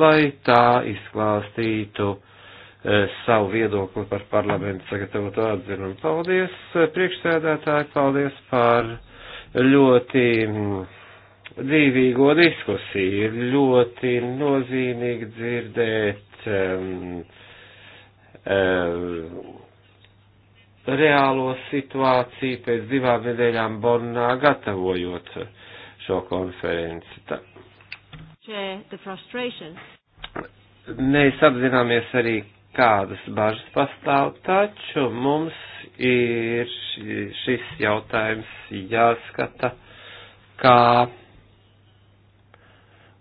Speaker 1: lai tā izklāstītu eh, savu viedokli par parlamentu sagatavotu atzinumu. Paldies, eh, priekšsēdētāji, paldies par ļoti. Mm, dzīvīgo diskusiju. Ir ļoti nozīmīgi dzirdēt um, um, reālo situāciju pēc divām nedēļām Bonnā gatavojot šo konferenci. Tā. Mēs apzināmies arī, kādas bažas pastāv, taču mums ir šis jautājums jāskata kā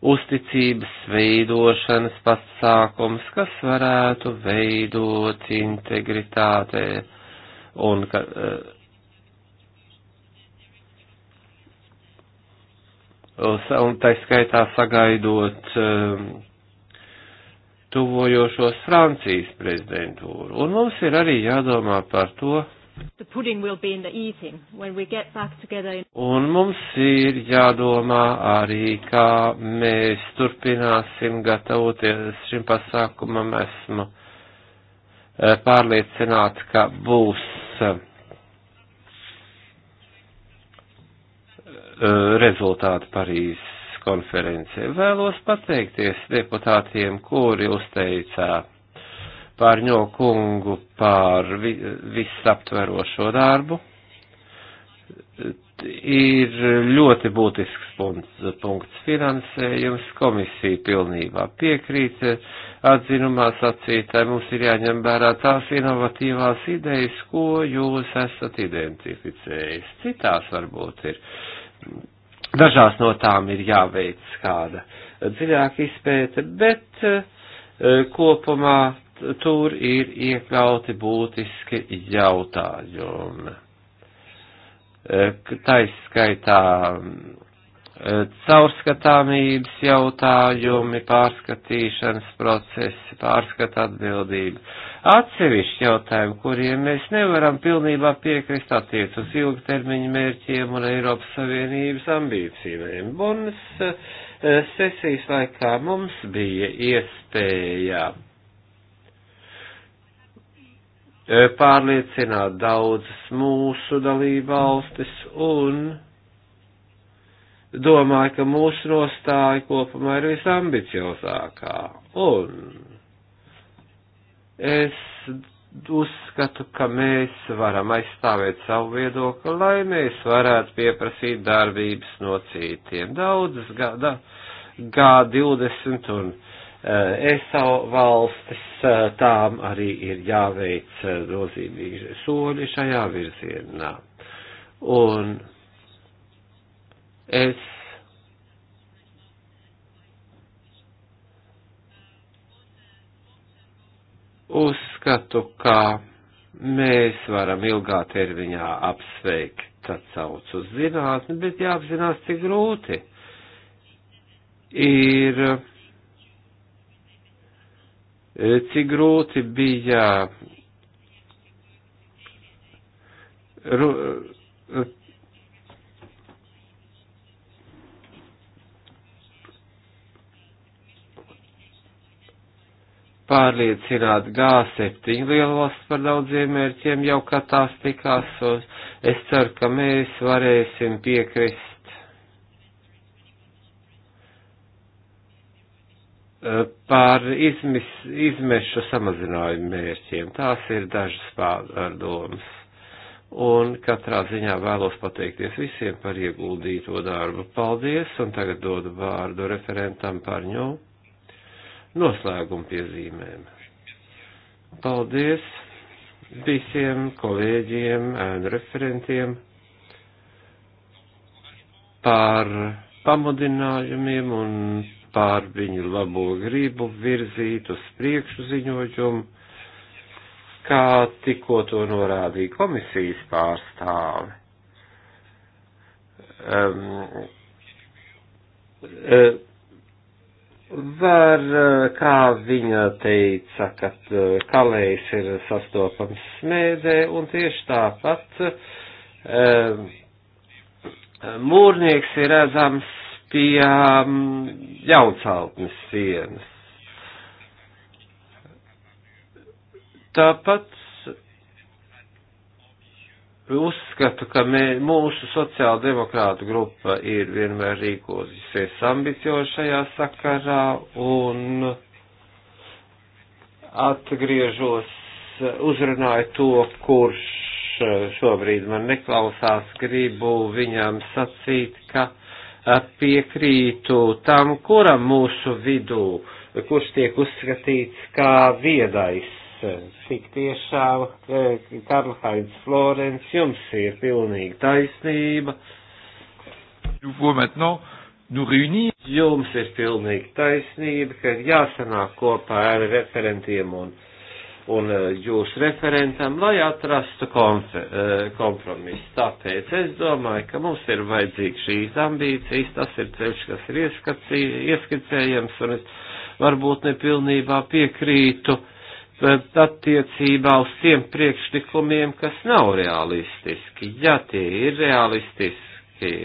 Speaker 1: uzticības veidošanas pasākums, kas varētu veidot integritātē un ka, eh, un tā skaitā sagaidot um, tuvojošos Francijas prezidentūru. Un mums ir arī jādomā par to, Un mums ir jādomā arī, kā mēs turpināsim gatavoties šim pasākumam. Esmu eh, pārliecināta, ka būs eh, rezultāti Parīzes konferencē. Vēlos pateikties deputātiem, kuri uzteicā par ņokungu, par vi, visaptverošo darbu. Ir ļoti būtisks punkts, punkts finansējums, komisija pilnībā piekrīt atzinumā sacītai, mums ir jāņem vērā tās inovatīvās idejas, ko jūs esat identificējis. Citās varbūt ir. Dažās no tām ir jāveic kāda dziļāka izpēte, bet eh, kopumā tur ir iekļauti būtiski jautājumi. E, Taiskaitā e, caurskatāmības jautājumi, pārskatīšanas procesi, pārskata atbildība. Atsevišķi jautājumi, kuriem mēs nevaram pilnībā piekrist attiec uz ilgtermiņa mērķiem un Eiropas Savienības ambīcijiem. Bunas e, sesijas laikā mums bija iespēja E, pārliecināt daudzas mūsu dalībvalstis un domāju, ka mūsu nostāja kopumā ir visambiciozākā. Un es uzskatu, ka mēs varam aizstāvēt savu viedokli, lai mēs varētu pieprasīt darbības no citiem. Daudzas gada G20 un Eh, ESO valstis, eh, tām arī ir jāveic eh, nozīmīgi soļi šajā virzienā. Un es uzskatu, ka mēs varam ilgā termiņā apsveikt atsauc uz zinātni, bet jāapzinās, cik grūti ir E, cik grūti bija ru, pārliecināt G7 lielvalsts par daudziem mērķiem, jau kā tās tikās, un es ceru, ka mēs varēsim piekrist Eh, par izmis, izmešu samazinājumu mērķiem. Tās ir dažas pārdomas. Un katrā ziņā vēlos pateikties visiem par ieguldīto darbu. Paldies, un tagad dodu vārdu referentam par ņo noslēgumu piezīmēm. Paldies visiem kolēģiem un referentiem par pamudinājumiem un pār viņu labo gribu virzīt uz priekšu ziņojumu, kā tikko to norādīja komisijas pārstāve. Um, um, Var, e, kā viņa teica, ka e, kalējs ir sastopams smēdē, un tieši tāpat um, mūrnieks ir redzams pie um, jaucāltnes sienas. Tāpat uzskatu, ka mē, mūsu sociāldemokrātu grupa ir vienmēr rīkojusies ambiciošajā sakarā un atgriežos, uzrunāju to, kurš šobrīd man neklausās, gribu viņam sacīt, ka piekrītu tam, kuram mūsu vidū, kurš tiek uzskatīts kā viedais. Cik tiešām, e, Karlhains Florence, jums ir pilnīga taisnība. Jums ir pilnīga taisnība, ka jāsanāk kopā ar referentiem un un eh, jūsu referentam, lai atrastu eh, kompromisu. Tāpēc es domāju, ka mums ir vajadzīgs šīs ambīcijas, tas ir ceļš, kas ir ieskicējams, un es varbūt nepilnībā piekrītu eh, attiecībā uz tiem priekšlikumiem, kas nav realistiski. Ja tie ir realistiski,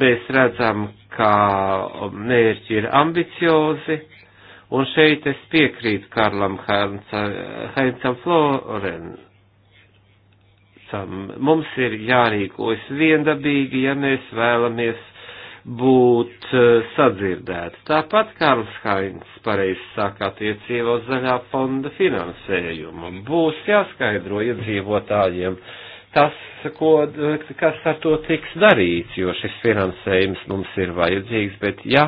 Speaker 1: mēs redzam, ka mērķi ir ambiciozi, un šeit es piekrītu Karlam Heinzam Florencam. Mums ir jārīkojas viendabīgi, ja mēs vēlamies būt eh, sadzirdēti. Tāpat Karls Hainz pareizi saka attiecībā uz zaļā fonda finansējumu. Būs jāskaidro iedzīvotājiem. Ja tas, ko, kas ar to tiks darīts, jo šis finansējums mums ir vajadzīgs, bet ja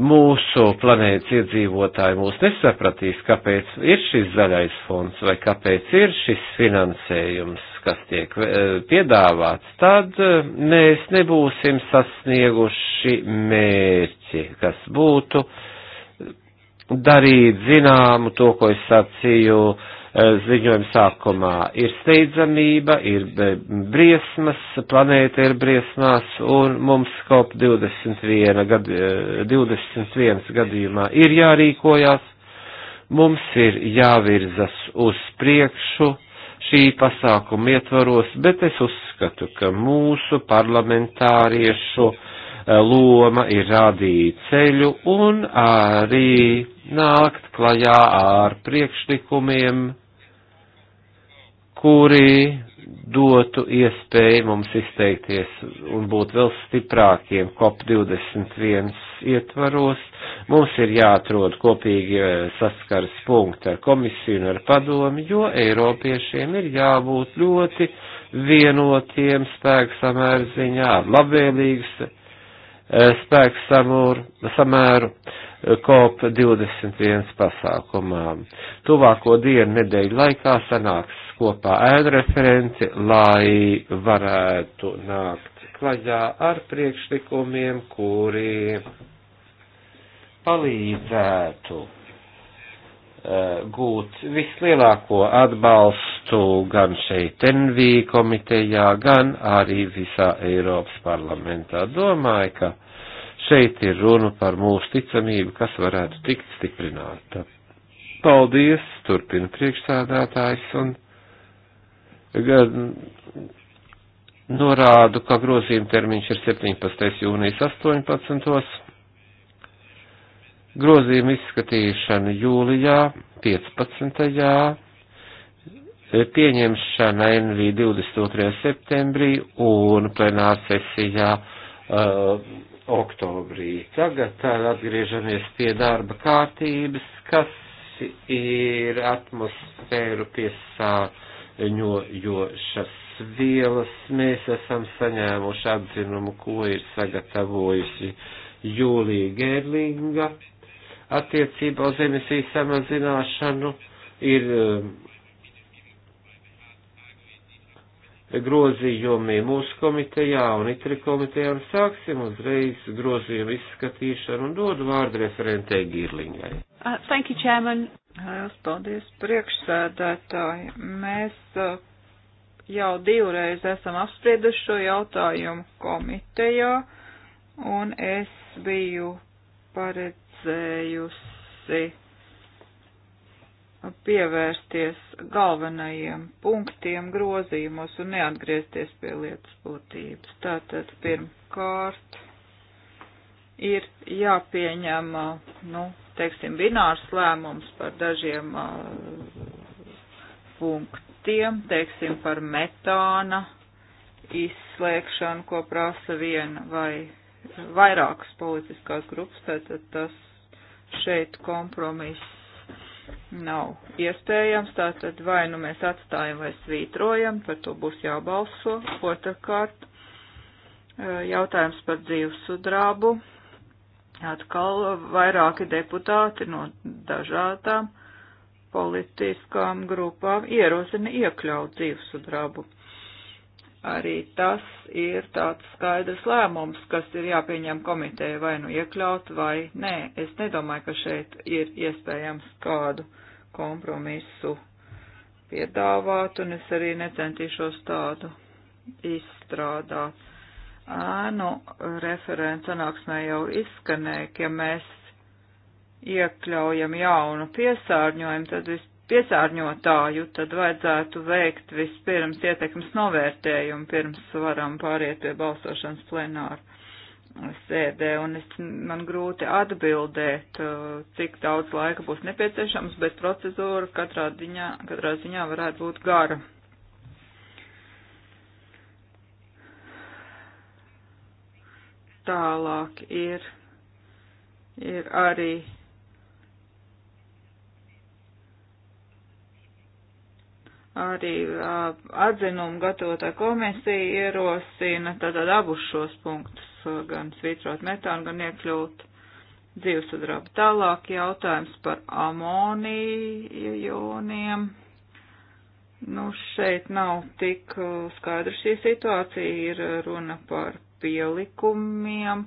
Speaker 1: mūsu planētas iedzīvotāji mūs nesapratīs, kāpēc ir šis zaļais fonds vai kāpēc ir šis finansējums, kas tiek eh, piedāvāts, tad eh, mēs nebūsim sasnieguši mērķi, kas būtu darīt zināmu to, ko es sacīju, uh, Eh, ziņojuma sākumā. Ir steidzamība, ir eh, briesmas, planēta ir briesmās, un mums kop 21, gad, 21 eh, gadījumā ir jārīkojās, mums ir jāvirzas uz priekšu šī pasākuma ietvaros, bet es uzskatu, ka mūsu parlamentāriešu loma ir rādīt ceļu un arī nākt klajā ar priekšlikumiem, kuri dotu iespēju mums izteikties un būt vēl stiprākiem COP21 ietvaros. Mums ir jāatrod kopīgi eh, saskars punkti ar komisiju un ar padomi, jo Eiropiešiem ir jābūt ļoti vienotiem spēku samērziņā, labvēlīgs eh, spēku samūru, samēru eh, COP21 pasākumā. Tuvāko dienu nedēļu laikā sanāks kopā ēdreferenci, lai varētu nākt klaļā ar priekšlikumiem, kuri palīdzētu eh, gūt vislielāko atbalstu gan šeit NV komitejā, gan arī visā Eiropas parlamentā. Domāju, ka šeit ir runa par mūsu ticamību, kas varētu tikt stiprināta. Paldies, turpina priekšsādātājs, un norādu, ka grozījuma termiņš ir 17. jūnijas 18. Grozījuma izskatīšana jūlijā 15. pieņemšana NV 22. septembrī un plenārsesijā uh, oktobrī. Tagad atgriežamies pie darba kārtības, kas ir atmosfēru piesācis bruņojošas vielas. Mēs esam saņēmuši atzinumu, ko ir sagatavojusi Jūlija Gērlinga attiecībā uz emisiju samazināšanu. Ir um, grozījumi mūsu komitejā un itri komitejā un sāksim uzreiz grozījumu izskatīšanu un dodu vārdu referentei Gīrlingai.
Speaker 5: Uh, thank you, Chairman. Lielas paldies priekšsēdētāji. Mēs uh, jau divreiz esam apsprieduši šo jautājumu komitejā, un es biju paredzējusi pievērsties galvenajiem punktiem grozījumos un neatgriezties pie lietas būtības. Tātad pirmkārt ir jāpieņem, uh, nu, teiksim, binārs lēmums par dažiem punktiem, teiksim, par metāna izslēgšanu, ko prasa viena vai vairākas politiskās grupas, tātad tas šeit kompromiss nav iespējams, tātad vai nu mēs atstājam vai svītrojam, par to būs jābalso. Otrakārt, jautājums par dzīvesudrabu. Atkal vairāki deputāti no dažādām politiskām grupām ierosina iekļaut dzīvesudrabu. Arī tas ir tāds skaidrs lēmums, kas ir jāpieņem komiteja vai nu iekļaut vai nē. Es nedomāju, ka šeit ir iespējams kādu kompromisu piedāvāt, un es arī necentīšos tādu izstrādāt ēnu referents sanāksmē jau izskanēja, ka ja mēs iekļaujam jaunu piesārņojumu, tad vis piesārņotāju, tad vajadzētu veikt vispirms ietekmes novērtējumu, pirms varam pāriet pie balsošanas plenāru sēdē, un es, man grūti atbildēt, uh, cik daudz laika būs nepieciešams, bet procedūra katrā ziņā, katrā ziņā varētu būt gara. Tālāk ir, ir arī arī uh, atzinumu gatavotā komisija ierosina tātad abus šos punktus, gan svītrot metānu, gan iekļūt dzīvesudrabu. Tālāk jautājums par amonijoniem. Nu, šeit nav tik skaidra šī situācija, ir runa par pielikumiem.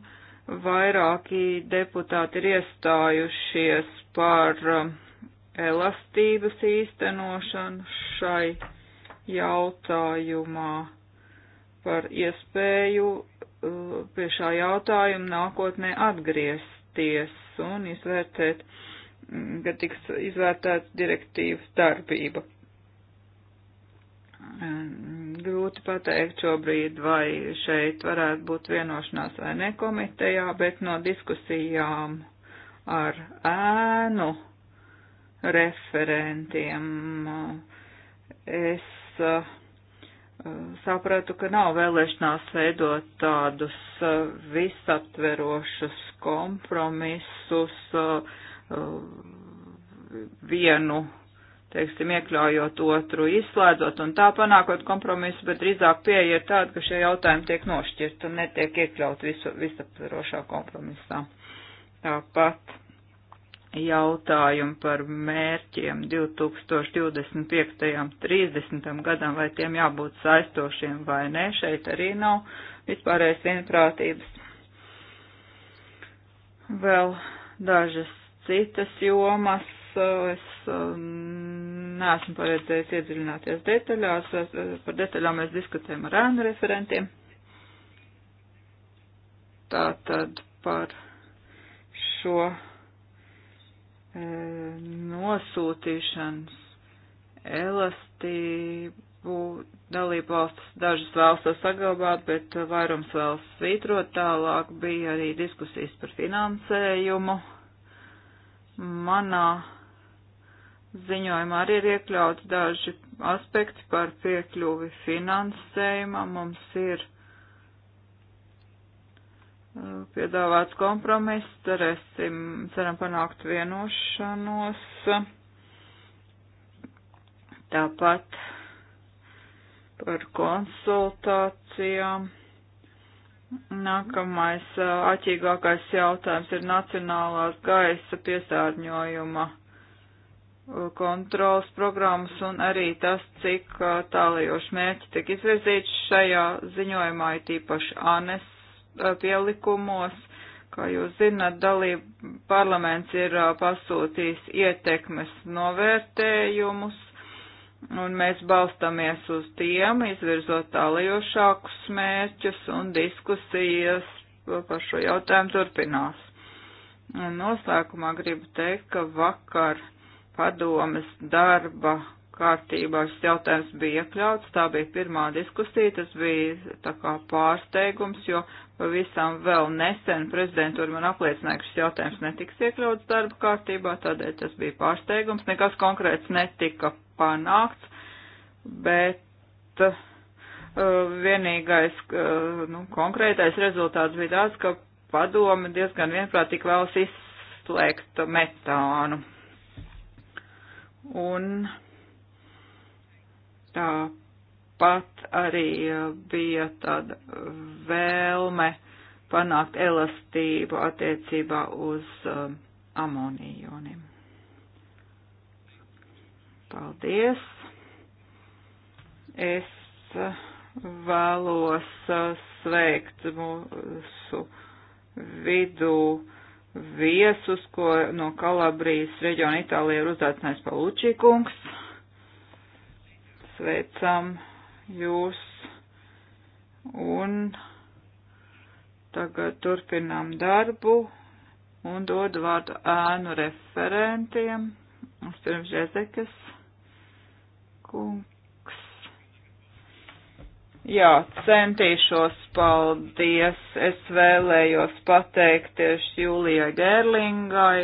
Speaker 5: Vairāki deputāti ir iestājušies par um, elastības īstenošanu šai jautājumā, par iespēju uh, pie šā jautājuma nākotnē atgriezties un izvērtēt, mm, kad tiks izvērtēts direktīvas darbība. Ehm, grūti pateikt šobrīd, vai šeit varētu būt vienošanās vai ne komitejā, bet no diskusijām ar ēnu referentiem es eh, sapratu, ka nav vēlēšanās veidot tādus eh, visaptverošus kompromisus eh, vienu teiksim, iekļaujot otru, izslēdzot un tā panākot kompromisu, bet drīzāk pieeja ir tāda, ka šie jautājumi tiek nošķirt un netiek iekļaut visu, visaptverošā kompromisā. Tāpat jautājumu par mērķiem 2025. 30. gadam, vai tiem jābūt saistošiem vai nē, šeit arī nav vispārējais vienprātības. Vēl dažas citas jomas es um, neesmu paredzējis iedziļināties detaļās, eh, par detaļām mēs diskutējam ar ēnu referentiem. Tātad par šo e, nosūtīšanas elastību dalību valstis dažas vēlas to saglabāt, bet vairums vēlas svītrot tālāk. Bija arī diskusijas par finansējumu. Manā ziņojumā arī ir iekļauts daži aspekti par piekļuvi finansējumam. Mums ir uh, piedāvāts kompromiss, cerēsim, ceram panākt vienošanos. Tāpat par konsultācijām. Nākamais āķīgākais uh, jautājums ir nacionālās gaisa piesārņojuma kontrolas programmas un arī tas, cik uh, tālajoši mērķi tiek izvirzīts šajā ziņojumā, ir tīpaši ANES uh, pielikumos. Kā jūs zināt, dalība parlaments ir uh, pasūtījis ietekmes novērtējumus, un mēs balstamies uz tiem, izvirzot tālajošākus mērķus, un diskusijas par šo jautājumu turpinās. Un noslēgumā gribu teikt, ka vakar padomes darba kārtībā šis jautājums bija iekļauts. Tā bija pirmā diskusija, tas bija tā kā pārsteigums, jo pavisam vēl nesen prezidentūra man apliecināja, ka šis jautājums netiks iekļauts darba kārtībā, tādēļ tas bija pārsteigums. Nekas konkrēts netika panākts, bet uh, vienīgais uh, nu, konkrētais rezultāts bija tāds, ka padome diezgan vienprātīgi vēlas izslēgt metānu. Un tāpat arī uh, bija tāda vēlme panākt elastību attiecībā uz um, uh, amonijuniem. Paldies! Es uh, vēlos sveikt mūsu vidū viesus, ko no Kalabrijas reģiona Itālijā ir uzdācinājis Palučī kungs. Sveicam jūs un tagad turpinām darbu un dod vārdu ēnu referentiem. Mums pirms Žezekas kungs. Jā, centīšos, paldies. Es vēlējos pateikties Jūlijai Gerlingai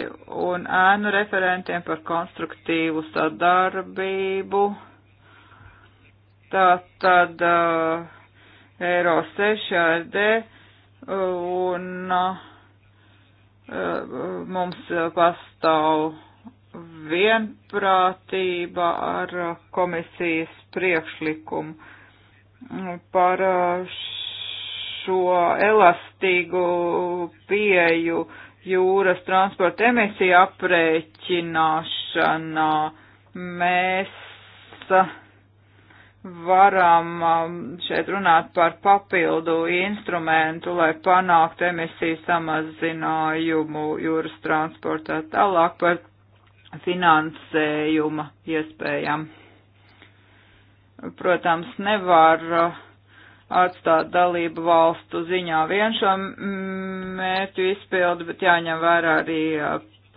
Speaker 5: un ēnu referentiem par konstruktīvu sadarbību. Tātad uh, Eiro 6 ASD un uh, mums pastāv vienprātība ar komisijas priekšlikumu par uh, šo elastīgu pieju jūras transporta emisiju aprēķināšanā. Mēs uh, varam um, šeit runāt par papildu instrumentu, lai panāktu emisiju samazinājumu jūras transportā tālāk par finansējuma iespējām protams, nevar uh, atstāt dalību valstu ziņā vien šo mērķu izpildi, bet jāņem vērā arī uh,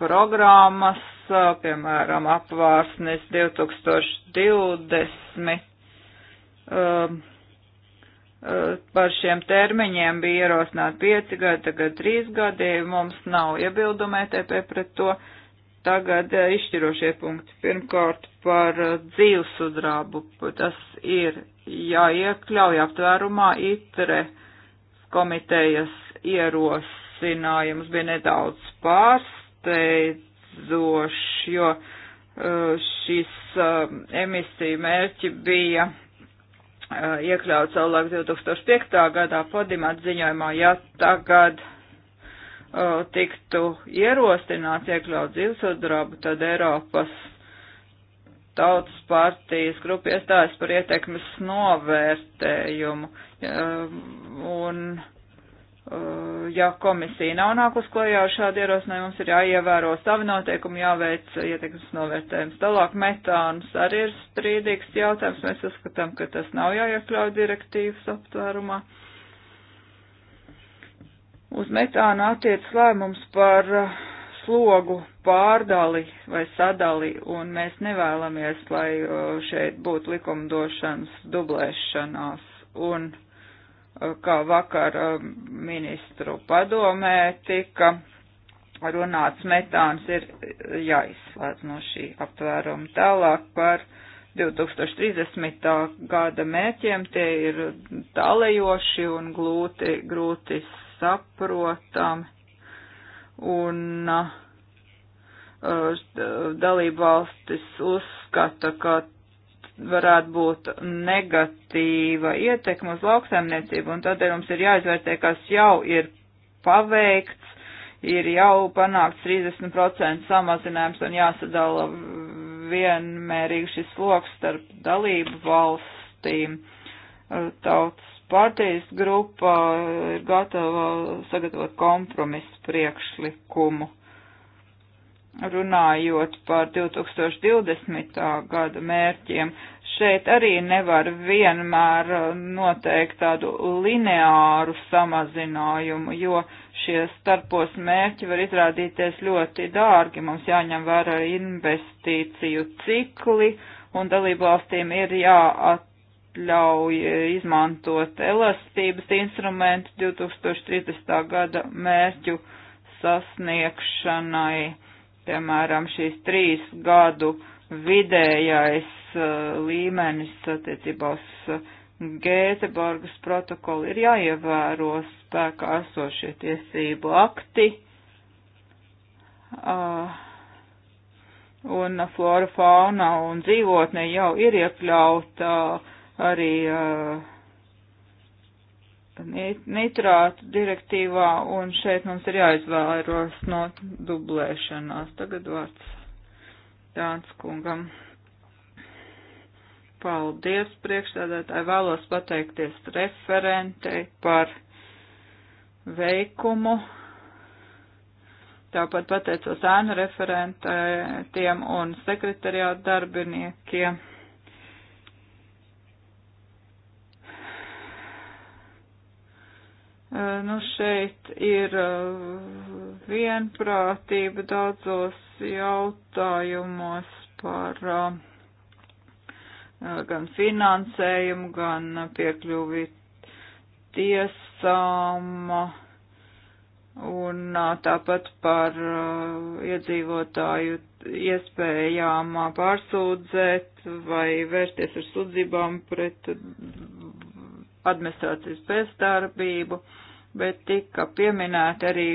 Speaker 5: programmas, uh, piemēram, apvārsnes 2020. Um, par šiem termiņiem bija ierosināti 5 gadi, tagad 3 gadi, mums nav iebildumē e TP pret to. Uh, tagad eh, izšķirošie punkti. Pirmkārt par eh, dzīvesudrabu. Tas ir jāiekļauj aptvērumā itre komitejas ierosinājums bija nedaudz pārsteidzošs, jo eh, šis emisiju mērķi bija iekļauts savulaik 2005. gadā podimāt ziņojumā, ja tagad Uh, tiktu ierostināts iekļaut dzīvesudrabu, tad Eiropas tautas partijas grupa iestājas par ietekmes novērtējumu. Un, uh, ja komisija nav nākus klajā ar šādu ierosinājumu, mums ir jāievēro savi noteikumi, jāveic ietekmes novērtējums. Tālāk metāns arī ir strīdīgs jautājums. Mēs uzskatām, ka tas nav jāiekļauj direktīvas aptvērumā. Uh, uz metānu attiec lēmums par uh, slogu pārdali vai sadali, un mēs nevēlamies, lai uh, šeit būtu likumdošanas dublēšanās. Un uh, kā vakar ministru padomē tika runāts, metāns ir jāizslēdz no šī aptvēruma tālāk par 2030. gada mērķiem tie ir tālējoši un glūti, grūti saprotami un uh, dalību valstis uzskata, ka varētu būt negatīva ietekma uz lauksaimniecību, un tādēļ mums ir jāizvērtē, kas jau ir paveikts, ir jau panākts 30% samazinājums un jāsadala vienmērīgi šis sloks starp dalību valstīm. Uh, tautas partijas grupa ir gatava sagatavot kompromisu priekšlikumu. Runājot par 2020. gada mērķiem, šeit arī nevar vienmēr noteikt tādu lineāru samazinājumu, jo šie starpos mērķi var izrādīties ļoti dārgi. Mums jāņem vērā investīciju cikli un dalībvalstīm ir jāat ļauj eh, izmantot elastības instrumentu 2030. gada mērķu sasniegšanai, piemēram, šīs trīs gadu vidējais uh, līmenis attiecībā uz uh, Gēteborgas protokolu ir jāievēro spēkā esošie tiesību akti. Uh, un flora, fauna un dzīvotne jau ir iekļauta uh, arī uh, nitrātu direktīvā, un šeit mums ir jāizvēros no dublēšanās. Tagad vārds Dāns kungam. Paldies priekšstādātāji, vēlos pateikties referentei par veikumu. Tāpat pateicos ēnu referentiem un sekretariātu darbiniekiem. Eh, nu, šeit ir eh, vienprātība daudzos jautājumos par eh, gan finansējumu, gan piekļuvi tiesām un tāpat par iedzīvotāju iespējām pārsūdzēt vai vērsties ar sudzībām pret administrācijas bezdarbību. Uh, bet tika pieminēta arī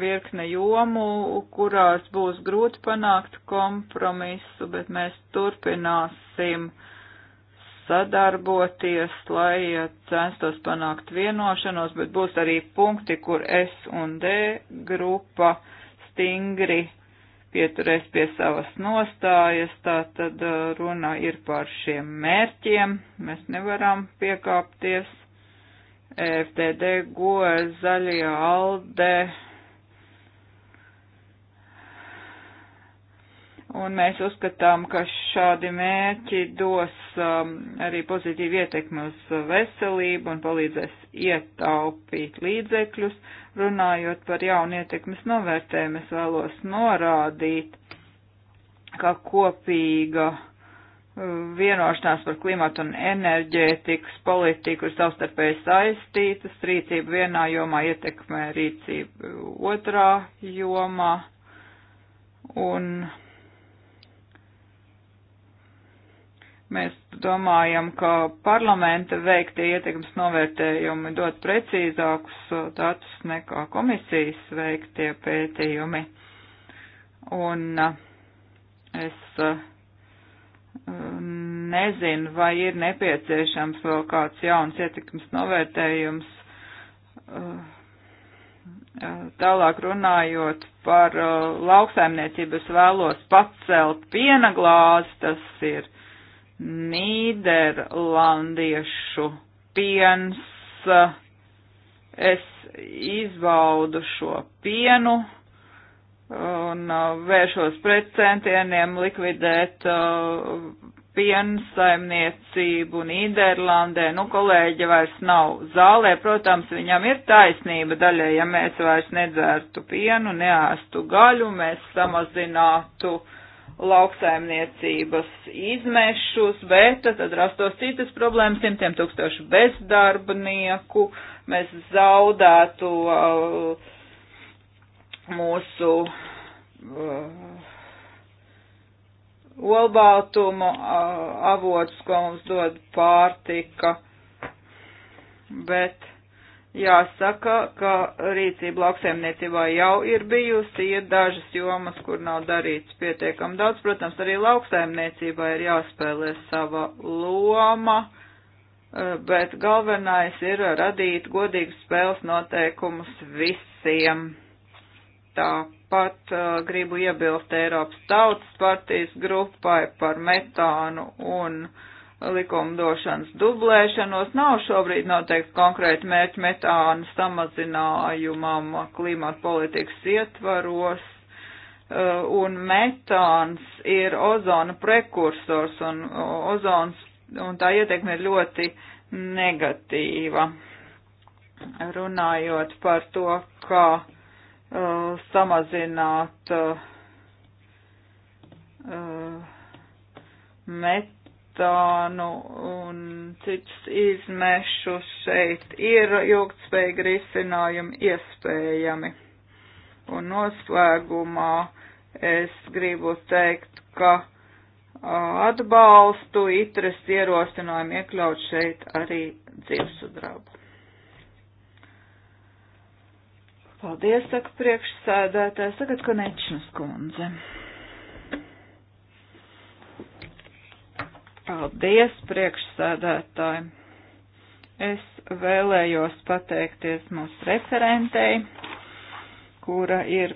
Speaker 5: virkne jomu, kurās būs grūti panākt kompromisu, bet mēs turpināsim sadarboties, lai censtos panākt vienošanos, bet būs arī punkti, kur S un D grupa stingri pieturēs pie savas nostājas, tā tad uh, runa ir par šiem mērķiem, mēs nevaram piekāpties FDD, GOE, Zaļie, ALDE. Un mēs uzskatām, ka šādi mērķi dos um, arī pozitīvu ietekmi uz veselību un palīdzēs ietaupīt līdzekļus. Runājot par jaunu ietekmes novērtējumu, es vēlos norādīt, ka kopīga uh, vienošanās par klimatu un enerģētikas politiku ir savstarpēji saistītas, rīcība vienā jomā ietekmē rīcību otrā jomā, un mēs domājam, ka parlamenta veiktie ietekmes novērtējumi dod precīzākus datus nekā komisijas veiktie pētījumi, un eh, es uh, nezinu, vai ir nepieciešams vēl kāds jauns ietekmes novērtējums. Uh, uh, tālāk runājot par uh, lauksaimniecības vēlos pacelt piena glāzi, tas ir Nīderlandiešu piens. Es izbaudu šo pienu un vēršos pret centieniem likvidēt uh, piensaimniecību Nīderlandē, nu kolēģi vairs nav zālē, protams, viņam ir taisnība daļai, ja mēs vairs nedzērtu pienu, neēstu gaļu, mēs samazinātu lauksaimniecības izmešus, bet tad rastos citas problēmas, simtiem tūkstošu bezdarbnieku, mēs zaudētu uh, mūsu uh, olbaltumu avots, ko mums dod pārtika, bet jāsaka, ka rīcība lauksaimniecībā jau ir bijusi, ir dažas jomas, kur nav darīts pietiekam daudz. Protams, arī lauksaimniecībā ir jāspēlē sava loma, bet galvenais ir radīt godīgas spēles noteikumus visiem. Tā Tāpat uh, gribu iebilst Eiropas tautas partijas grupai par metānu un likumdošanas dublēšanos. Nav šobrīd noteikti konkrēti mērķi metānu samazinājumam klimata politikas ietvaros. Uh, un metāns ir ozona prekursors un uh, ozons, un tā ietekme ir ļoti negatīva. Runājot par to, kā uh, samazināt uh, uh, metānu un citus izmešus šeit ir ilgtspējīgi risinājumi iespējami. Un noslēgumā es gribu teikt, ka uh, atbalstu itres ierosinājumu iekļaut šeit arī dzīvesudrabu. Paldies, saka priekšsēdētājs. Tagad konečnas kundze. Paldies, priekšsēdētāji. Es vēlējos pateikties mūsu referentei, kura ir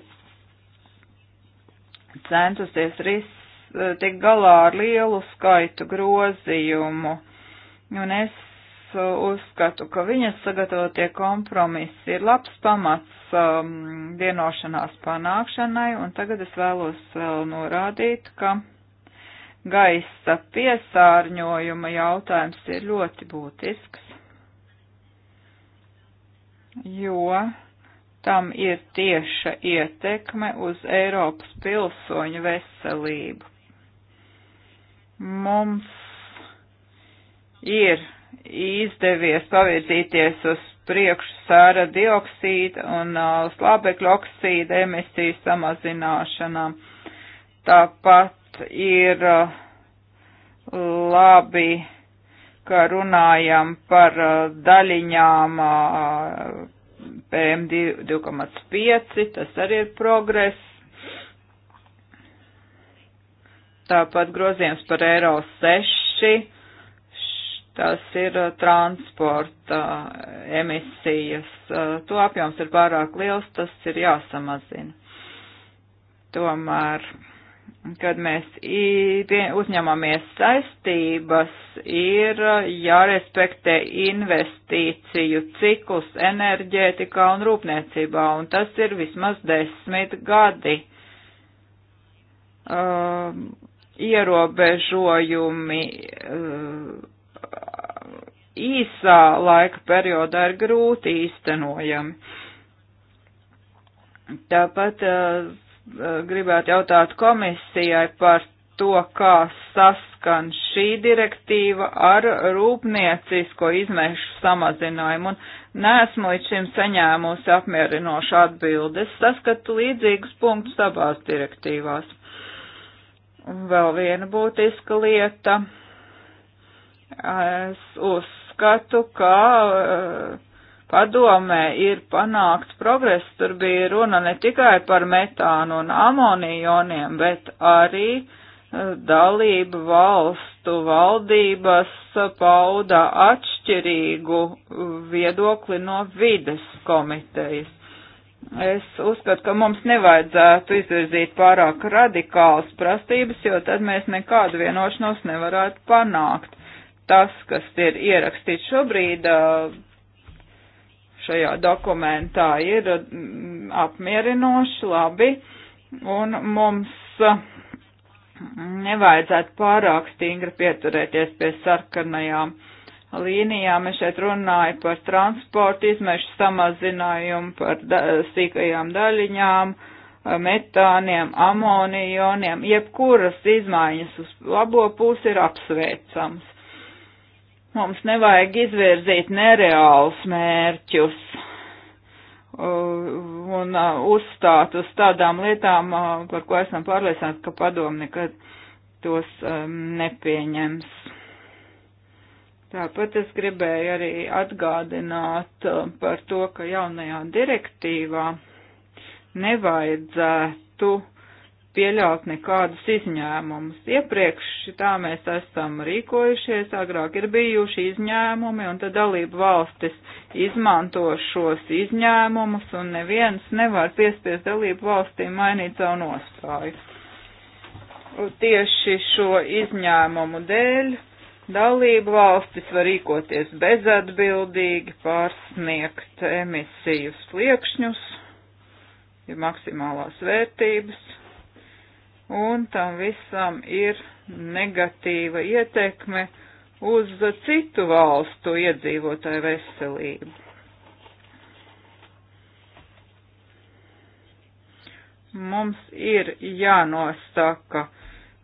Speaker 5: centusies ris, eh, tik galā ar lielu skaitu grozījumu. Un es uzskatu, ka viņas sagatavotie kompromisi ir labs pamats um, vienošanās panākšanai, un tagad es vēlos vēl norādīt, ka gaisa piesārņojuma jautājums ir ļoti būtisks, jo tam ir tieša ietekme uz Eiropas pilsoņu veselību. Mums ir izdevies pavirzīties uz priekšu sāra dioksīda un uh, slābekļa oksīda emisiju samazināšanā. Tāpat ir uh, labi, ka runājam par uh, daļiņām uh, PM2,5, tas arī ir progress. Tāpat grozījums par Eiro 6 Tas ir uh, transporta uh, emisijas. Uh, to apjoms ir pārāk liels, tas ir jāsamazina. Tomēr, kad mēs uzņemamies saistības, ir jārespektē investīciju ciklus enerģētikā un rūpniecībā, un tas ir vismaz desmit gadi. Uh, ierobežojumi uh, īsā laika periodā ir grūti īstenojami. Tāpat uh, uh, gribētu jautāt komisijai par to, kā saskan šī direktīva ar rūpniecisko izmešu samazinājumu. Un neesmu līdz šim saņēmusi apmierinošu atbildes. Saskatu līdzīgus punktus abās direktīvās. Un vēl viena būtiska lieta Es uzskatu, ka eh, padomē ir panākts progress. Tur bija runa ne tikai par metānu un amonijoniem, bet arī eh, dalību valstu valdības pauda atšķirīgu viedokli no vides komitejas. Es uzskatu, ka mums nevajadzētu izvirzīt pārāk radikālas prasības, jo tad mēs nekādu vienošanos nevarētu panākt tas, kas ir ierakstīts šobrīd šajā dokumentā, ir apmierinoši labi, un mums nevajadzētu pārāk stingri pieturēties pie sarkanajām līnijām. Es šeit runāju par transportu izmešu samazinājumu, par da sīkajām daļiņām, metāniem, amonijoniem, jebkuras izmaiņas uz labo pusi ir apsveicams. Mums nevajag izvirzīt nereālus mērķus uh, un uh, uzstāt uz tādām lietām, uh, par ko esam pārliecināti, ka padomu nekad tos um, nepieņems. Tāpat es gribēju arī atgādināt par to, ka jaunajā direktīvā nevajadzētu pieļaut nekādus izņēmumus. Iepriekš tā mēs esam rīkojušies, agrāk ir bijuši izņēmumi, un tad dalību valstis izmanto šos izņēmumus, un neviens nevar piespies dalību valstīm mainīt savu nostāju. Un tieši šo izņēmumu dēļ dalību valstis var rīkoties bezatbildīgi, pārsniegt emisiju sliekšņus, ir maksimālās vērtības un tam visam ir negatīva ietekme uz citu valstu iedzīvotāju veselību. Mums ir jānostaka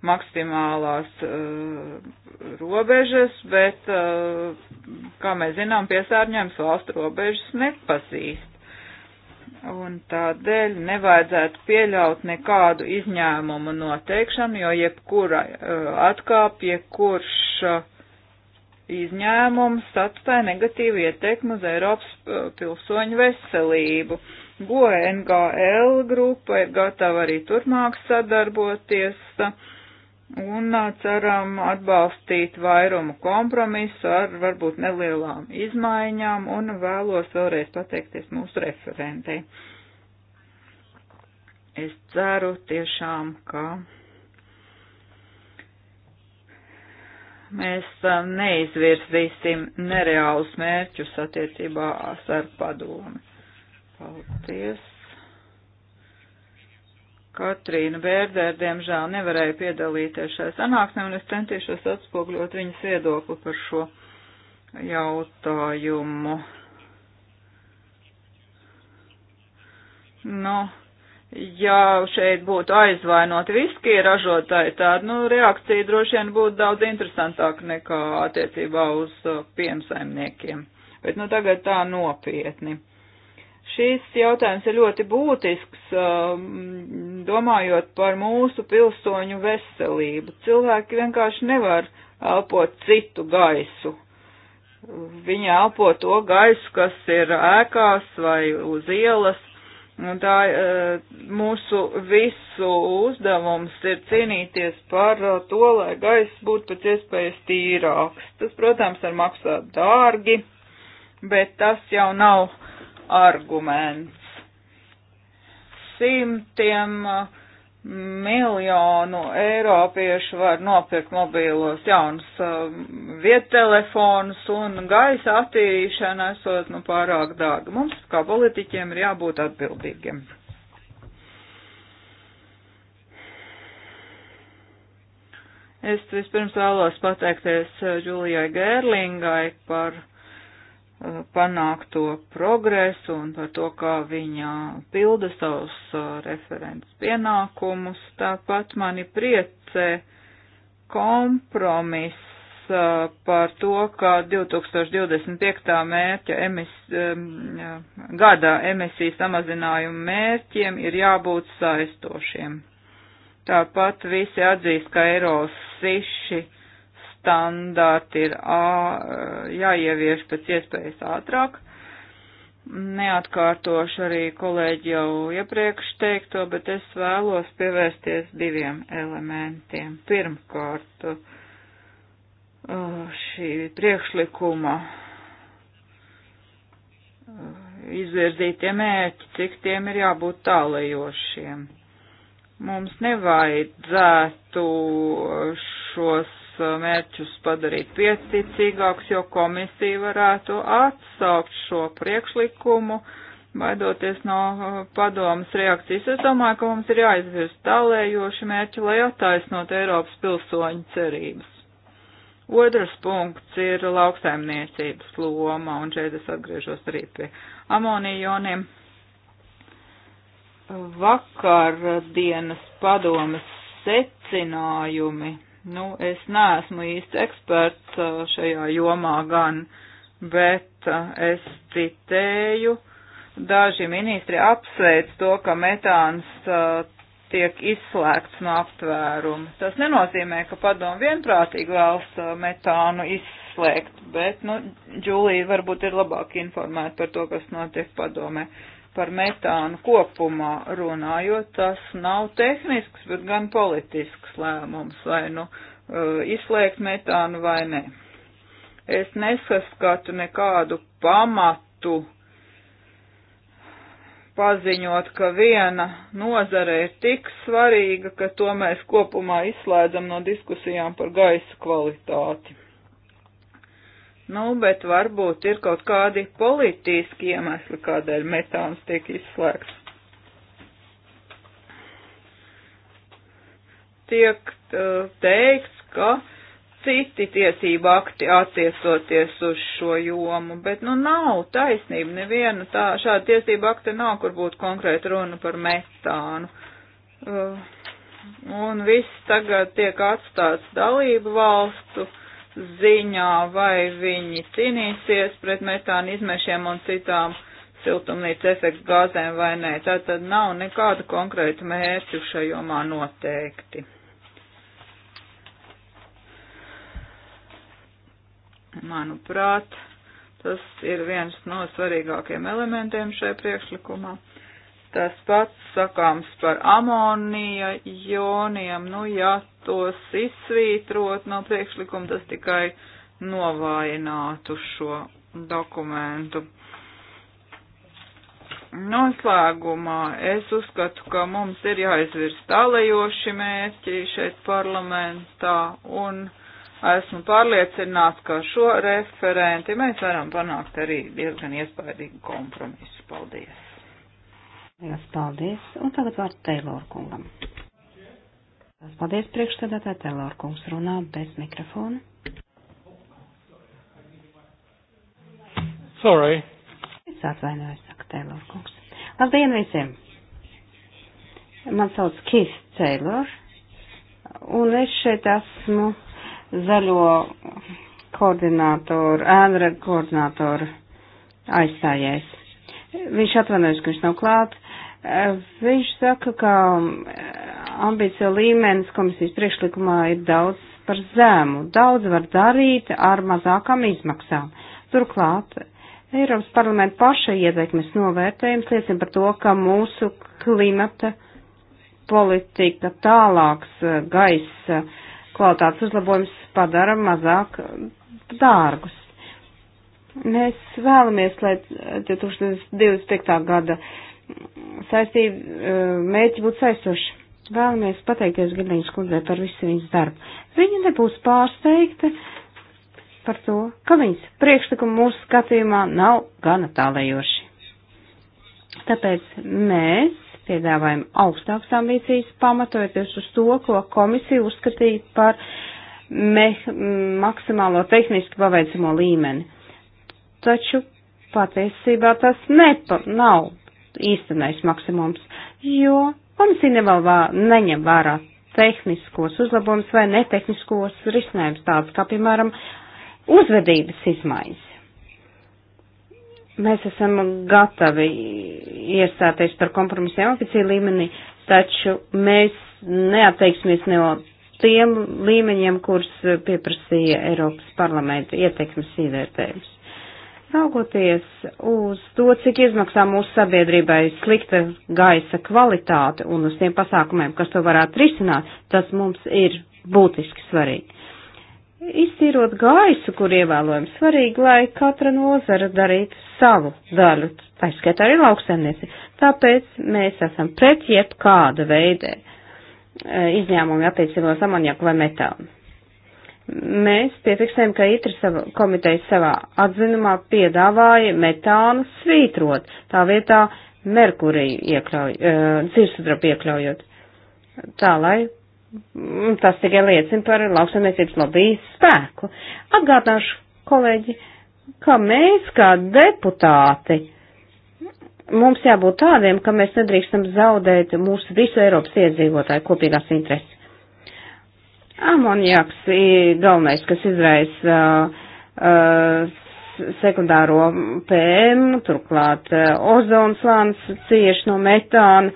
Speaker 5: maksimālās uh, robežas, bet, uh, kā mēs zinām, piesārņojums valstu robežas nepazīst un tādēļ nevajadzētu pieļaut nekādu izņēmumu noteikšanu, jo jebkura uh, eh, atkāpja, jebkurš uh, izņēmums atstāja negatīvu ietekmi uz Eiropas uh, pilsoņu veselību. GOE NGL grupa ir gatava arī turpmāk sadarboties. Uh, un ceram atbalstīt vairumu kompromisu ar varbūt nelielām izmaiņām un vēlos vēlreiz pateikties mūsu referentei. Es ceru tiešām, ka mēs neizvirzīsim nereālus mērķus attiecībā ar padomi. Paldies! Katrīna Bērdēra diemžēl nevarēja piedalīties šajā sanāksmē, un es centīšos atspogļot viņas viedokli par šo jautājumu. Nu, ja šeit būtu aizvainoti viski ražotāji, tad, nu, reakcija droši vien būtu daudz interesantāka nekā attiecībā uz piensaimniekiem. Bet, nu, tagad tā nopietni Šis jautājums ir ļoti būtisks, um, domājot par mūsu pilsoņu veselību. Cilvēki vienkārši nevar elpot citu gaisu. Viņi elpo to gaisu, kas ir ēkās vai uz ielas, Un tā eh, mūsu visu uzdevums ir cīnīties par eh, to, lai gaiss būtu pēc iespējas tīrāks. Tas, protams, var maksāt dārgi, bet tas jau nav arguments. Simtiem uh, miljonu eiropiešu var nopirkt mobīlos jaunus uh, viettelefonus un gaisa attīrīšana esot nu pārāk dārga. Mums kā politiķiem ir jābūt atbildīgiem. Es vispirms vēlos pateikties Džulijai uh, Gērlingai par Eh, panākto progresu un par to, kā viņa pilda savus eh, referents pienākumus. Tāpat mani priecē kompromiss eh, par to, ka 2025. mērķa emis, gada emisiju samazinājumu mērķiem ir jābūt saistošiem. Tāpat visi atzīst, ka Eiro 6 standārti ir ā, jāievieš pēc iespējas ātrāk. Neatkārtošu arī kolēģi jau iepriekš teikto, bet es vēlos pievērsties diviem elementiem. Pirmkārt, šī priekšlikuma izvirzītie mērķi, cik tiem ir jābūt tālējošiem. Mums nevajadzētu šos Uh, mērķus padarīt pieticīgāks, jo komisija varētu atsaukt šo priekšlikumu, baidoties no uh, padomas reakcijas. Es domāju, ka mums ir jāizvirz tālējoši mērķi, lai attaisnot Eiropas pilsoņu cerības. Otrs punkts ir lauksaimniecības loma, un šeit es atgriežos arī pie amonijoniem. Vakar dienas padomas secinājumi Nu, es neesmu īsts eksperts uh, šajā jomā gan, bet uh, es citēju, daži ministri apsveic to, ka metāns uh, tiek izslēgts no aptvēruma. Tas nenozīmē, ka padomu vienprātīgi vēlas metānu izslēgt, bet, nu, Džūlija varbūt ir labāk informēta par to, kas notiek padomē. Uh, par metānu kopumā runājot, tas nav tehnisks, bet gan politisks lēmums, vai nu uh, izslēgt metānu vai nē. Es nesaskatu nekādu pamatu paziņot, ka viena nozare ir tik svarīga, ka to mēs kopumā izslēdzam no diskusijām par gaisa kvalitāti. Nu, bet varbūt ir kaut kādi politiski iemesli, kādēļ metāns tiek izslēgts. Tiek eh, teikts, ka citi tiesība akti attiecoties uz šo jomu, bet nu nav taisnība, neviena tā, šāda tiesība akta nav, kur būtu konkrēta runa par metānu. Uh, un viss tagad tiek atstāts dalību valstu ziņā, vai viņi cīnīsies pret metāna izmešiem un citām siltumnīca efekts gāzēm vai nē. Tā tad nav nekādu konkrētu mērķu šajomā noteikti. Manuprāt, tas ir viens no svarīgākiem elementiem šajā priekšlikumā. Tas pats sakāms par amonija joniem, nu ja tos izsvītrot no priekšlikuma, tas tikai novājinātu šo dokumentu. Noslēgumā es uzskatu, ka mums ir jāizvirs tālējoši mērķi šeit parlamentā un esmu pārliecināts, ka šo referenti mēs varam panākt arī diezgan iespaidīgu kompromisu. Paldies!
Speaker 2: Lielas paldies. Un tagad vārds Teilor kungam. Lielas paldies priekšstādātā Teilor kungs runā bez mikrofona. Sorry. Es atvainojos, saka Teilor kungs. Labdien visiem! Man sauc Keith Taylor, un es šeit esmu zaļo koordinātoru, ēnra koordinātoru aizstājējs. Viņš atvainojas, ka viņš nav klāt, Viņš saka, ka eh, ambīcija līmenis komisijas priekšlikumā ir daudz par zēmu. Daudz var darīt ar mazākām izmaksām. Turklāt Eiropas parlamenta paša ieteikmes novērtējums liecina par to, ka mūsu klimata politika tālāks eh, gaisa eh, kvalitātes uzlabojums padara mazāk dārgus. Mēs vēlamies, lai 2025. gada uh, saistība, e, mērķi būtu saistoši. Vēlamies pateikties Gardīnas kundzei par visu viņas darbu. Viņa nebūs pārsteigta par to, ka viņas priekšlikumi mūsu skatījumā nav gana tālējoši. Tāpēc mēs piedāvājam augstākas ambīcijas, pamatojoties uz to, ko komisija uzskatīja par meh, maksimālo tehniski paveicamo līmeni. Taču patiesībā tas nepa, nav īstenais maksimums, jo komisija nevalvā neņem vērā tehniskos uzlabojumus vai netehniskos risinājumus tādus kā, piemēram, uzvedības izmaiņas. Mēs esam gatavi iestāties par kompromisiem oficiju līmenī, taču mēs neatteiksimies no tiem līmeņiem, kurus pieprasīja Eiropas parlamenta ietekmes izvērtējums. Raugoties uz to, cik izmaksā mūsu sabiedrībai slikta gaisa kvalitāte un uz tiem pasākumiem, kas to varētu risināt, tas mums ir būtiski svarīgi. Iztīrot gaisu, kur ievēlojam, svarīgi, lai katra nozara darītu savu daļu, tā skaitā arī lauksaimnieci. Tāpēc mēs esam pret jebkāda veida e, izņēmumi attiecībā uz amoniaku vai metālu mēs piefiksējam, ka ITRI sava, komiteja savā atzinumā piedāvāja metānu svītrot, tā vietā merkuriju iekļauj, uh, eh, dzirsudrapu iekļaujot. Tā lai mm, tas tikai liecina par lauksamniecības lobijas spēku. Atgādināšu, kolēģi, ka mēs kā deputāti, mums jābūt tādiem, ka mēs nedrīkstam zaudēt mūsu visu Eiropas iedzīvotāju kopīgās intereses. Amoniaks ir galvenais, kas izraisa uh, sekundāro PM, turklāt uh, ozonslāns cieši no metāna.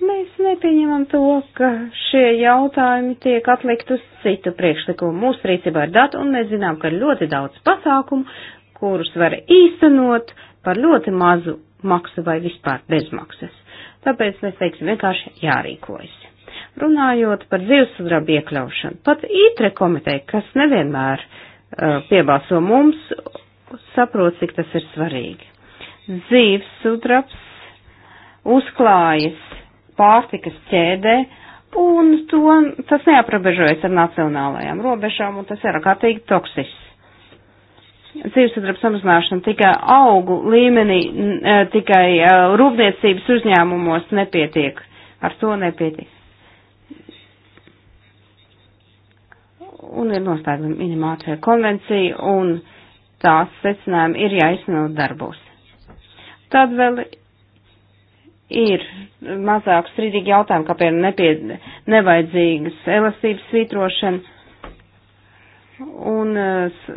Speaker 2: Mēs nepieņemam to, ka šie jautājumi tiek atlikt uz citu priekšlikumu. Mūsu rīcībā ir dati, un mēs zinām, ka ir ļoti daudz pasākumu, kurus var īstenot par ļoti mazu maksu vai vispār bezmaksas. Tāpēc mēs teiksim vienkārši jārīkojas. Runājot par dzīvesudrabu iekļaušanu, pat ITRE komiteja, kas nevienmēr uh, piebalso mums, saprot, cik tas ir svarīgi. Dzīvesudrabs uzklājas pārtikas ķēdē, un to, tas neaprobežojas ar nacionālajām robežām, un tas ir ārkārtīgi toksisks dzīvesudraba samazināšana tikai augu līmenī, tikai rūpniecības uzņēmumos nepietiek. Ar to nepietiek. un ir noslēgta minimācija konvencija, un tās secinājumi ir jāizsno darbos. Tad vēl ir mazāk strīdīgi jautājumi, kāpēc nepie, nevajadzīgas elastības svītrošana un uh,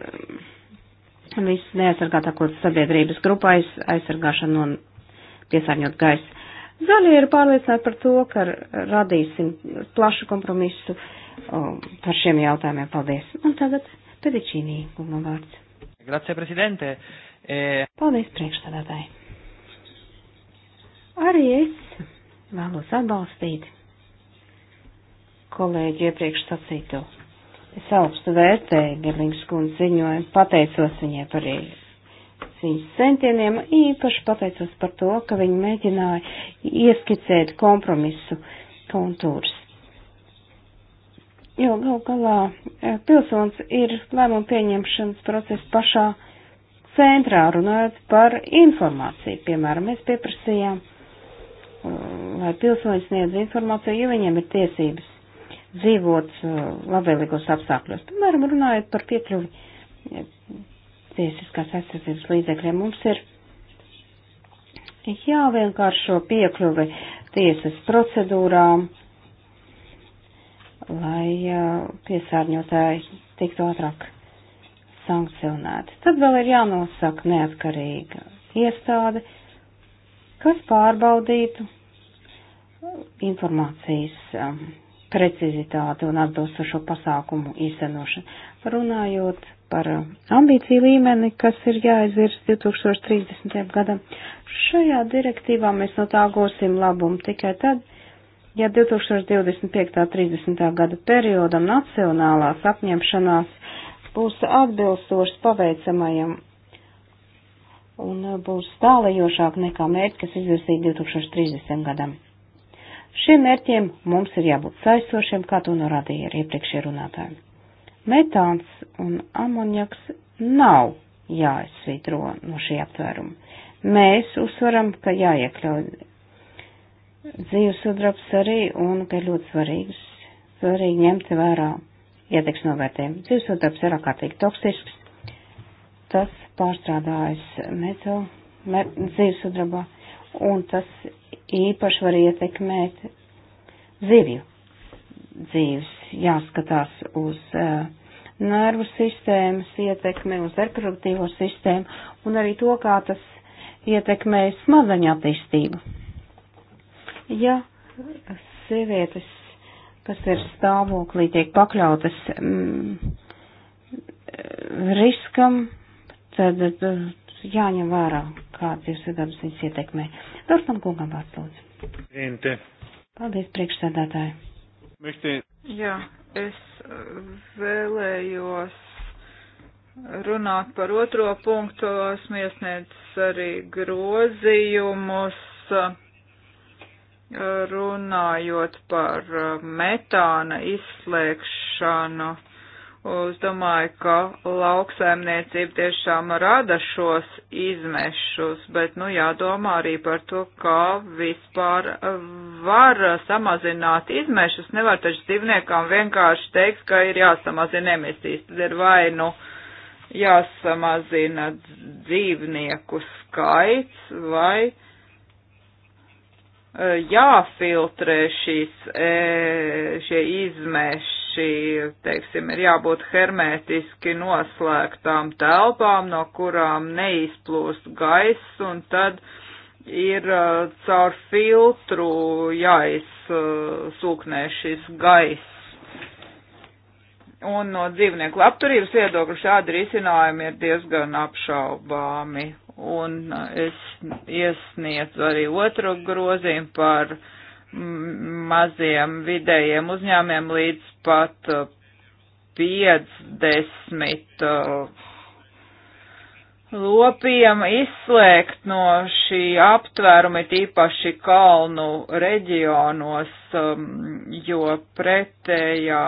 Speaker 2: viss neaizsargātākot sabiedrības grupā aiz, aizsargāšana no piesārņot gaisa. Zaļie ir pārliecināti par to, ka radīsim plašu kompromisu uh, Um, par šiem jautājumiem. Paldies. Un tagad Pedičīnī, kungam vārds. Grazie, prezidente. E... Paldies, priekšstādātāji. Arī es vēlos atbalstīt kolēģi iepriekš sacīto. Es augstu vērtēju Gerlings kundzi ziņojumu, pateicos viņai par viņas centieniem, īpaši pateicos par to, ka viņa mēģināja ieskicēt kompromisu kontūrus jo gal galā e, pilsons ir lēmumu pieņemšanas procesa pašā centrā, runājot par informāciju. Piemēram, mēs pieprasījām, e, lai pilsoņi sniedz informāciju, jo viņiem ir tiesības dzīvot e, labvēlīgos apstākļos. Piemēram, runājot par piekļuvi tiesiskās aizsardzības līdzekļiem, mums ir jāvienkāršo piekļuvi tiesas procedūrām, lai piesārņotāji tiktu ātrāk sankcionēti. Tad vēl ir jānosaka neatkarīga iestāde, kas pārbaudītu informācijas um, precizitāti un atbilstošo pasākumu īstenošanu. Runājot par ambīciju līmeni, kas ir jāizvirs 2030. gadam, šajā direktīvā mēs no tā gosim labumu tikai tad, Ja 2025.30. gada periodam nacionālās apņemšanās būs atbilstošs paveicamajam un būs tālajošāk nekā mērķi, kas izvirzīti 2030. gadam. Šiem mērķiem mums ir jābūt saistošiem, kā to norādīja arī iepriekšie runātāji. Metāns un amoniaks nav jāizsvītro no šī aptvēruma. Mēs uzsveram, ka jāiekļauj dzīves sudrabs arī, un ka ir ļoti svarīgs, svarīgi ņemt vērā iedeks novērtējumu. Dzīves sudrabs ir ārkārtīgi toksisks, tas pārstrādājas meto, met, dzīves sudrabā, un tas īpaši var ietekmēt zivju dzīves, jāskatās uz uh, nervu sistēmas ietekmi, uz reproduktīvo sistēmu, un arī to, kā tas ietekmē smadzeņu attīstību. Ja sievietes, kas ir stāvoklī, tiek pakļautas mm, riskam, tad, tad jāņem vērā, kāds ir sadarbs viņas ietekmē. Dorfam kungam vārds lūdzu. Ente. Paldies, priekšsēdētāji.
Speaker 5: Mekti. Jā, es vēlējos runāt par otro punktu, esmu iesniedzis arī grozījumus. Uh, runājot par uh, metāna izslēgšanu, es domāju, ka lauksaimniecība tiešām rada šos izmešus, bet, nu, jādomā arī par to, kā vispār var samazināt izmešus. Nevar taču dzīvniekām vienkārši teikt, ka ir jāsamazina emisijas. Tad ir vai, nu, jāsamazina dzīvnieku skaits vai jāfiltrē šīs, e, šie izmeši, teiksim, ir jābūt hermētiski noslēgtām telpām, no kurām neizplūst gaiss, un tad ir e, caur filtru jāizsūknē šis gaiss. Un no dzīvnieku labturības viedokļa šādi risinājumi ir diezgan apšaubāmi. Un uh, es iesniedzu arī otru grozīmu par mm, maziem vidējiem uzņēmiem līdz pat 50 uh, uh, lopiem izslēgt no šī aptvēruma, tīpaši kalnu reģionos, um, jo pretējā. Ja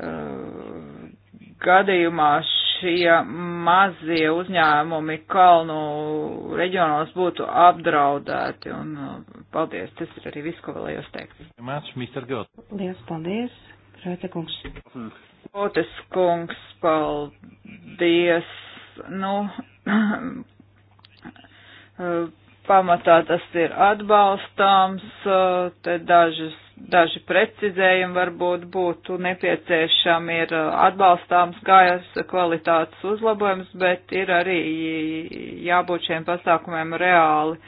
Speaker 5: Eh, gadījumā šie mazie uzņēmumi kalnu reģionos būtu apdraudēti. Un, eh, paldies, tas ir arī viss, ko vēlējos
Speaker 1: teikt.
Speaker 5: Lielas paldies, Rēta kungs. Otis kungs, paldies. Nu, eh, pamatā tas ir atbalstāms, te dažas daži precizējumi varbūt būtu nepieciešami, ir uh, atbalstāms kājas kvalitātes uzlabojums, bet ir arī jābūt šiem pasākumiem reāli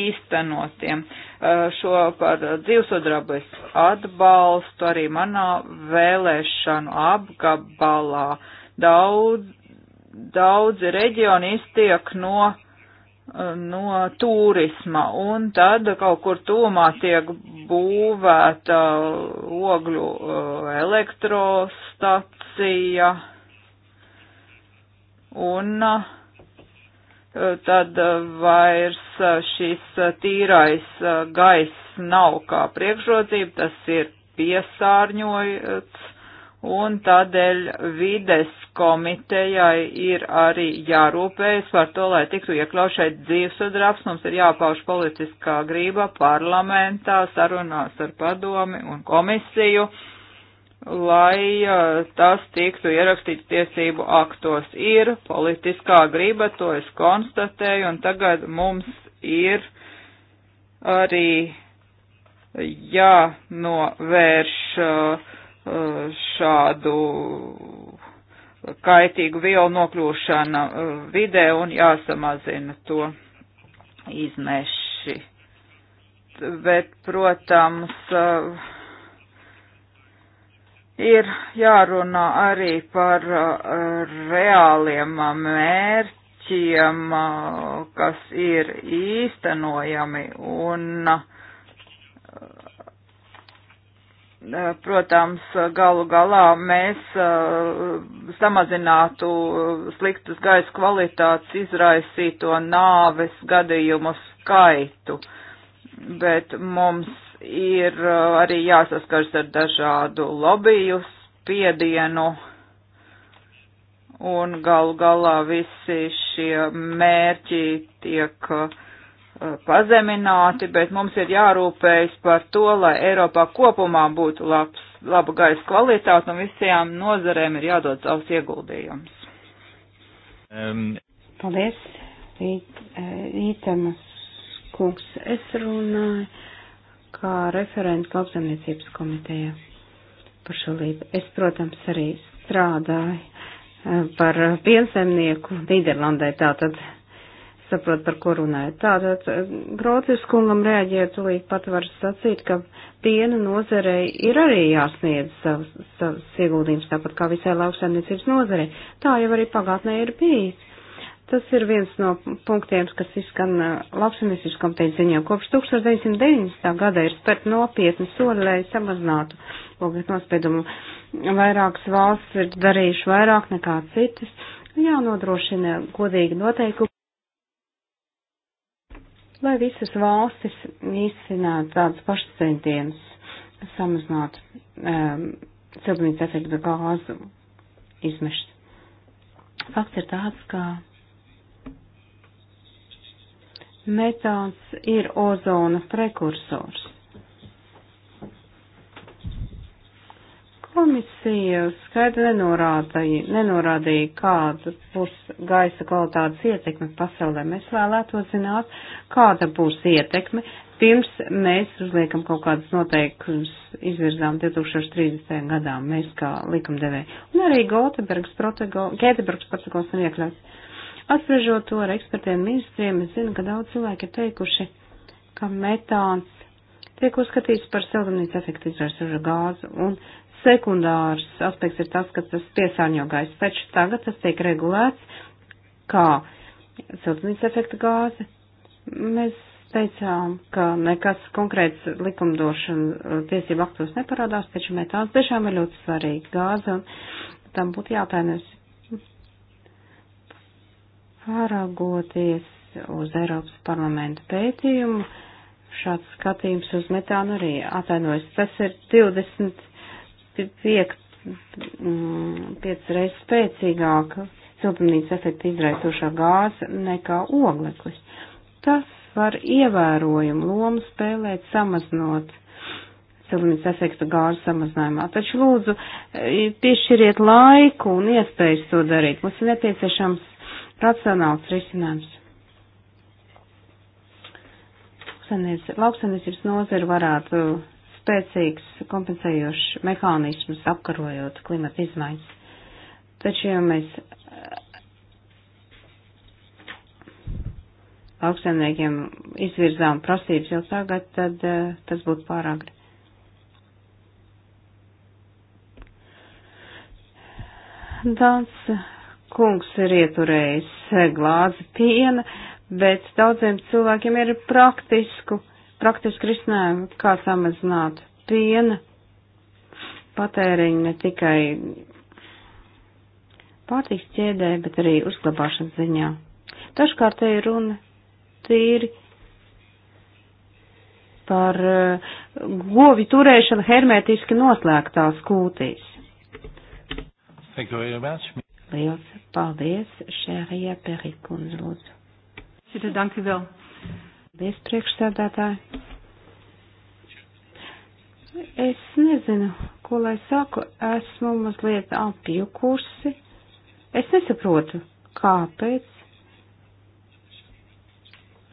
Speaker 5: īstenotiem. Uh, šo par dzīvesodrabu es atbalstu arī manā vēlēšanu apgabalā. Daudz, daudzi reģioni iztiek no uh, no turisma, un tad kaut kur tūmā tiek būvēta ogļu uh, elektrostacija, un uh, tad vairs uh, šis tīrais gaiss nav kā priekšrocība, tas ir piesārņots un tādēļ vides komitejai ir arī jārūpējas par to, lai tiktu iekļaut šeit dzīvesudraps, mums ir jāpauž politiskā grība parlamentā, sarunās ar padomi un komisiju, lai uh, tas tiktu ierakstīts tiesību aktos. Ir politiskā grība, to es konstatēju, un tagad mums ir arī jānovērš uh, šādu kaitīgu vielu nokļūšana uh, vidē un jāsamazina to izmeši. Bet, protams, uh, ir jārunā arī par uh, reāliem mērķiem, kas ir īstenojami un uh, protams, galu galā mēs samazinātu sliktas gaisa kvalitātes izraisīto nāves gadījumu skaitu, bet mums ir arī jāsaskars ar dažādu lobiju spiedienu un galu galā visi šie mērķi tiek uh, Eh, pazemināti, bet mums ir jārūpējas par to, lai Eiropā kopumā būtu labs, laba gaisa kvalitāte un visajām nozarēm ir jādod savus ieguldījumus.
Speaker 2: Um. Paldies, Rītamas eh, kungs. Es runāju kā referents lauksaimniecības komitejā par šo lību. Es, protams, arī strādāju eh, par piensaimnieku Nīderlandē, tātad saprot, par ko runāju. Tātad Grotis kungam reaģēt, līdz pat var sacīt, ka piena nozarei ir arī jāsniedz savs, savs ieguldījums, tāpat kā visai lauksaimniecības nozarei. Tā jau arī pagātnē ir bijis. Tas ir viens no punktiem, kas izskan uh, lauksaimniecības komitejas ziņā. Kopš 1990. gada ir spērt nopietni soļi, lai samazinātu ogļu nospiedumu. Vairākas valsts ir darījuši vairāk nekā citas jānodrošina godīgi noteikumi lai visas valstis īstenētu tādas pašas centienus samazināt um, siltumnīca efekta gāzu izmešas. Fakts ir tāds, ka metāns ir ozona prekursors. Komisija skaidri nenorādīja, nenorādīja, kāda būs gaisa kvalitātes ietekme pasaulē. Mēs vēlētos zināt, kāda būs ietekme, pirms mēs uzliekam kaut kādas noteikumus, izvirzām 2030. gadā, mēs kā likumdevēji. Un arī Gētebergs protokols nav iekļauts. Atspriežot to ar ekspertiem ministriem, es zinu, ka daudz cilvēki ir teikuši, ka metāns tiek uzskatīts par siltumnīca efektu izraisošu gāzu un sekundārs aspekts ir tas, ka tas piesārņo gaisu, taču tagad tas tiek regulēts kā siltumnīca efekta gāze. Mēs teicām, ka nekas konkrēts likumdošana uh, tiesību aktos neparādās, taču metāns tiešām ir ļoti svarīga gāze, un tam būtu jāpēnes pārāgoties uz Eiropas parlamenta pētījumu. Šāds skatījums uz metānu arī atvainojas. Tas ir 20 piek, mm, piec reizes spēcīgāka siltumnīca efekta izraisošā gāze nekā ogleklis. Tas var ievērojumu lomu spēlēt samazinot siltumnīca efekta gāzu samazinājumā. Taču lūdzu, e, piešķiriet laiku un iespējas to darīt. Mums ir nepieciešams racionāls risinājums. Lauksainiecības nozara varētu uh, spēcīgs kompensējošs mehānisms apkarojot klimata izmaiņas. Taču, ja mēs eh, lauksaimniekiem izvirzām prasības jau tagad, tad eh, tas būtu pārāk. Dāns kungs ir ieturējis glāzi piena, bet daudziem cilvēkiem ir praktisku praktiski risinājumu, kā samazināt piena patēriņu ne tikai pārtiks ķēdē, bet arī uzglabāšanas ziņā. Dažkārt te ir runa tīri par uh, govi turēšanu hermētiski noslēgtās kūtīs. Liels paldies, šērija Perikundze, lūdzu. Danke vēl. Paldies, priekšsēdētāji. Es nezinu, ko lai saku, esmu mazliet apjukusi. Es nesaprotu, kāpēc.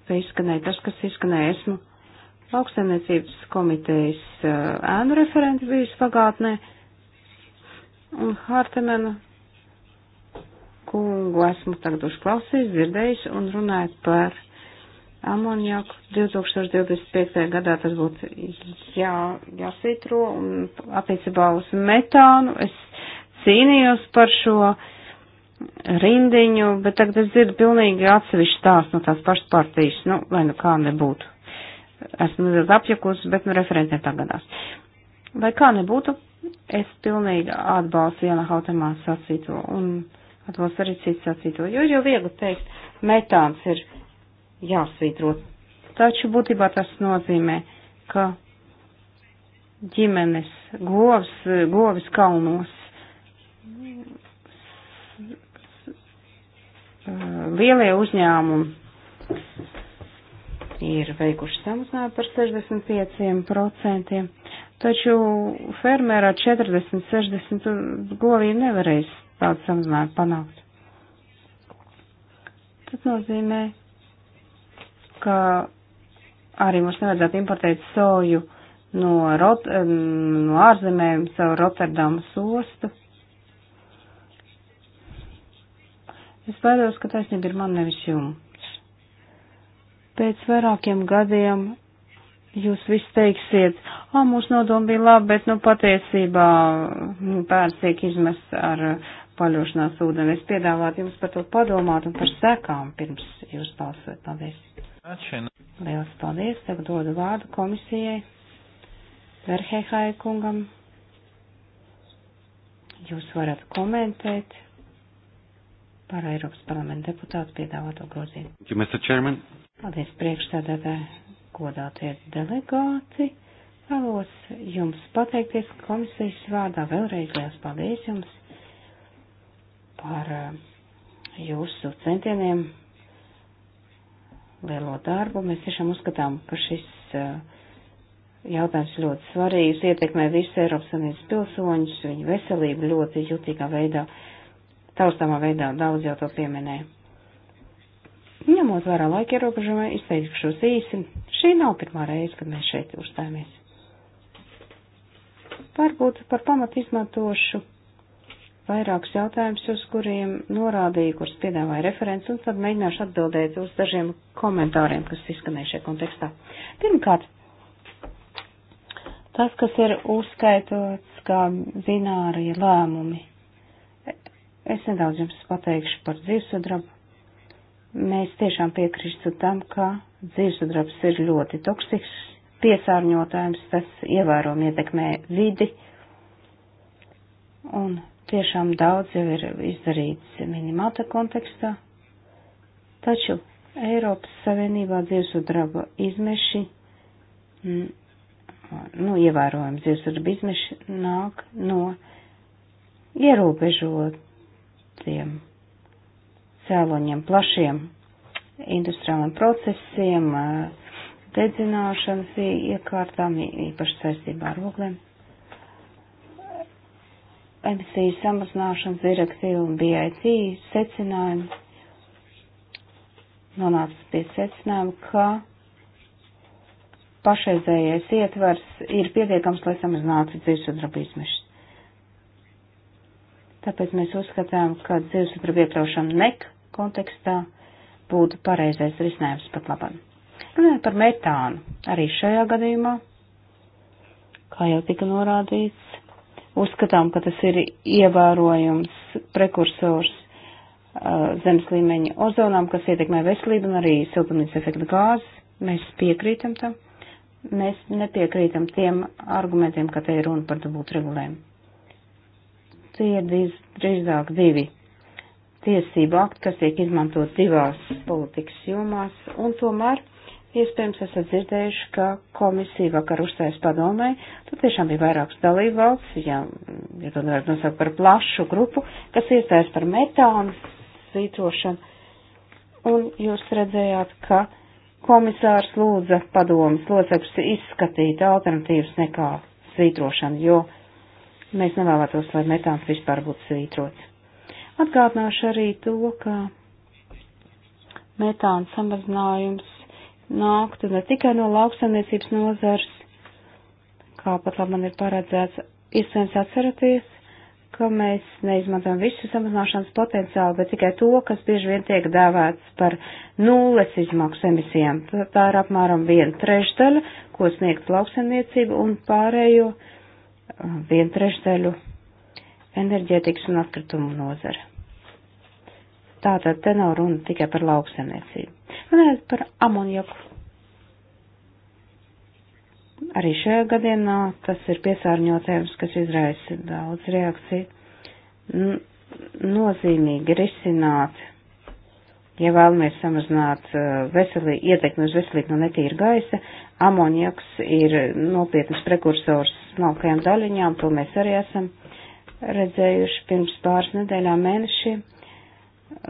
Speaker 2: Vai izskanēja tas, kas izskanēja, esmu lauksaimniecības komitejas eh, ēnu referenti bijusi pagātnē. Un Hārtemena kungu esmu tagad uzklausījis, dzirdējis un runājot par amoniaku 2025. gadā tas būtu jā, jāsvitro un attiecībā uz metānu. Es cīnījos par šo rindiņu, bet tagad es dzirdu pilnīgi atsevišķu stāstu no tās pašas partijas, nu, lai nu kā nebūtu. Esmu nedaudz apjukusi, bet nu referentiem tā gadās. Lai kā nebūtu, es pilnīgi atbalstu Jana Hautamā sacīto un atbalstu arī citu sacīto, jo ir jau viegli teikt, metāns ir jāsvītrot. Taču būtībā tas nozīmē, ka ģimenes govs, govis kalnos lielie uzņēmumi ir veikuši samazinājumu par 65%, taču fermērā 40-60 govīm nevarēs tādu samazinājumu panākt. Tas nozīmē, ka arī mums nevajadzētu importēt soju no, Rot no ārzemēm savu Rotterdamas ostu. Es baidos, ka taisnība ir man nevis jums. Pēc vairākiem gadiem jūs visi teiksiet, ah, mūsu nodomi bija labi, bet nu patiesībā bērns nu, tiek izmests ar paļošanās ūdeni. Es piedāvātu jums par to padomāt un par sekām pirms jūs balsot. Paldies! Lielas paldies, tev dodu vārdu komisijai, Verhehai kungam. Jūs varat komentēt par Eiropas parlamenta deputātu piedāvāto
Speaker 1: grozījumu.
Speaker 2: Paldies priekšstādātāji, godātie delegāti. Vēlos jums pateikties komisijas vārdā vēlreiz liels paldies jums par uh, jūsu centieniem lielo darbu. Mēs tiešām uzskatām, ka šis eh, jautājums ļoti svarīgs, ietekmē visu Eiropas Savienības pilsoņus, viņu veselību ļoti jutīgā veidā, taustāmā veidā daudz jau to pieminē. Ņemot vērā laika ierobežojumu, izteikšos īsi. Šī nav pirmā reize, kad mēs šeit uzstājamies. Varbūt par pamatu izmantošu vairākus jautājumus, uz kuriem norādīju, kurus piedāvāja referents, un tad mēģināšu atbildēt uz dažiem komentāriem, kas izskanēja šajā kontekstā. Pirmkārt, tas, kas ir uzskaitots kā binārie lēmumi, es nedaudz jums pateikšu par dzīvesudrabu. Mēs tiešām piekrīstu tam, ka dzīvesudrabs ir ļoti toksisks piesārņotājums, tas ievērojami ietekmē vidi. Un Tiešām daudz jau ir izdarīts minimāta kontekstā, taču Eiropas Savienībā dzīvesudraba izmeši, mm, nu, ievērojams dzīvesudraba izmeši nāk no ierobežotiem cēloņiem, plašiem industriāliem procesiem, eh, dedzināšanas iekārtām, īpaši saistībā ar oglēm emisiju samazināšanas direktīva un BIT secinājumi nonāca pie secinājuma, ka pašreizējais ietvars ir pietiekams, lai samazinātu dzīvesudrabu izmešus. Tāpēc mēs uzskatām, ka dzīvesudrabu iekļaušana nek kontekstā būtu pareizais risinājums pat labam. Runājot par metānu, arī šajā gadījumā, kā jau tika norādīts, uzskatām, ka tas ir ievērojums prekursors uh, zemes līmeņa ozonām, kas ietekmē veselību un arī siltumnīca efekta gāzes. Mēs piekrītam tam. Mēs nepiekrītam tiem argumentiem, ka te ir runa par dubultu regulējumu. Tie ir drīzāk divi tiesību akti, kas tiek izmantot divās politikas jomās, un tomēr Iespējams, esat dzirdējuši, ka komisija vakar uzstājas padomē, tur tiešām bija vairākas dalībvalsts, ja, ja to nevar nosaukt par plašu grupu, kas iestājas par metānu svītrošanu. Un jūs redzējāt, ka komisārs lūdza padomas locekļus izskatīt alternatīvas nekā svītrošana, jo mēs nevēlētos, lai metāns vispār būtu svītrots. Atgādināšu arī to, ka metāna samazinājums nāktu ne tikai no lauksaimniecības nozars, kā pat labi man ir paredzēts, iespējams atceraties, ka mēs neizmantojam visu samazināšanas potenciālu, bet tikai to, kas bieži vien tiek dēvēts par nulles izmaksu emisijām. Tā ir apmēram viena trešdaļa, ko sniegt lauksaimniecība un pārējo uh, vienu trešdaļu enerģētikas un atkritumu nozara. Tātad te nav runa tikai par lauksaimniecību. Runājot par amonjaku. Arī šajā gadienā tas ir piesārņotājums, kas izraisa daudz reakciju. N nozīmīgi risināt, ja vēlamies samazināt uh, veselī, ietekmi uz veselību no netīra gaisa, amonjaks ir nopietnas prekursors smalkajām daļiņām, to mēs arī esam redzējuši pirms pāris nedēļām mēnešiem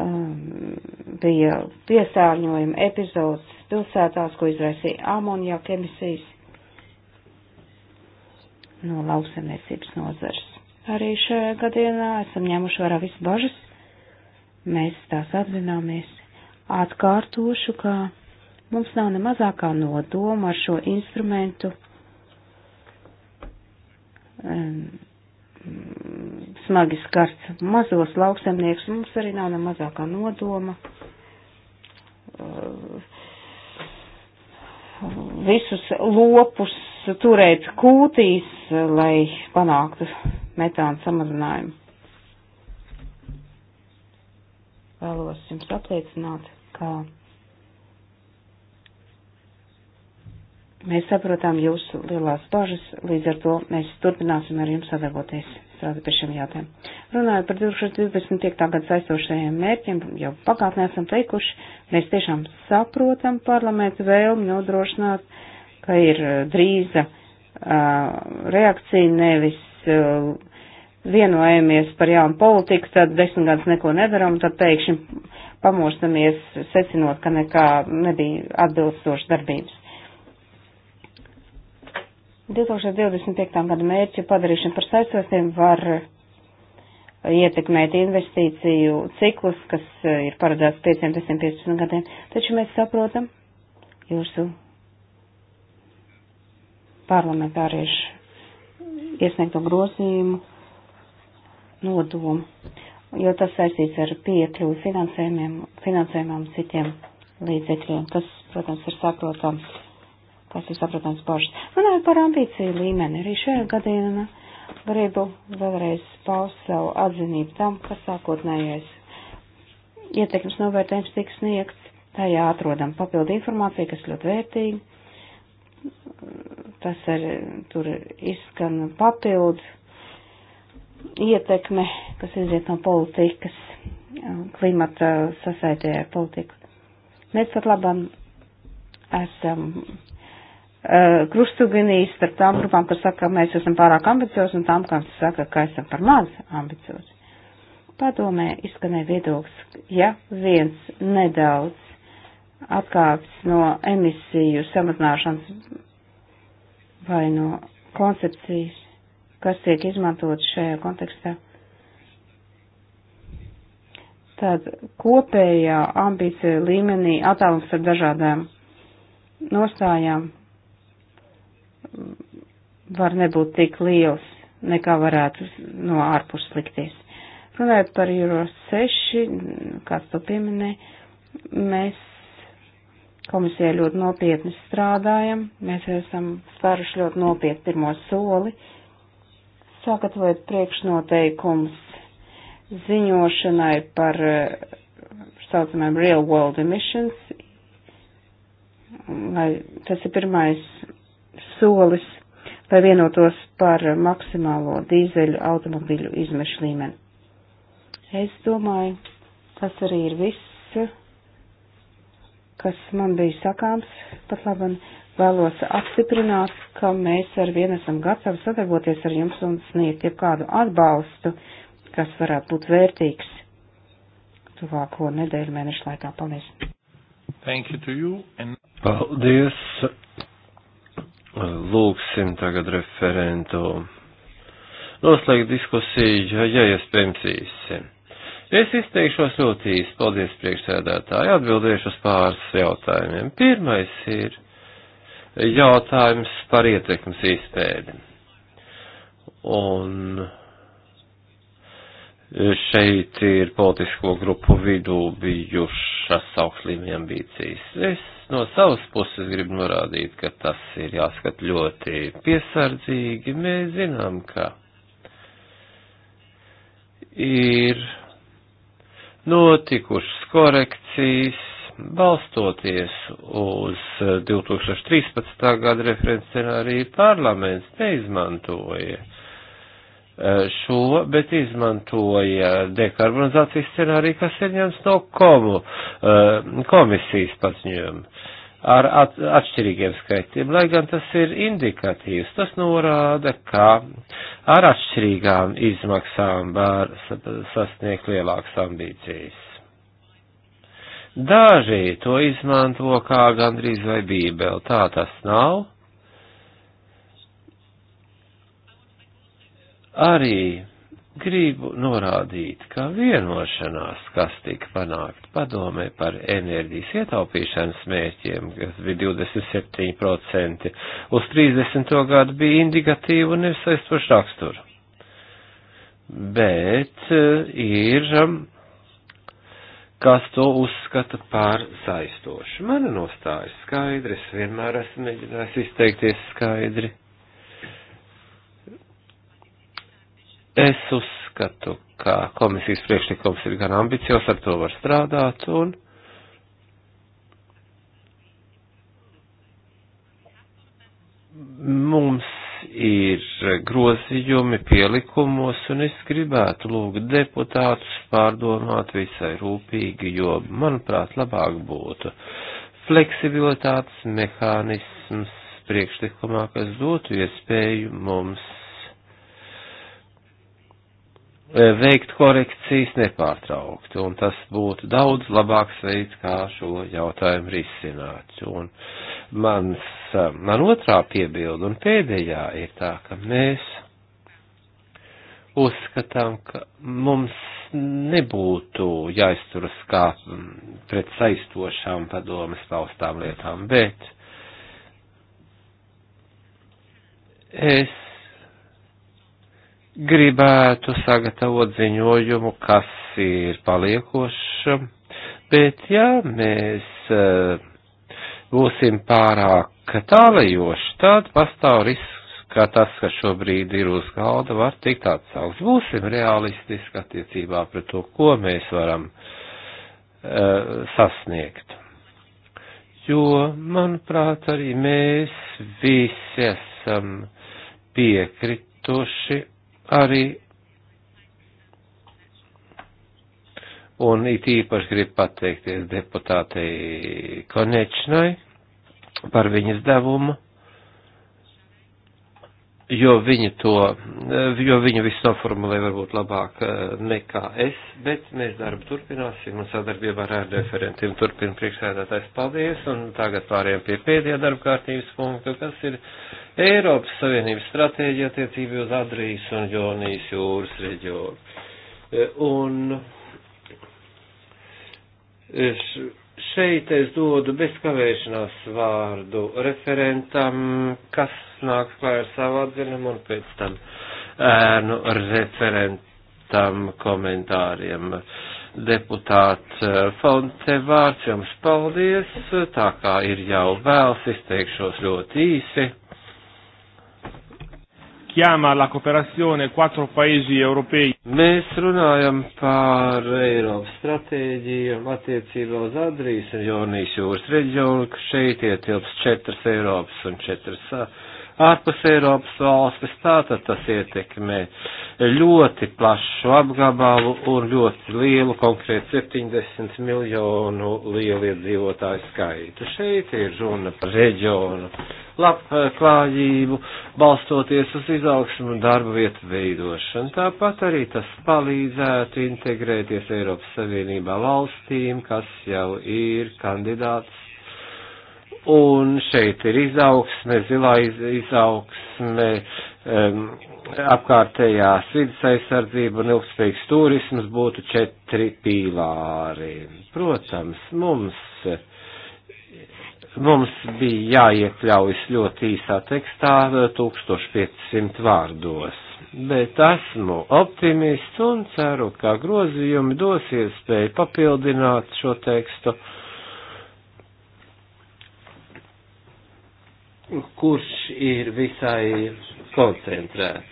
Speaker 2: um, bija piesārņojuma epizodes pilsētās, ko izraisīja amonjaka emisijas no lauksaimniecības nozares. Arī šajā gadienā esam ņēmuši vērā visas bažas, mēs tās atzināmies. Atkārtošu, ka mums nav ne mazākā nodoma ar šo instrumentu um, smagi skarts mazos lauksemniekus, mums arī nav ne mazākā nodoma eh, visus lopus turēt kūtīs, lai panāktu metāna samazinājumu. Vēlos jums apliecināt, ka Mēs saprotam jūsu lielās bažas, līdz ar to mēs turpināsim ar jums sadarboties strādāt pie šiem jautājumiem. Runājot par 2025. gada saistošajiem mērķiem, jau pagātnē esam teikuši, mēs tiešām saprotam parlamentu vēlmi nodrošināt, ka ir uh, drīza uh, reakcija, nevis uh, vienojamies par jaunu politiku, tad desmit gadus neko nedaram, tad pēkšņi pamostamies secinot, ka nekā nebija atbilstoša darbības 2025. gada mērķu padarīšana par saistošiem var ietekmēt investīciju ciklus, kas e, ir paredzēts 5-15 gadiem, taču mēs saprotam jūsu parlamentāriešu iesniegto grozījumu nodomu, jo tas saistīts ar piekļuvu finansējumiem, finansējumam citiem līdzekļiem. Tas, protams, ir saprotams Tas ir saprotams bažas. Runājot par ambīciju līmeni, arī šajā gadījumā gribu vēlreiz paust savu atzinību tam, ka sākotnējais ietekmes novērtējums tiks sniegts. Tajā atrodam papildu informāciju, kas ļoti vērtīga. Tas arī tur izskan papildu ietekme, kas iziet no politikas, klimata sasaitē politiku. Mēs pat labam esam Eh, krustugunīs starp tām grupām, kas saka, ka mēs esam pārāk ambiciozi, un tām, kas saka, ka esam par maz ambiciozi. Padomē izskanēja viedoklis, ja viens nedaudz atkāps no emisiju samazināšanas vai no koncepcijas, kas tiek izmantot šajā kontekstā, tad kopējā ambīcija līmenī attālums ar dažādām nostājām var nebūt tik liels, nekā varētu no ārpus likties. Runājot par Euro 6, kāds to pieminē, mēs komisijā ļoti nopietni strādājam, mēs esam spēruši ļoti nopietni pirmo soli, sagatavojot priekšnoteikums ziņošanai par eh, saucamajām real world emissions, lai tas ir pirmais solis, lai vienotos par maksimālo dīzeļu automobīļu izmešu līmeni. Es domāju, tas arī ir viss, kas man bija sakāms. Pat labi, vēlos apstiprināt, ka mēs ar vienu esam gatavi sadarboties ar jums un sniegt jebkādu atbalstu, kas varētu būt vērtīgs tuvāko nedēļu mēnešu laikā. Paldies!
Speaker 4: Thank you to you and... Paldies!
Speaker 1: lūksim tagad referentu noslēgt diskusiju, ja iespējams īsi. Es izteikšos ļoti īsi, paldies priekšsēdētāji, atbildēšu uz pāris jautājumiem. Pirmais ir jautājums par ietekmes izpēdi. Un šeit ir politisko grupu vidū bijušas augstlīmī ambīcijas. Es no savas puses gribu norādīt, ka tas ir jāskat ļoti piesardzīgi. Mēs zinām, ka ir notikušas korekcijas, balstoties uz 2013. gada referents scenāriju parlaments neizmantoja šo, bet izmantoja dekarbonizācijas scenāriju, kas ir ņemts no komu, komisijas paziņojuma ar at, atšķirīgiem skaitļiem, lai gan tas ir indikatīvs. Tas norāda, ka ar atšķirīgām izmaksām var sasniegt lielākas ambīcijas. Daži to izmanto kā gandrīz vai bībeli, tā tas nav. Arī gribu norādīt, ka vienošanās, kas tika panākt padomē par enerģijas ietaupīšanas mērķiem, kas bija 27% uz 30. gadu, bija indikatīva un nesaistoša rakstura. Bet eh, ir, um, kas to uzskata par saistošu. Mana nostāja skaidrs, vienmēr esmu mēģinājis izteikties skaidri Es uzskatu, ka komisijas priekšlikums ir gan ambiciozs, ar to var strādāt, un mums ir grozījumi pielikumos, un es gribētu lūgt deputātus pārdomāt visai rūpīgi, jo, manuprāt, labāk būtu fleksibilitātes mehānisms priekšlikumā, kas dotu iespēju mums E, veikt korekcijas nepārtraukti, un tas būtu daudz labāks veids, kā šo jautājumu risināt. Un mans, e, man otrā piebilda un pēdējā ir tā, ka mēs uzskatām, ka mums nebūtu jāizturas kā pret saistošām padomas paustām lietām, bet es gribētu sagatavot ziņojumu, kas ir paliekošs, bet ja mēs eh, būsim pārāk tālajoši, tad pastāv risks, ka tas, kas šobrīd ir uz galda, var tikt atsaukt. Būsim realistiski attiecībā pret to, ko mēs varam uh, sasniegt. Jo, manuprāt, arī mēs visi esam piekrituši arī. Un it īpaši grib pateikties deputātei Konečnai par viņas devumu, jo viņa to, jo viņa visu noformulē varbūt labāk eh, nekā es, bet mēs darbu turpināsim un sadarbībā ar referentiem turpina priekšsēdētājs paldies un tagad pāriem pie pēdējā darba kārtības punkta, kas ir Eiropas Savienības stratēģija attiecībā uz Adrijas un Jonijas jūras reģionu. E, un šeit es dodu bez kavēšanās vārdu referentam, kas nāk klāja ar savu atzinumu un pēc tam ēnu referentam komentāriem. Uh, deputāts e, Fonte vārds jums paldies, tā kā ir jau vēls, izteikšos ļoti īsi chiama alla cooperazione quattro paesi europei. Mēs runājam par Eiropas stratēģiju attiecībā uz Adrijas un Jonijas jūras reģionu, ka šeit ietilps četras Eiropas un četras ārpus Eiropas valstis, tātad tas ietekmē ļoti plašu apgabalu un ļoti lielu, konkrēti 70 miljonu lielu iedzīvotāju skaitu. Šeit ir runa par reģionu labklājību, balstoties uz izaugsmu un darba vietu veidošanu. Tāpat arī tas palīdzētu integrēties Eiropas Savienībā valstīm, kas jau ir kandidāts Un šeit ir izaugsme, zilā iz, izaugsme, um, apkārtējās vidas aizsardzība un ilgspējīgs turisms būtu četri pīlāri. Protams, mums, mums bija jāiekļaujas ļoti īsā tekstā 1500 vārdos, bet esmu optimists un ceru, ka grozījumi dos iespēju papildināt šo tekstu kurš ir visai koncentrēts.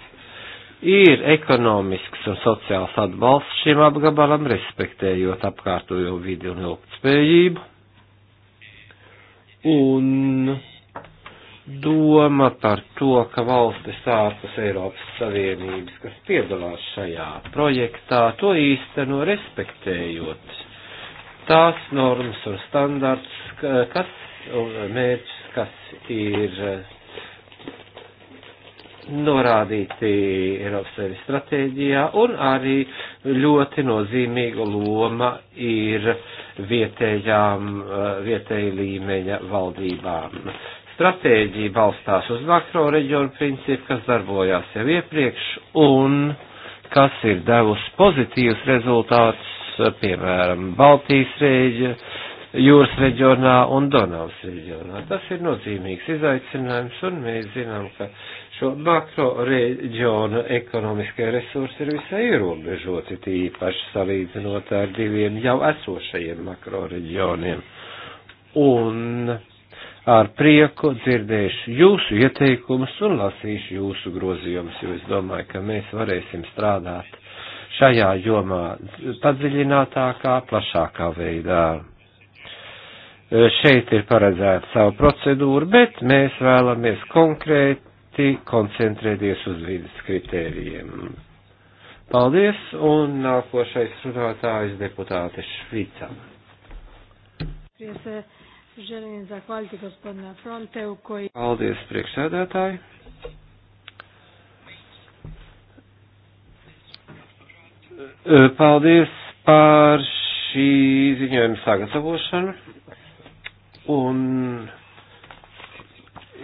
Speaker 1: Ir ekonomisks un sociāls atbalsts šim apgabalam, respektējot apkārtojo vidi un ilgtspējību.
Speaker 4: Un
Speaker 1: doma par to, ka valstis ārpus Eiropas Savienības, kas piedalās šajā projektā, to īsteno respektējot tās normas un standarts, kas un mērķus, kas ir eh, norādīti Eiropas Savienības stratēģijā, un arī ļoti nozīmīga loma ir vietējām, eh, vietēja līmeņa valdībām. Stratēģija balstās uz makro reģionu principu, kas darbojās jau iepriekš, un kas ir devusi pozitīvus rezultātus, piemēram, Baltijas rēģi, jūras reģionā un Donavas reģionā. Tas ir nozīmīgs izaicinājums, un mēs zinām, ka šo makro reģionu ekonomiskie resursi ir visai ierobežoti, tīpaši salīdzinot ar diviem jau esošajiem makro reģioniem. Un ar prieku dzirdēšu jūsu ieteikumus un lasīšu jūsu grozījumus, jo es domāju, ka mēs varēsim strādāt šajā jomā padziļinātākā, plašākā veidā. Eh, šeit ir paredzēta savu procedūru, bet mēs vēlamies konkrēti koncentrēties uz vidas kritērijiem. Paldies, un nākošais runātājs deputāte Švica. Paldies, priekšsēdētāji. Eh, paldies par šī ziņojuma sagatavošanu. Un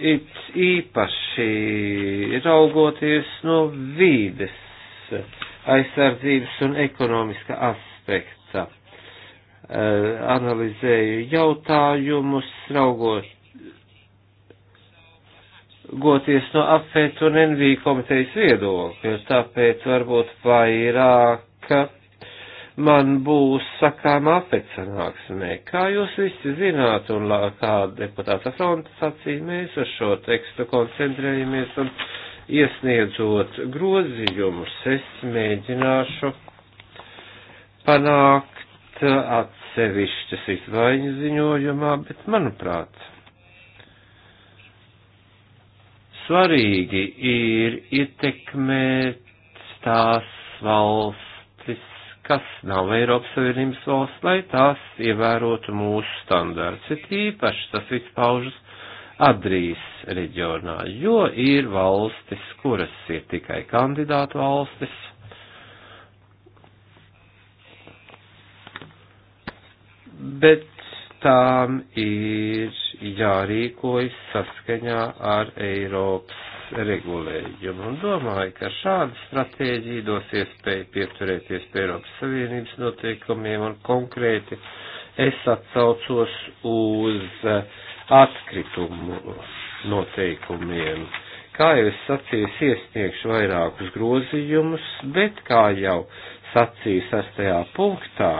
Speaker 1: it īpaši raugoties no vīdes aizsardzības un ekonomiska aspekta, eh, analizēju jautājumus, raugoties no apvēt un NV komitejas viedokļa, tāpēc varbūt vairāk man būs sakām afecanāksmē. Kā jūs visi zināt, un kā deputāta fronta sacīja, mēs uz šo tekstu koncentrējamies un iesniedzot grozījumus, es mēģināšu panākt atsevišķas izvaiņu ziņojumā, bet manuprāt, svarīgi ir ietekmēt tās valsts, kas nav Eiropas Savienības valsts, lai tās ievērotu mūsu standārts. Ir īpaši tas viss paužas Adrijas reģionā, jo ir valstis, kuras ir tikai kandidātu valstis. Bet tām ir jārīkojas saskaņā ar Eiropas regulējumu un domāju, ka šāda stratēģija dos iespēju pieturēties pie Eiropas Savienības noteikumiem un konkrēti es atsaucos uz eh, atkritumu noteikumiem. Kā jau es sacīju, es iesniegšu vairākus grozījumus, bet kā jau sacīju sastajā punktā,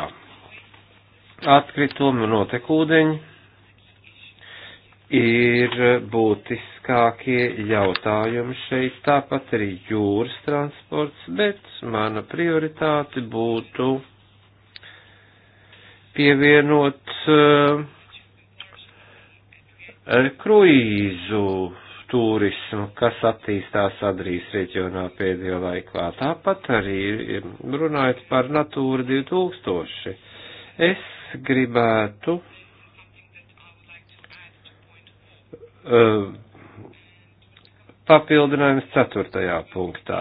Speaker 1: atkritumi un notekūdeņi ir būtiskākie jautājumi šeit, tāpat arī jūras transports, bet mana prioritāte būtu pievienot uh, kruīzu turismu, kas attīstās Adrijas reģionā pēdējo laikā. Tāpat arī eh, runājot par Natūru 2000. Es gribētu Eh, papildinājums ceturtajā punktā.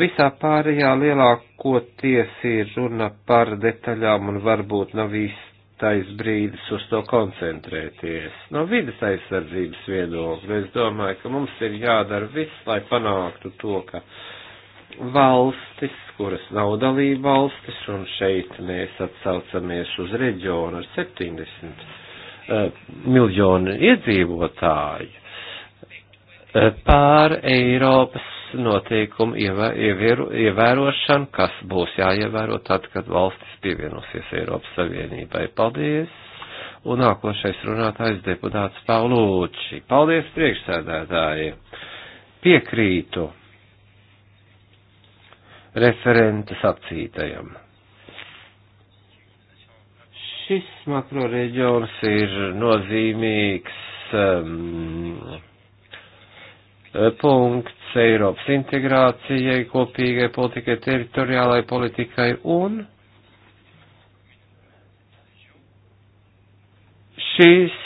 Speaker 1: Visā pārējā lielākoties ir runa par detaļām un varbūt nav īstais brīdis uz to koncentrēties. No vidas aizsardzības viedokļa es domāju, ka mums ir jādara viss, lai panāktu to, ka valstis, kuras nav dalība valstis, un šeit mēs atsaucamies uz reģionu ar 70 Eh, miljoni iedzīvotāji eh, pār Eiropas noteikumu ievēru, ievērošanu, kas būs jāievēro tad, kad valstis pievienosies Eiropas Savienībai. Paldies! Un nākošais runātājs deputāts Paulūči. Paldies priekšsēdētāji! Piekrītu referenta sacītajam. Šis makroreģions ir nozīmīgs um, punkts Eiropas integrācijai, kopīgai politikai, teritoriālai politikai un šīs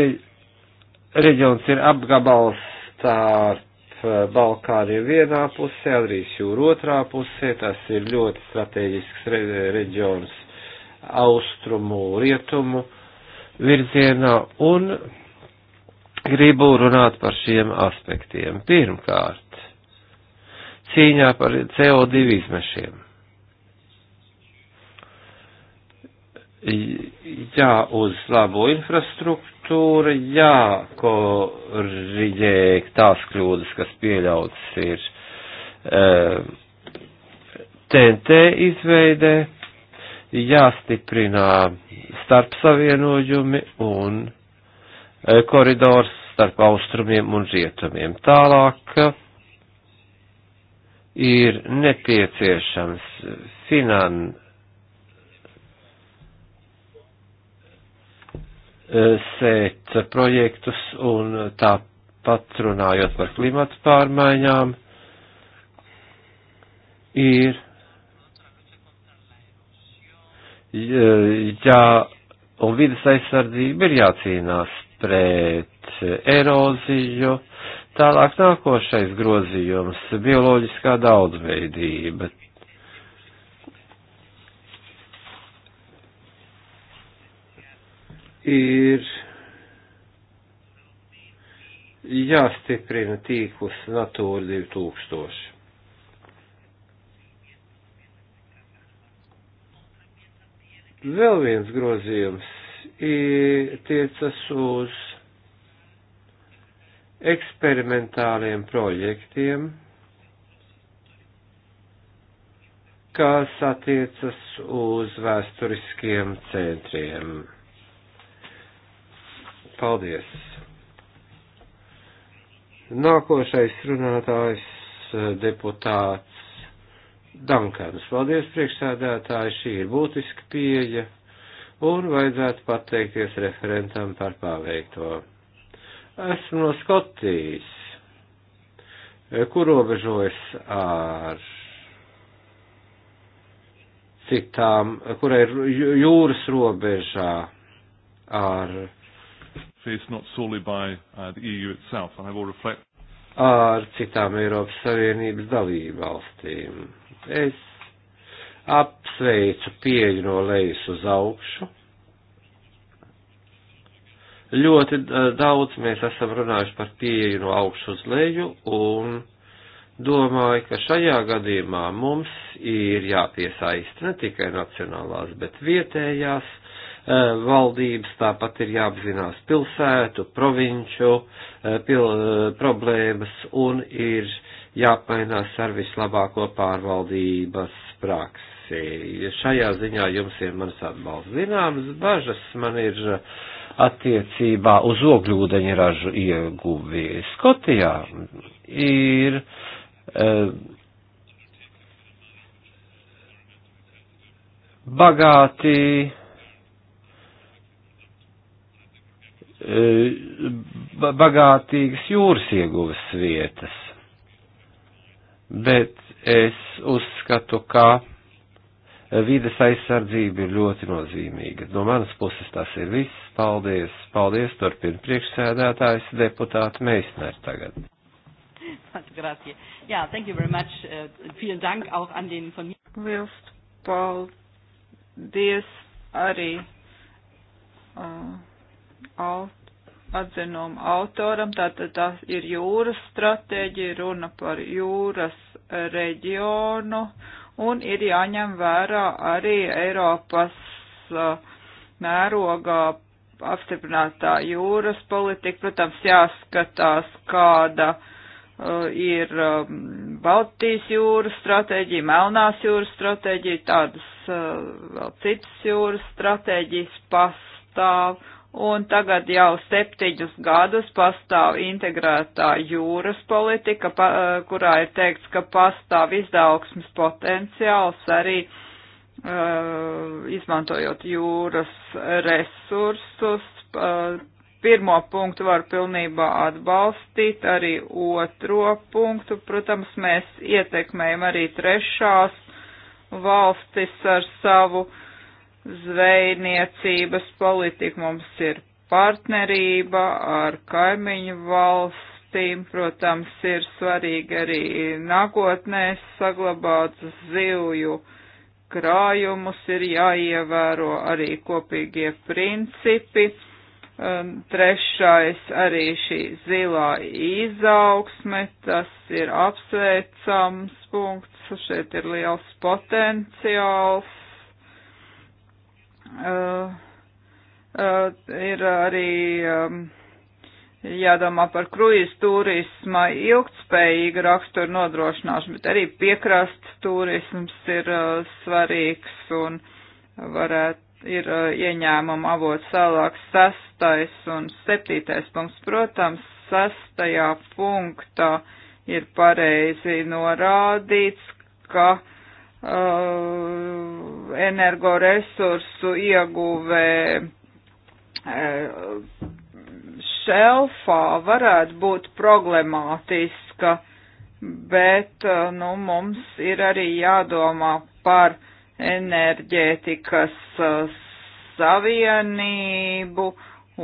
Speaker 1: re, reģions ir apgabals tā ar Balkāni ir vienā pusē, Adrijas jūra otrā pusē, tas ir ļoti strateģisks re reģions austrumu, rietumu virzienā, un gribu runāt par šiem aspektiem. Pirmkārt, cīņā par CO2 izmešiem. jāuzlabo infrastruktūru, struktūra jākoriģē tās kļūdas, kas pieļautas ir uh, eh, TNT izveidē, jāstiprinā starp savienojumi un uh, koridors starp austrumiem un rietumiem. Tālāk eh, ir nepieciešams finansējums sēt projektus un tāpat runājot par klimatu pārmaiņām, ir jā, un vidas aizsardzība ir jācīnās pret eroziju, tālāk nākošais grozījums - bioloģiskā daudzveidība. ir jāstiprina tīklus Natūra 2000. Vēl viens grozījums ir tiecas uz eksperimentāliem projektiem, kas attiecas uz vēsturiskiem centriem. Paldies! Nākošais runātājs eh, deputāts Dankāns. Paldies, priekšsēdētāji, šī ir būtiska pieeja un vajadzētu pateikties referentam par paveikto. Esmu no Skotijas, eh, kur robežojas ar citām, eh, kurai ir jūras robežā ar
Speaker 4: faced not solely by uh, the EU itself, and I will reflect.
Speaker 1: Ar citām Eiropas Savienības dalību valstīm. Es apsveicu pieeju no lejas uz augšu. Ļoti uh, daudz mēs esam runājuši par pieeju no augšu uz leju un domāju, ka šajā gadījumā mums ir jāpiesaista ne tikai nacionālās, bet vietējās Eh, valdības, tāpat ir jāapzinās pilsētu, provinču eh, pil, eh, problēmas un ir jāpainās ar vislabāko pārvaldības praksi. Šajā ziņā jums ir manas atbalsts. Zināmas bažas man ir attiecībā uz ogļūdeņa ražu ieguvi. Skotijā ir. Uh, bagāti Eh, bagātīgas jūras ieguves vietas. Bet es uzskatu, ka vides aizsardzība ir ļoti nozīmīga. No manas puses tas ir viss. Paldies, paldies, turpina priekšsēdētājs deputāti Meisner tagad.
Speaker 2: Jā, thank you very much. Eh, vielen Dank auch an den von mir.
Speaker 5: Liels paldies arī. Uh alt, atzinumu autoram. Tātad tas ir jūras stratēģija, runa par jūras reģionu un ir jāņem vērā arī Eiropas mērogā apstiprinātā jūras politika. Protams, jāskatās, kāda ir Baltijas jūras stratēģija, Melnās jūras stratēģija, tādas vēl citas jūras stratēģijas pastāv un tagad jau septiņus gadus pastāv integrētā jūras politika, pa, eh, kurā ir teikts, ka pastāv izaugsmas potenciāls arī uh, izmantojot jūras resursus. Uh, pirmo punktu var pilnībā atbalstīt, arī otro punktu, protams, mēs ietekmējam arī trešās valstis ar savu uh, zvejniecības politiku, mums ir partnerība ar kaimiņu valstīm, protams, ir svarīgi arī nākotnē saglabāt zivju krājumus, ir jāievēro arī kopīgie principi. Um, trešais arī šī zilā izaugsme, tas ir apsveicams punkts, šeit ir liels potenciāls Uh, uh, ir arī um, jādomā par kruīz turisma ilgtspējīgu raksturu nodrošināšanu, bet arī piekrasts turisms ir uh, svarīgs un varētu ir uh, ieņēmuma avots tālāk sastais un septītais punkts. Protams, sastajā punktā ir pareizi norādīts, ka uh, energoresursu ieguvē e, šelfā varētu būt problemātiska, bet e, nu, mums ir arī jādomā par enerģētikas e, savienību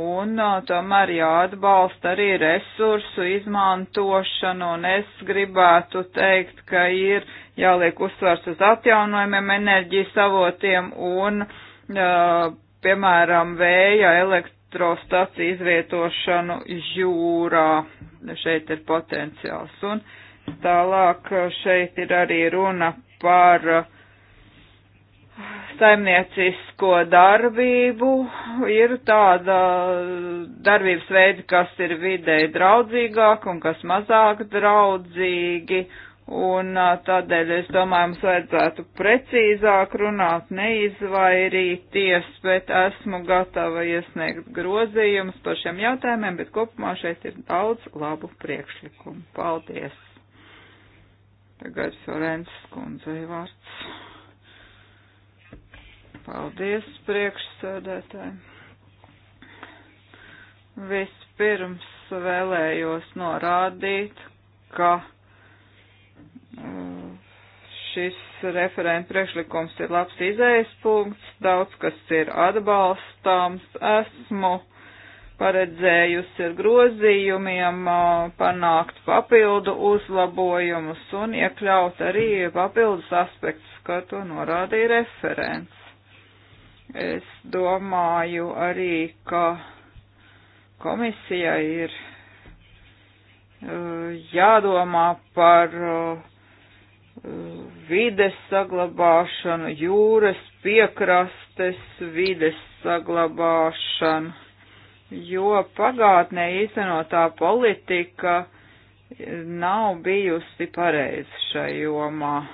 Speaker 5: Un tomēr jāatbalsta arī resursu izmantošanu, un es gribētu teikt, ka ir jāliek uzsvars uz atjaunojumiem enerģijas avotiem un, piemēram, vēja elektrostaciju izvietošanu jūrā. Šeit ir potenciāls. Un tālāk šeit ir arī runa par uh, saimniecisko darbību, ir tāda darbības veidi, kas ir videi draudzīgāk un kas mazāk draudzīgi, un tādēļ es domāju, mums vajadzētu precīzāk runāt, neizvairīties, bet esmu gatava iesniegt grozījumus par šiem jautājumiem, bet kopumā šeit ir daudz labu priekšlikumu. Paldies! Tagad Florence kundzei vārds. Paldies, priekšsēdētāji. Vispirms vēlējos norādīt, ka mm, šis referenta priekšlikums ir labs izējas punkts, daudz kas ir atbalstāms, esmu paredzējusi ar grozījumiem panākt papildu uzlabojumus un iekļaut arī papildus aspektus, kā to norādīja referents. Es domāju arī, ka komisija ir eh, jādomā par eh, vides saglabāšanu, jūras piekrastes vides saglabāšanu, jo pagātnē īstenotā politika eh, nav bijusi pareiza šajomā. jomā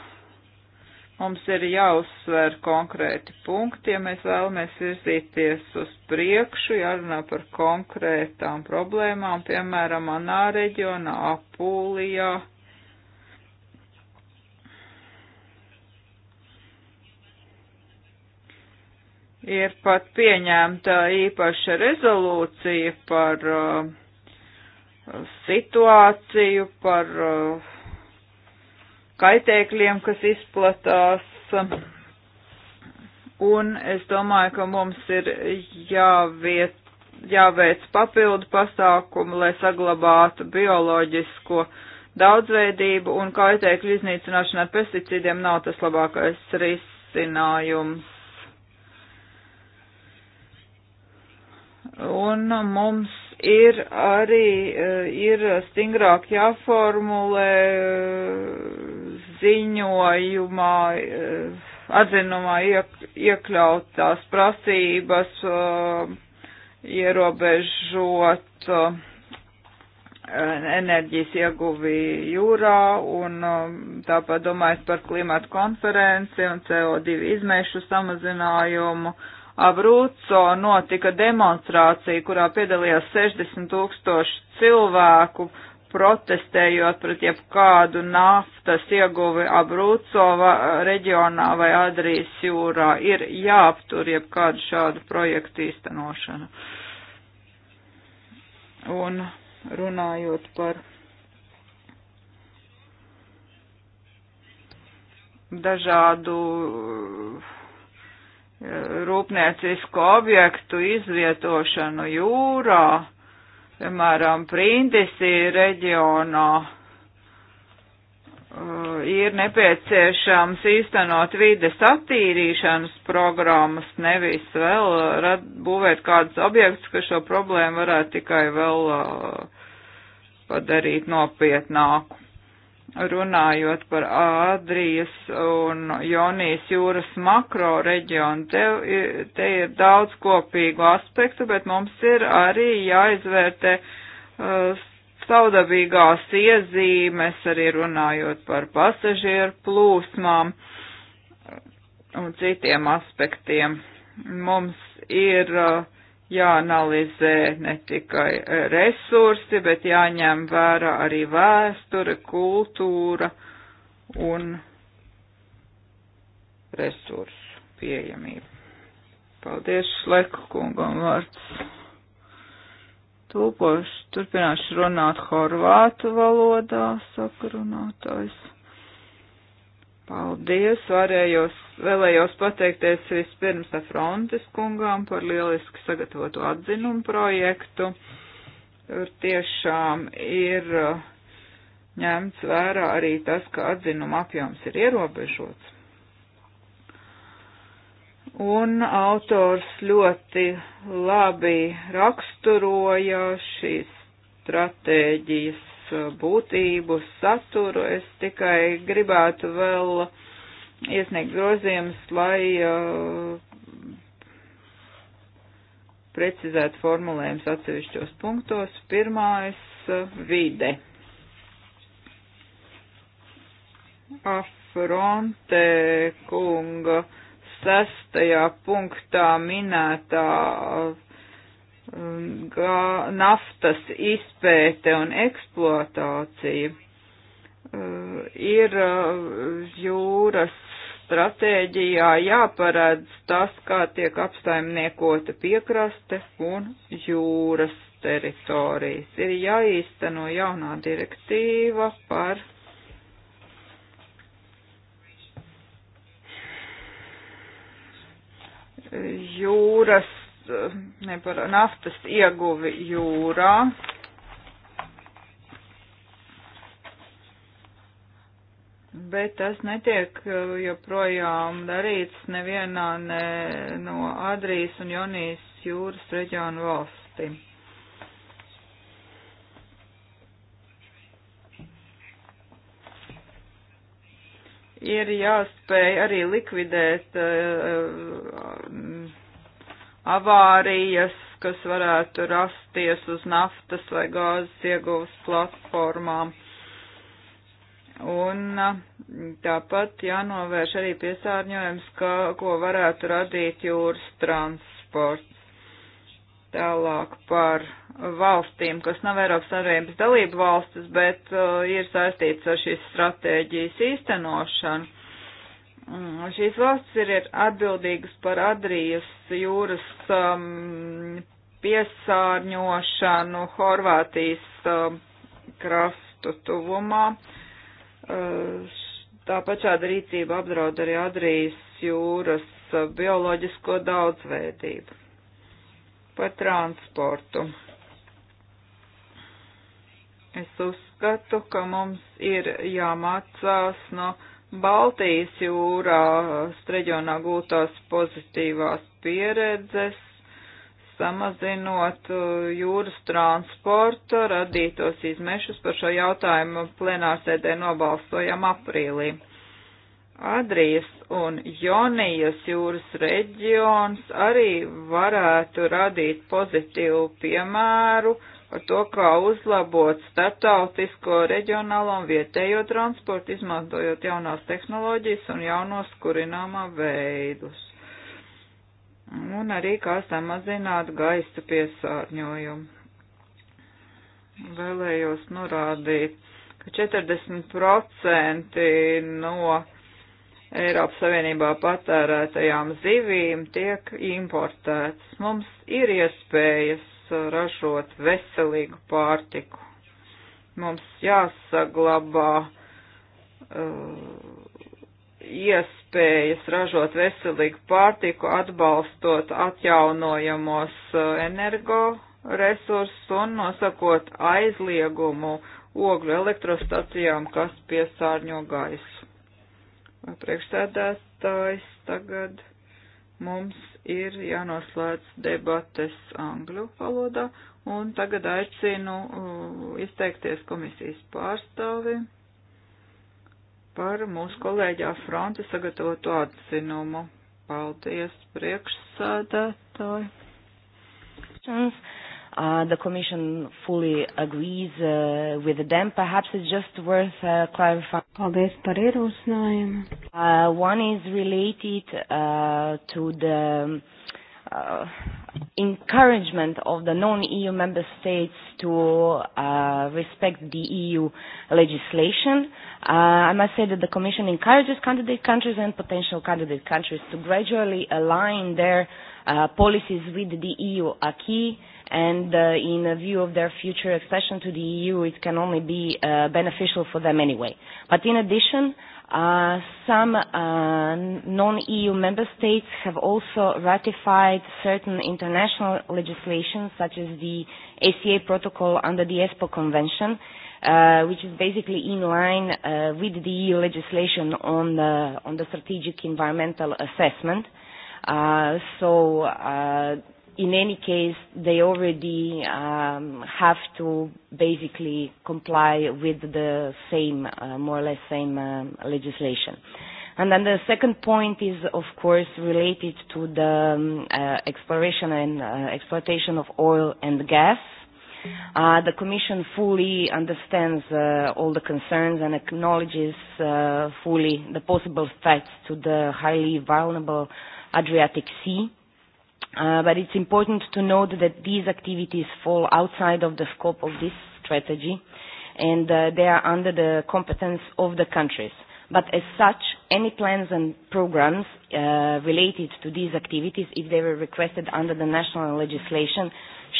Speaker 5: Mums ir jāuzsver konkrēti punkti, ja mēs vēlamies virzīties uz priekšu, jārunā par konkrētām problēmām, piemēram, manā reģionā, Apūlijā. Ir pat pieņemta īpaša rezolūcija par uh, situāciju, par uh, kaitēkļiem, kas izplatās. Un es domāju, ka mums ir jāviet, jāveic papildu pasākumu, lai saglabātu bioloģisko daudzveidību, un kaitēkļu iznīcināšana ar pesticīdiem nav tas labākais risinājums. Un mums ir arī eh, ir stingrāk jāformulē eh, ziņojumā, eh, atzinumā iek, iekļautās prasības eh, ierobežot eh, enerģijas ieguvi jūrā un tāpat domājot par klimatu konferenci un CO2 izmēšu samazinājumu. Abrūco notika demonstrācija, kurā piedalījās 60 tūkstoši cilvēku uh, protestējot pret jebkādu naftas ieguvi Abrūcova reģionā vai Adrijas jūrā, ir jāaptur jebkādu šādu projektu īstenošanu. Un runājot par dažādu eh, rūpniecisko objektu izvietošanu jūrā, piemēram, Prindisi reģionā uh, ir nepieciešams īstenot vides attīrīšanas programmas, nevis vēl rad, būvēt kādus objektus, ka šo problēmu varētu tikai vēl uh, padarīt nopietnāku runājot par Ādrijas un Jonijas jūras makro reģionu, te, te ir daudz kopīgu aspektu, bet mums ir arī jāizvērtē uh, savdabīgās iezīmes, arī runājot par pasažieru plūsmām un citiem aspektiem. Mums ir uh, jāanalizē ne tikai resursi, bet jāņem vērā arī vēsture, kultūra un resursu pieejamība. Paldies, Šleku kungam vārds. Tūpoši turpināšu runāt horvātu valodā, saka runātājs. Paldies, varējos, vēlējos pateikties vispirms Frontes kungām par lieliski sagatavotu atzinumu projektu. Tur tiešām ir uh, ņemts vērā arī tas, ka atzinuma apjoms ir ierobežots. Un autors ļoti labi raksturoja šīs stratēģijas Uh, būtību, saturu. Es tikai gribētu vēl iesniegt grozījumus, lai uh, precizētu formulējums atsevišķos punktos. Pirmais uh, - vide. Afronte kunga sestajā punktā minētā Um, naftas izpēte un eksploatācija uh, ir uh, jūras stratēģijā jāparedz tas, kā tiek apsaimniekota piekraste un jūras teritorijas. Ir jāīsteno jaunā direktīva par jūras Eh, ne par naftas ieguvi jūrā. Bet tas netiek eh, joprojām darīts nevienā ne no Adrijas un Jonijas jūras reģionu valstīm. ir jāspēj arī likvidēt uh, avārijas, kas varētu rasties uz naftas vai gāzes ieguvas platformām. Un tāpat jānovērš arī piesārņojums, ka, ko varētu radīt jūras transports. Tālāk par valstīm, kas nav Eiropas Savienības dalību valstis, bet uh, ir saistīts ar šīs stratēģijas īstenošanu Mm, šīs valsts ir, ir atbildīgas par Adrijas jūras um, piesārņošanu Horvātijas um, krastu tuvumā. Uh, Tāpat šāda rīcība apdraud arī Adrijas jūras uh, bioloģisko daudzveidību. Par transportu. Es uzskatu, ka mums ir jāmācās no. Nu, Baltijas jūrās reģionā gūtās pozitīvās pieredzes, samazinot uh, jūras transporta radītos izmešus par šo jautājumu plenārsēdē nobalsojam aprīlī. Adrijas un Jonijas jūras reģions arī varētu radīt pozitīvu piemēru par to, kā uzlabot starptautisko, reģionālo un vietējo transportu, izmantojot jaunās tehnoloģijas un jaunos kurināmā veidus. Un arī kā samazināt gaisa piesārņojumu. Vēlējos norādīt, ka 40% no Eiropas Savienībā patērētajām zivīm tiek importētas. Mums ir iespējas ražot veselīgu pārtiku. Mums jāsaglabā uh, iespējas ražot veselīgu pārtiku, atbalstot atjaunojamos uh, energoresursus un nosakot aizliegumu ogļu elektrostacijām, kas piesārņo gaisu. Priekšsēdētājs tagad mums ir jānoslēdz debates angļu valodā, un tagad aicinu uh, izteikties komisijas pārstāvi par mūsu kolēģā fronti sagatavotu atzinumu. Paldies,
Speaker 3: priekšsādātāji! Čans. Uh, the Commission fully agrees uh, with them. Perhaps it's just worth uh, clarifying. Paldies par ierosinājumu. Uh, one is related uh, to the uh, encouragement of the non-EU member states to uh, respect the EU legislation. Uh, I must say that the Commission encourages candidate countries and potential candidate countries to gradually align their uh, policies with the EU acquis and uh, in view of their future accession to the EU, it can only be uh, beneficial for them anyway. But in addition, uh, some uh, non-EU member states have also ratified certain international legislation, such as the ACA protocol under the ESPO Convention, uh, which is basically in line uh, with the EU legislation on the, on the strategic environmental assessment. Uh, so uh, in any case, they already um, have to basically comply with the same, uh, more or less same um, legislation. And then the second point is, of course, related to the um, uh, exploration and uh, exploitation of oil and gas. Uh, the Commission fully understands uh, all the concerns and acknowledges uh, fully the possible threats to the highly vulnerable Adriatic Sea Uh, but it's important to note that these activities fall outside of the scope of this strategy and uh, they are under the competence of the countries. But as such, any plans and programs uh, related to these activities, if they were requested under the national legislation,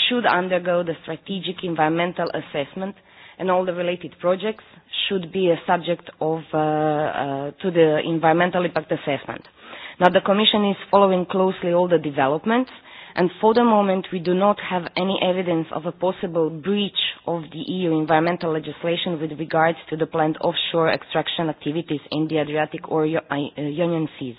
Speaker 3: should undergo the strategic environmental assessment and all the related projects should be a subject of, uh, uh, to the environmental impact assessment. Uh, Now, the Commission is following closely all the developments, and for the moment, we do not have any evidence of a possible breach of the EU environmental legislation with regards to the planned offshore extraction activities in the Adriatic or uh, Ionian Seas.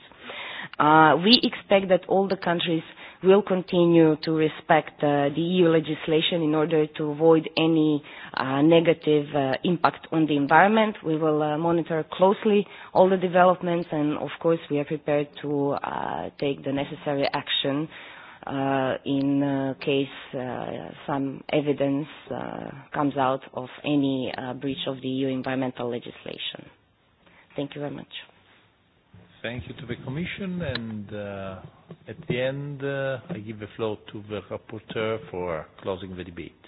Speaker 3: Uh, we expect that all the countries will continue to respect uh, the EU legislation in order to avoid any uh, negative uh, impact on the environment. We will uh, monitor closely all the developments and of course we are prepared to uh, take the necessary action uh, in uh, case uh, some evidence uh, comes out of any uh, breach of the EU environmental legislation. Thank you very much.
Speaker 1: Thank you to the Commission. And uh, at the end, uh, I give the floor to the rapporteur for closing the debate.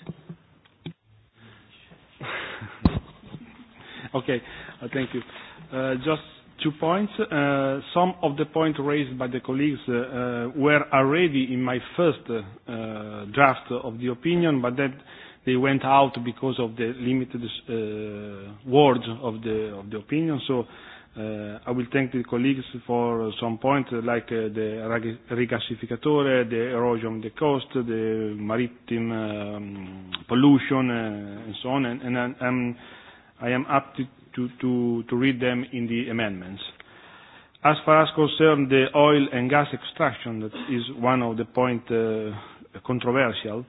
Speaker 4: okay, uh, thank you. Uh, just two points. Uh, some of the points raised by the colleagues uh, uh, were already in my first uh, uh draft of the opinion, but that they went out because of the limited uh, words of the, of the opinion. So Uh, I will thank the colleagues for some points like uh, the regasificatore, the erosion of the coast, the maritime um, pollution, uh, and so on. And, and I'm, um, I am up to, to, to, to read them in the amendments. As far as concerned the oil and gas extraction, that is one of the point uh, controversial,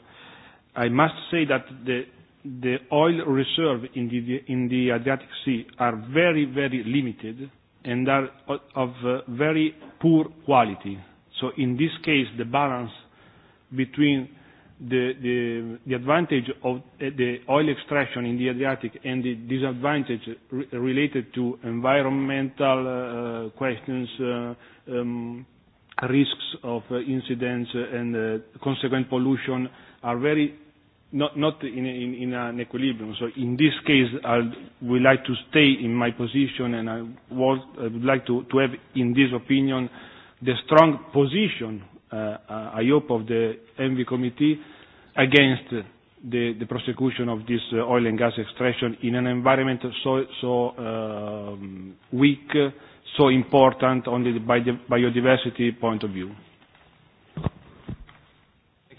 Speaker 4: I must say that the the oil reserve in the, in the Adriatic Sea are very, very limited and are of uh, very poor quality. So in this case, the balance between the, the, the advantage of uh, the oil extraction in the Adriatic and the disadvantage re related to environmental uh, uh questions, uh, um, risks of uh, incidents uh, and uh, consequent pollution are very not, not in, in, in an equilibrium. So in this case, I would like to stay in my position and I, was, I would like to, to have, in this opinion, the strong position, uh, uh I hope, of the ENVI committee against the, the prosecution of this uh, oil and gas extraction in an environment so, so um, weak, so important only by the biodiversity point of view